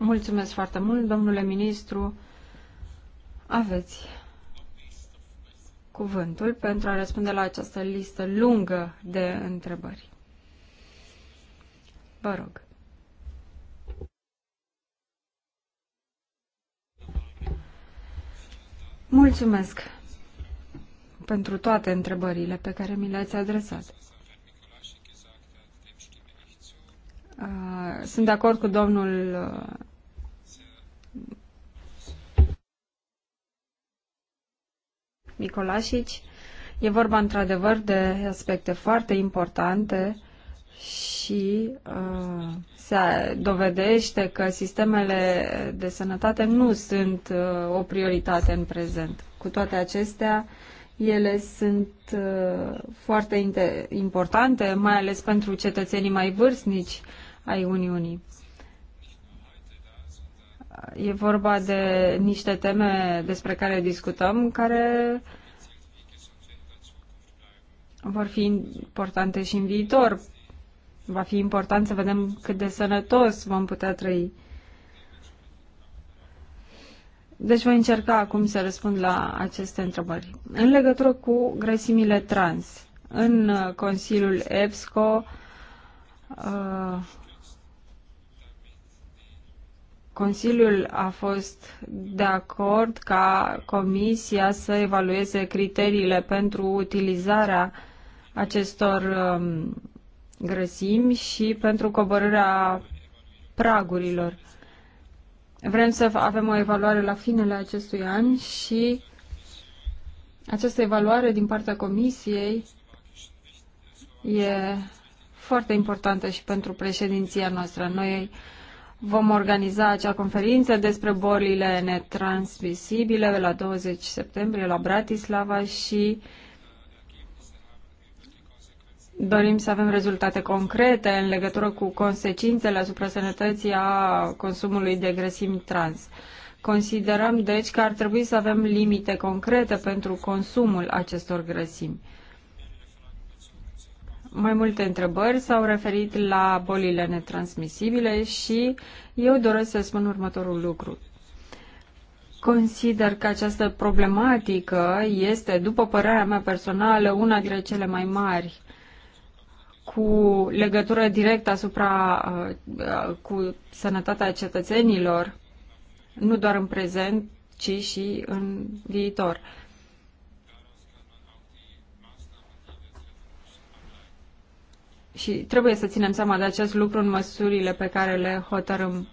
Mulțumesc foarte mult, domnule ministru. Aveți cuvântul pentru a răspunde la această listă lungă de întrebări. Vă rog. Mulțumesc pentru toate întrebările pe care mi le-ați adresat. Uh, sunt de acord cu domnul uh, Micolașici. E vorba într-adevăr de aspecte foarte importante și uh, se dovedește că sistemele de sănătate nu sunt uh, o prioritate în prezent. Cu toate acestea, ele sunt uh, foarte importante, mai ales pentru cetățenii mai vârstnici ai Uniunii e vorba de niște teme despre care discutăm, care vor fi importante și în viitor. Va fi important să vedem cât de sănătos vom putea trăi. Deci voi încerca acum să răspund la aceste întrebări. În legătură cu grăsimile trans, în Consiliul EBSCO, uh, Consiliul a fost de acord ca Comisia să evalueze criteriile pentru utilizarea acestor um, grăsimi și pentru coborârea pragurilor. Vrem să avem o evaluare la finele acestui an și această evaluare din partea Comisiei e foarte importantă și pentru președinția noastră. Noi Vom organiza acea conferință despre bolile netransmisibile la 20 septembrie la Bratislava și dorim să avem rezultate concrete în legătură cu consecințele asupra sănătății a consumului de grăsimi trans. Considerăm, deci, că ar trebui să avem limite concrete pentru consumul acestor grăsimi mai multe întrebări s-au referit la bolile netransmisibile și eu doresc să spun următorul lucru. Consider că această problematică este, după părerea mea personală, una dintre cele mai mari cu legătură directă asupra uh, cu sănătatea cetățenilor, nu doar în prezent, ci și în viitor. și trebuie să ținem seama de acest lucru în măsurile pe care le hotărâm.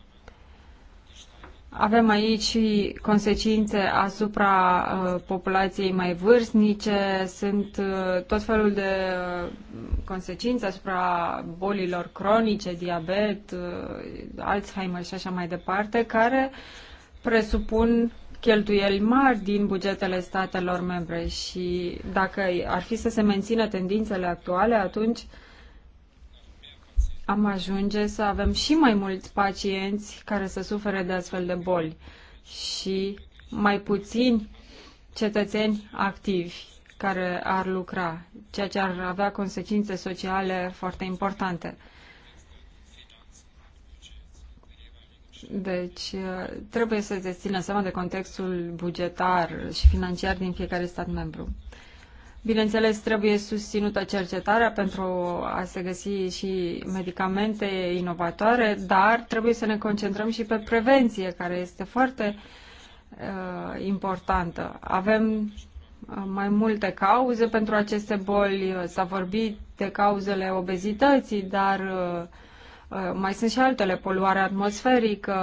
Avem aici și consecințe asupra uh, populației mai vârstnice, sunt uh, tot felul de uh, consecințe asupra bolilor cronice, diabet, uh, Alzheimer și așa mai departe, care presupun cheltuieli mari din bugetele statelor membre și dacă ar fi să se mențină tendințele actuale, atunci uh, am ajunge să avem și mai mulți pacienți care să sufere de astfel de boli și mai puțini cetățeni activi care ar lucra, ceea ce ar avea consecințe sociale foarte importante. Deci, trebuie să se țină seama de contextul bugetar și financiar din fiecare stat membru. Bineînțeles, trebuie susținută cercetarea pentru a se găsi și medicamente inovatoare, dar trebuie să ne concentrăm și pe prevenție, care este foarte uh, importantă. Avem uh, mai multe cauze pentru aceste boli. S-a vorbit de cauzele obezității, dar uh, uh mai sunt și altele, poluarea atmosferică,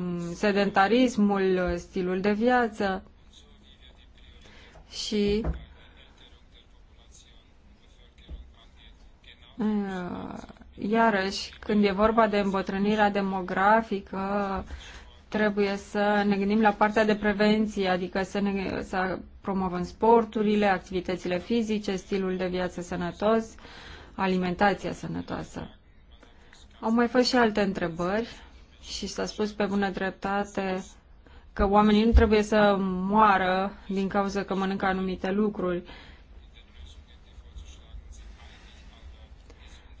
um, sedentarismul, stilul de viață și Iarăși, când e vorba de îmbătrânirea demografică, trebuie să ne gândim la partea de prevenție, adică să, ne, să promovăm sporturile, activitățile fizice, stilul de viață sănătos, alimentația sănătoasă. Au mai fost și alte întrebări și s-a spus pe bună dreptate că oamenii nu trebuie să moară din cauza că mănâncă anumite lucruri. Uh,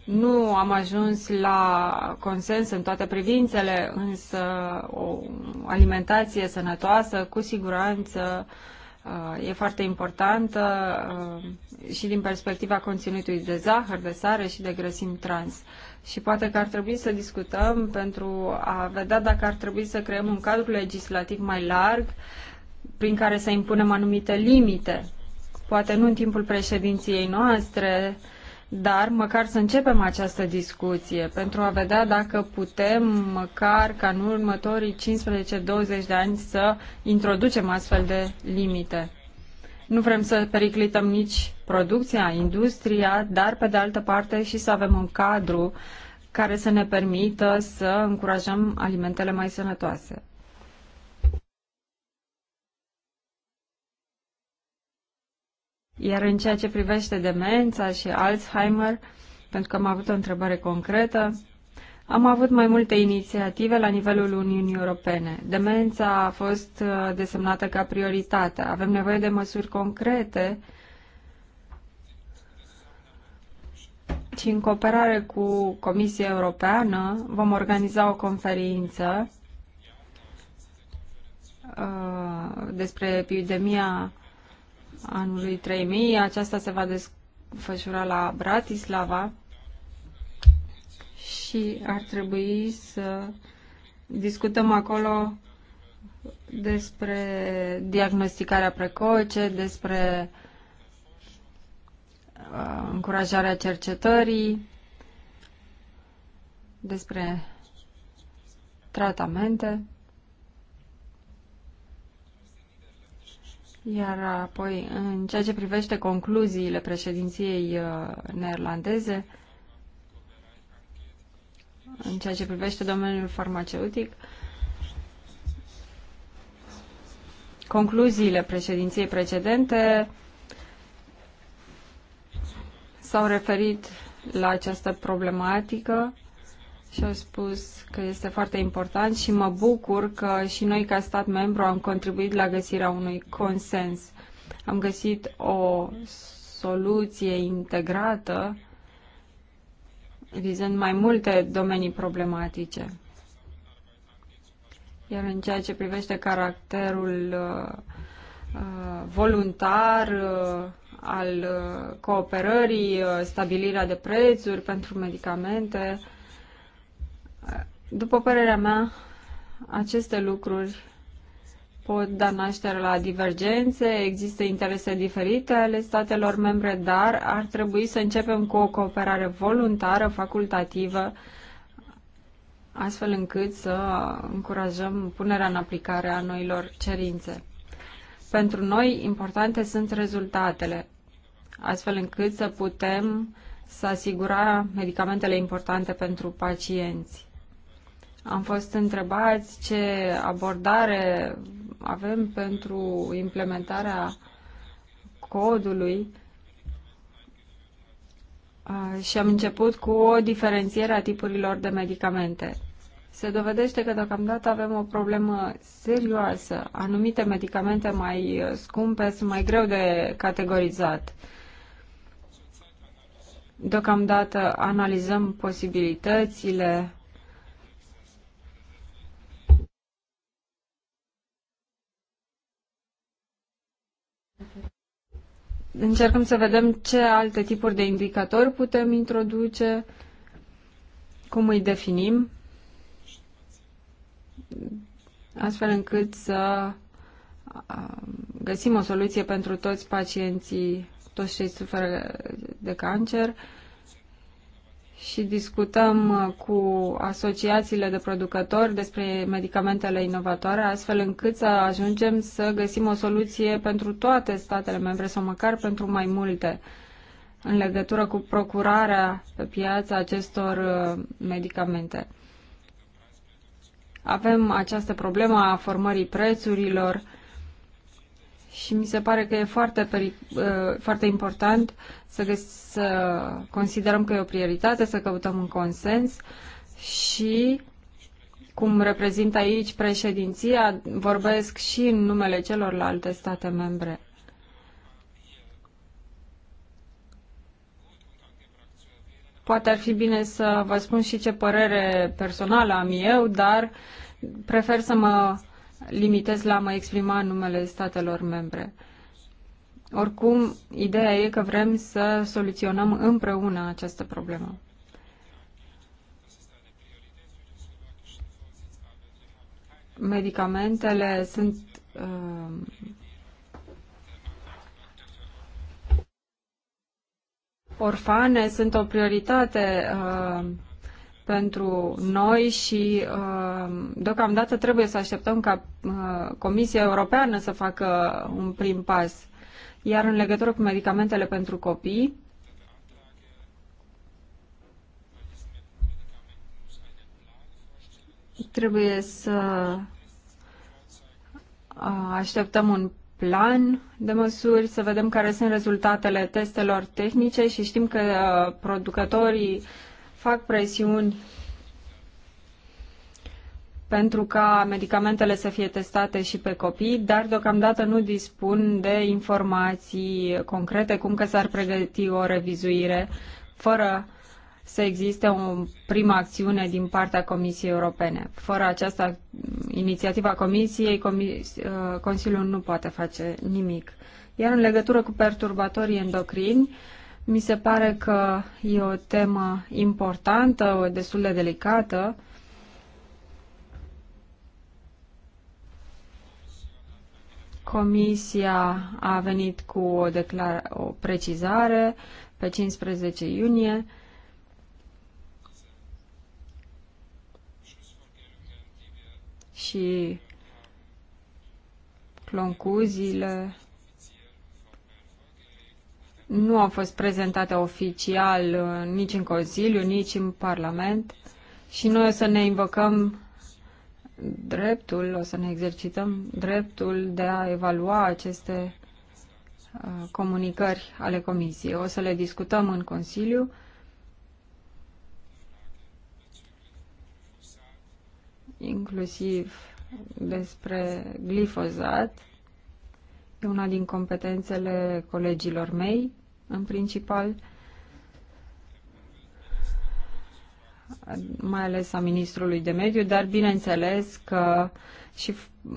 Nu am ajuns la consens în toate privințele, însă o alimentație sănătoasă, cu siguranță, uh, e foarte importantă uh, și din perspectiva conținutului de zahăr, de sare și de grăsimi trans. Și poate că ar trebui să discutăm pentru a vedea dacă ar trebui să creăm un cadru legislativ mai larg prin care să impunem anumite limite. Poate nu în timpul președinției noastre, dar măcar să începem această discuție pentru a vedea dacă putem măcar ca în următorii 15-20 de ani să introducem astfel de limite. Nu vrem să periclităm nici producția, industria, dar pe de altă parte și să avem un cadru care să ne permită să încurajăm alimentele mai sănătoase. Iar în ceea ce privește demența și Alzheimer, pentru că am avut o întrebare concretă, am avut mai multe inițiative la nivelul Uniunii Europene. Demența a fost uh, desemnată ca prioritate. Avem nevoie de măsuri concrete și în cooperare cu Comisia Europeană vom organiza o conferință uh, despre epidemia anului 3000. Aceasta se va desfășura la Bratislava și ar trebui să discutăm acolo despre diagnosticarea precoce, despre uh, încurajarea cercetării, despre tratamente. Iar apoi, în ceea ce privește concluziile președinției uh, neerlandeze, în ceea ce privește domeniul farmaceutic, concluziile președinției precedente s-au referit la această problematică și au spus că este foarte important și mă bucur că și noi ca stat membru am contribuit la găsirea unui consens. Am găsit o soluție integrată vizând mai multe domenii problematice. Iar în ceea ce privește caracterul uh, uh voluntar uh, al uh, cooperării, uh, stabilirea de prețuri pentru medicamente, uh, după părerea mea, aceste lucruri pot da naștere la divergențe, există interese diferite ale statelor membre, dar ar trebui să începem cu o cooperare voluntară, facultativă, astfel încât să încurajăm punerea în aplicare a noilor cerințe. Pentru noi, importante sunt rezultatele, astfel încât să putem să asigura medicamentele importante pentru pacienți. Am fost întrebați ce abordare avem pentru implementarea codului uh, și am început cu o diferențiere a tipurilor de medicamente. Se dovedește că deocamdată avem o problemă serioasă. Anumite medicamente mai scumpe sunt mai greu de categorizat. Deocamdată analizăm posibilitățile încercăm să vedem ce alte tipuri de indicatori putem introduce, cum îi definim, astfel încât să um, găsim o soluție pentru toți pacienții, toți cei suferă de cancer și discutăm uh, cu asociațiile de producători despre medicamentele inovatoare, astfel încât să ajungem să găsim o soluție pentru toate statele membre sau măcar pentru mai multe în legătură cu procurarea pe piață acestor uh, medicamente. Avem această problemă a formării prețurilor, și mi se pare că e foarte, peri- uh, foarte important să, găs- să considerăm că e o prioritate, să căutăm un consens și cum reprezint aici președinția, vorbesc și în numele celorlalte state membre. Poate ar fi bine să vă spun și ce părere personală am eu, dar prefer să mă limitez la mă exprima în numele statelor membre. Oricum, ideea e că vrem să soluționăm împreună această problemă. Medicamentele sunt uh, orfane, sunt o prioritate uh, pentru noi și uh, deocamdată trebuie să așteptăm ca uh, Comisia Europeană să facă un prim pas. Iar în legătură cu medicamentele pentru copii, trebuie să uh, așteptăm un plan de măsuri, să vedem care sunt rezultatele testelor tehnice și știm că producătorii fac presiuni pentru ca medicamentele să fie testate și pe copii, dar deocamdată nu dispun de informații concrete cum că s-ar pregăti o revizuire fără să existe o primă acțiune din partea Comisiei Europene. Fără această inițiativă a Comisiei, uh, Consiliul nu poate face nimic. Iar în legătură cu perturbatorii endocrini, mi se pare că e o temă importantă, o destul de delicată. Comisia a venit cu o, declar- o precizare pe 15 iunie. Și concluziile nu au fost prezentate oficial uh, nici în Consiliu, nici în Parlament și noi o să ne invocăm dreptul, o să ne exercităm dreptul de a evalua aceste uh, comunicări ale Comisiei. O să le discutăm în Consiliu. inclusiv despre glifozat una din competențele colegilor mei, în principal, mai ales a Ministrului de Mediu, dar bineînțeles că și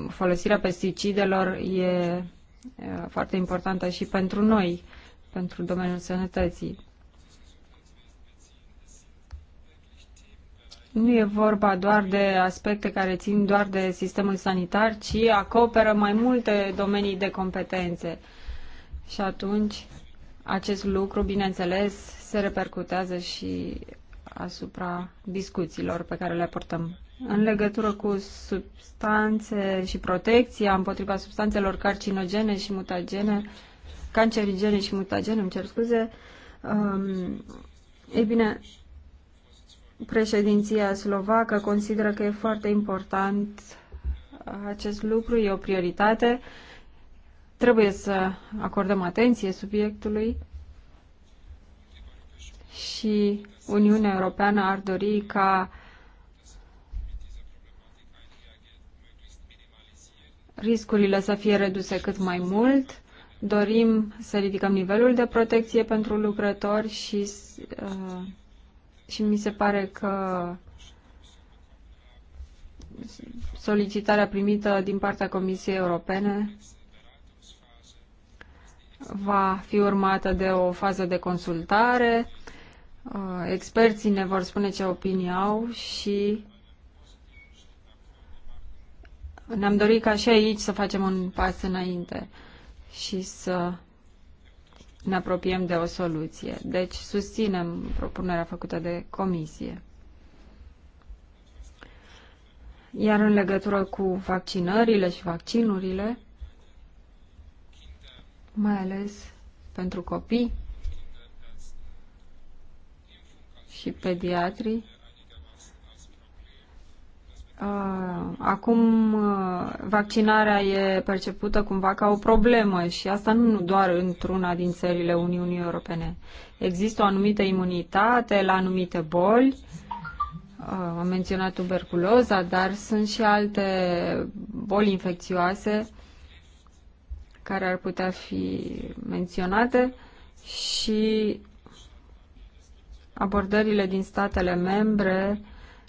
folosirea pesticidelor e foarte importantă și pentru noi, pentru domeniul sănătății. Nu e vorba doar de aspecte care țin doar de sistemul sanitar, ci acoperă mai multe domenii de competențe. Și atunci acest lucru, bineînțeles, se repercutează și asupra discuțiilor pe care le purtăm. În legătură cu substanțe și protecția împotriva substanțelor carcinogene și mutagene, cancerigene și mutagene, îmi cer scuze, um, e bine, Președinția slovacă consideră că e foarte important uh, acest lucru, e o prioritate. Trebuie să acordăm atenție subiectului și Uniunea Europeană ar dori ca riscurile să fie reduse cât mai mult. Dorim să ridicăm nivelul de protecție pentru lucrători și uh, și mi se pare că solicitarea primită din partea Comisiei Europene va fi urmată de o fază de consultare. Uh, experții ne vor spune ce opinie au și ne-am dorit ca și aici să facem un pas înainte și să ne apropiem de o soluție. Deci susținem propunerea făcută de comisie. Iar în legătură cu vaccinările și vaccinurile, mai ales pentru copii și pediatrii, Ah, acum ah, vaccinarea e percepută cumva ca o problemă și asta nu doar într-una din țările Uniunii Europene. Există o anumită imunitate la anumite boli, ah, am menționat tuberculoza, dar sunt și alte boli infecțioase care ar putea fi menționate și abordările din statele membre uh,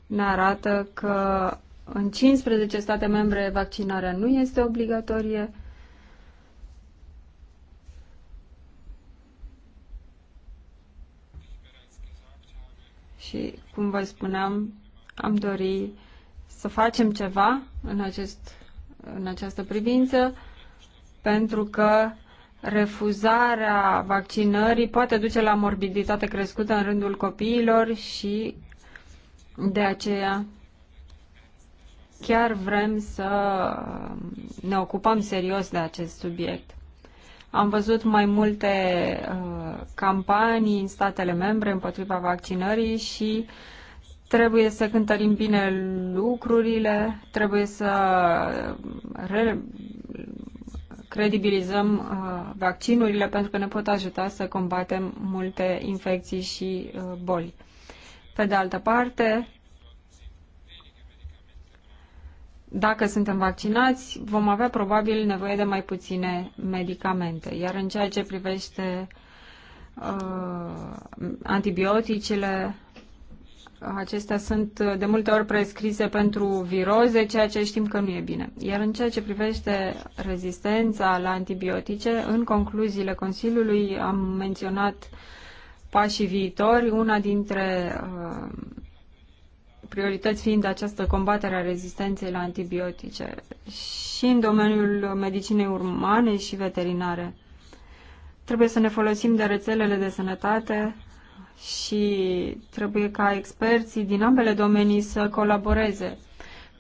ne arată că în 15 state membre vaccinarea nu este obligatorie. Și, cum vă spuneam, am dori să facem ceva în, acest, în această privință, pentru că refuzarea vaccinării poate duce la morbiditate crescută în rândul copiilor și de aceea chiar vrem să ne ocupăm serios de acest subiect. Am văzut mai multe uh, campanii în statele membre împotriva vaccinării și trebuie să cântărim bine lucrurile, trebuie să re- credibilizăm uh, vaccinurile pentru că ne pot ajuta să combatem multe infecții și uh, boli. Pe de altă parte, dacă suntem vaccinați, vom avea probabil nevoie de mai puține medicamente. Iar în ceea ce privește uh, antibioticele, acestea sunt de multe ori prescrise pentru viroze, ceea ce știm că nu e bine. Iar în ceea ce privește rezistența la antibiotice, în concluziile Consiliului am menționat uh, pașii viitori, una dintre uh, priorități fiind această combatere a rezistenței la antibiotice și în domeniul medicinei umane și veterinare. Trebuie să ne folosim de rețelele de sănătate și trebuie ca experții din ambele domenii să colaboreze.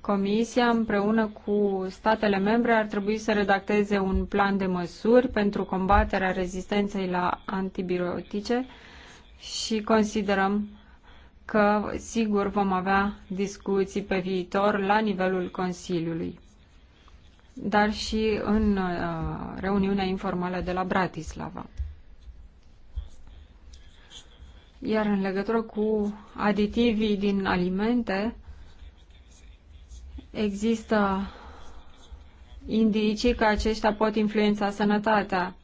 Comisia împreună cu statele membre ar trebui să redacteze un plan de măsuri pentru combaterea rezistenței la antibiotice și considerăm că, sigur, vom avea discuții pe viitor la nivelul Consiliului, dar și în uh, reuniunea informală de la Bratislava. Iar în legătură cu aditivii din alimente, există indicii că aceștia pot influența sănătatea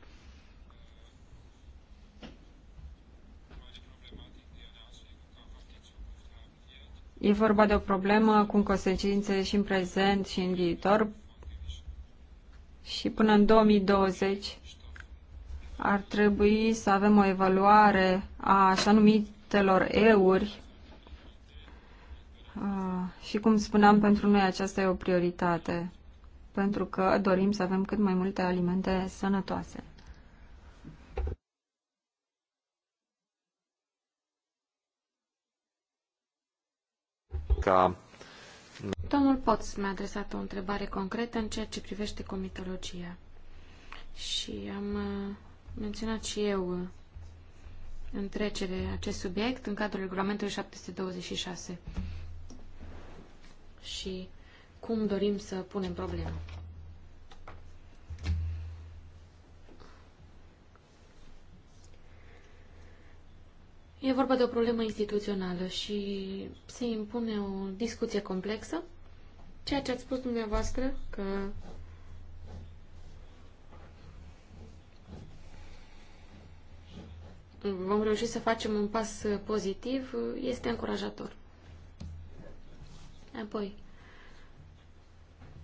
E vorba de o problemă cu consecințe și în prezent și în viitor și până în 2020 ar trebui să avem o evaluare a așa numitelor euri și cum spuneam, pentru noi aceasta e o prioritate, pentru că dorim să avem cât mai multe alimente sănătoase. ca... Domnul Poț mi-a adresat o întrebare concretă în ceea ce privește comitologia. Și am uh, menționat și eu uh, în trecere acest subiect în cadrul regulamentului 726 și cum dorim să punem problema. E vorba de o problemă instituțională și se impune o discuție complexă. Ceea ce ați spus dumneavoastră, că vom reuși să facem un pas pozitiv, este încurajator. Apoi,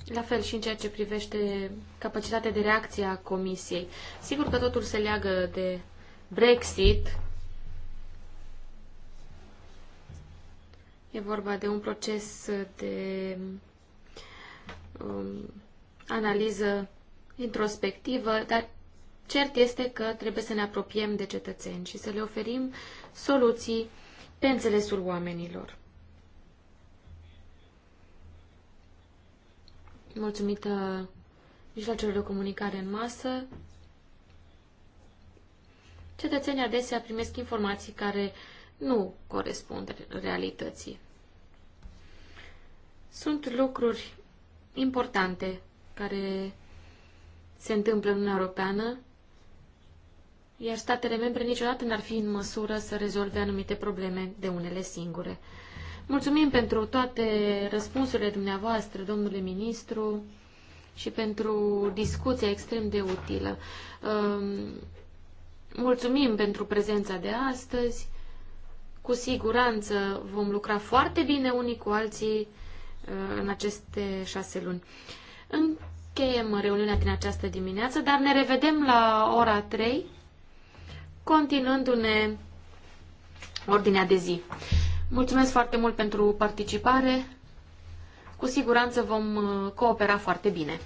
la fel și în ceea ce privește capacitatea de reacție a Comisiei. Sigur că totul se leagă de Brexit, E vorba de un proces de um, analiză introspectivă, dar cert este că trebuie să ne apropiem de cetățeni și să le oferim soluții pe înțelesul oamenilor. Mulțumită mijloacelor de comunicare în masă, cetățenii adesea primesc informații care uh, nu corespund realității. Sunt lucruri importante care se întâmplă în Uniunea Europeană, iar statele membre niciodată n-ar fi în măsură să rezolve anumite probleme de unele singure. Mulțumim pentru toate răspunsurile dumneavoastră, domnule ministru, și pentru discuția extrem de utilă. Um, mulțumim pentru prezența de astăzi cu siguranță vom lucra foarte bine unii cu alții uh, în aceste șase luni. Încheiem reuniunea din această dimineață, dar ne revedem la ora 3, continuându-ne ordinea de zi. Mulțumesc foarte mult pentru participare. Cu siguranță vom uh, coopera foarte bine.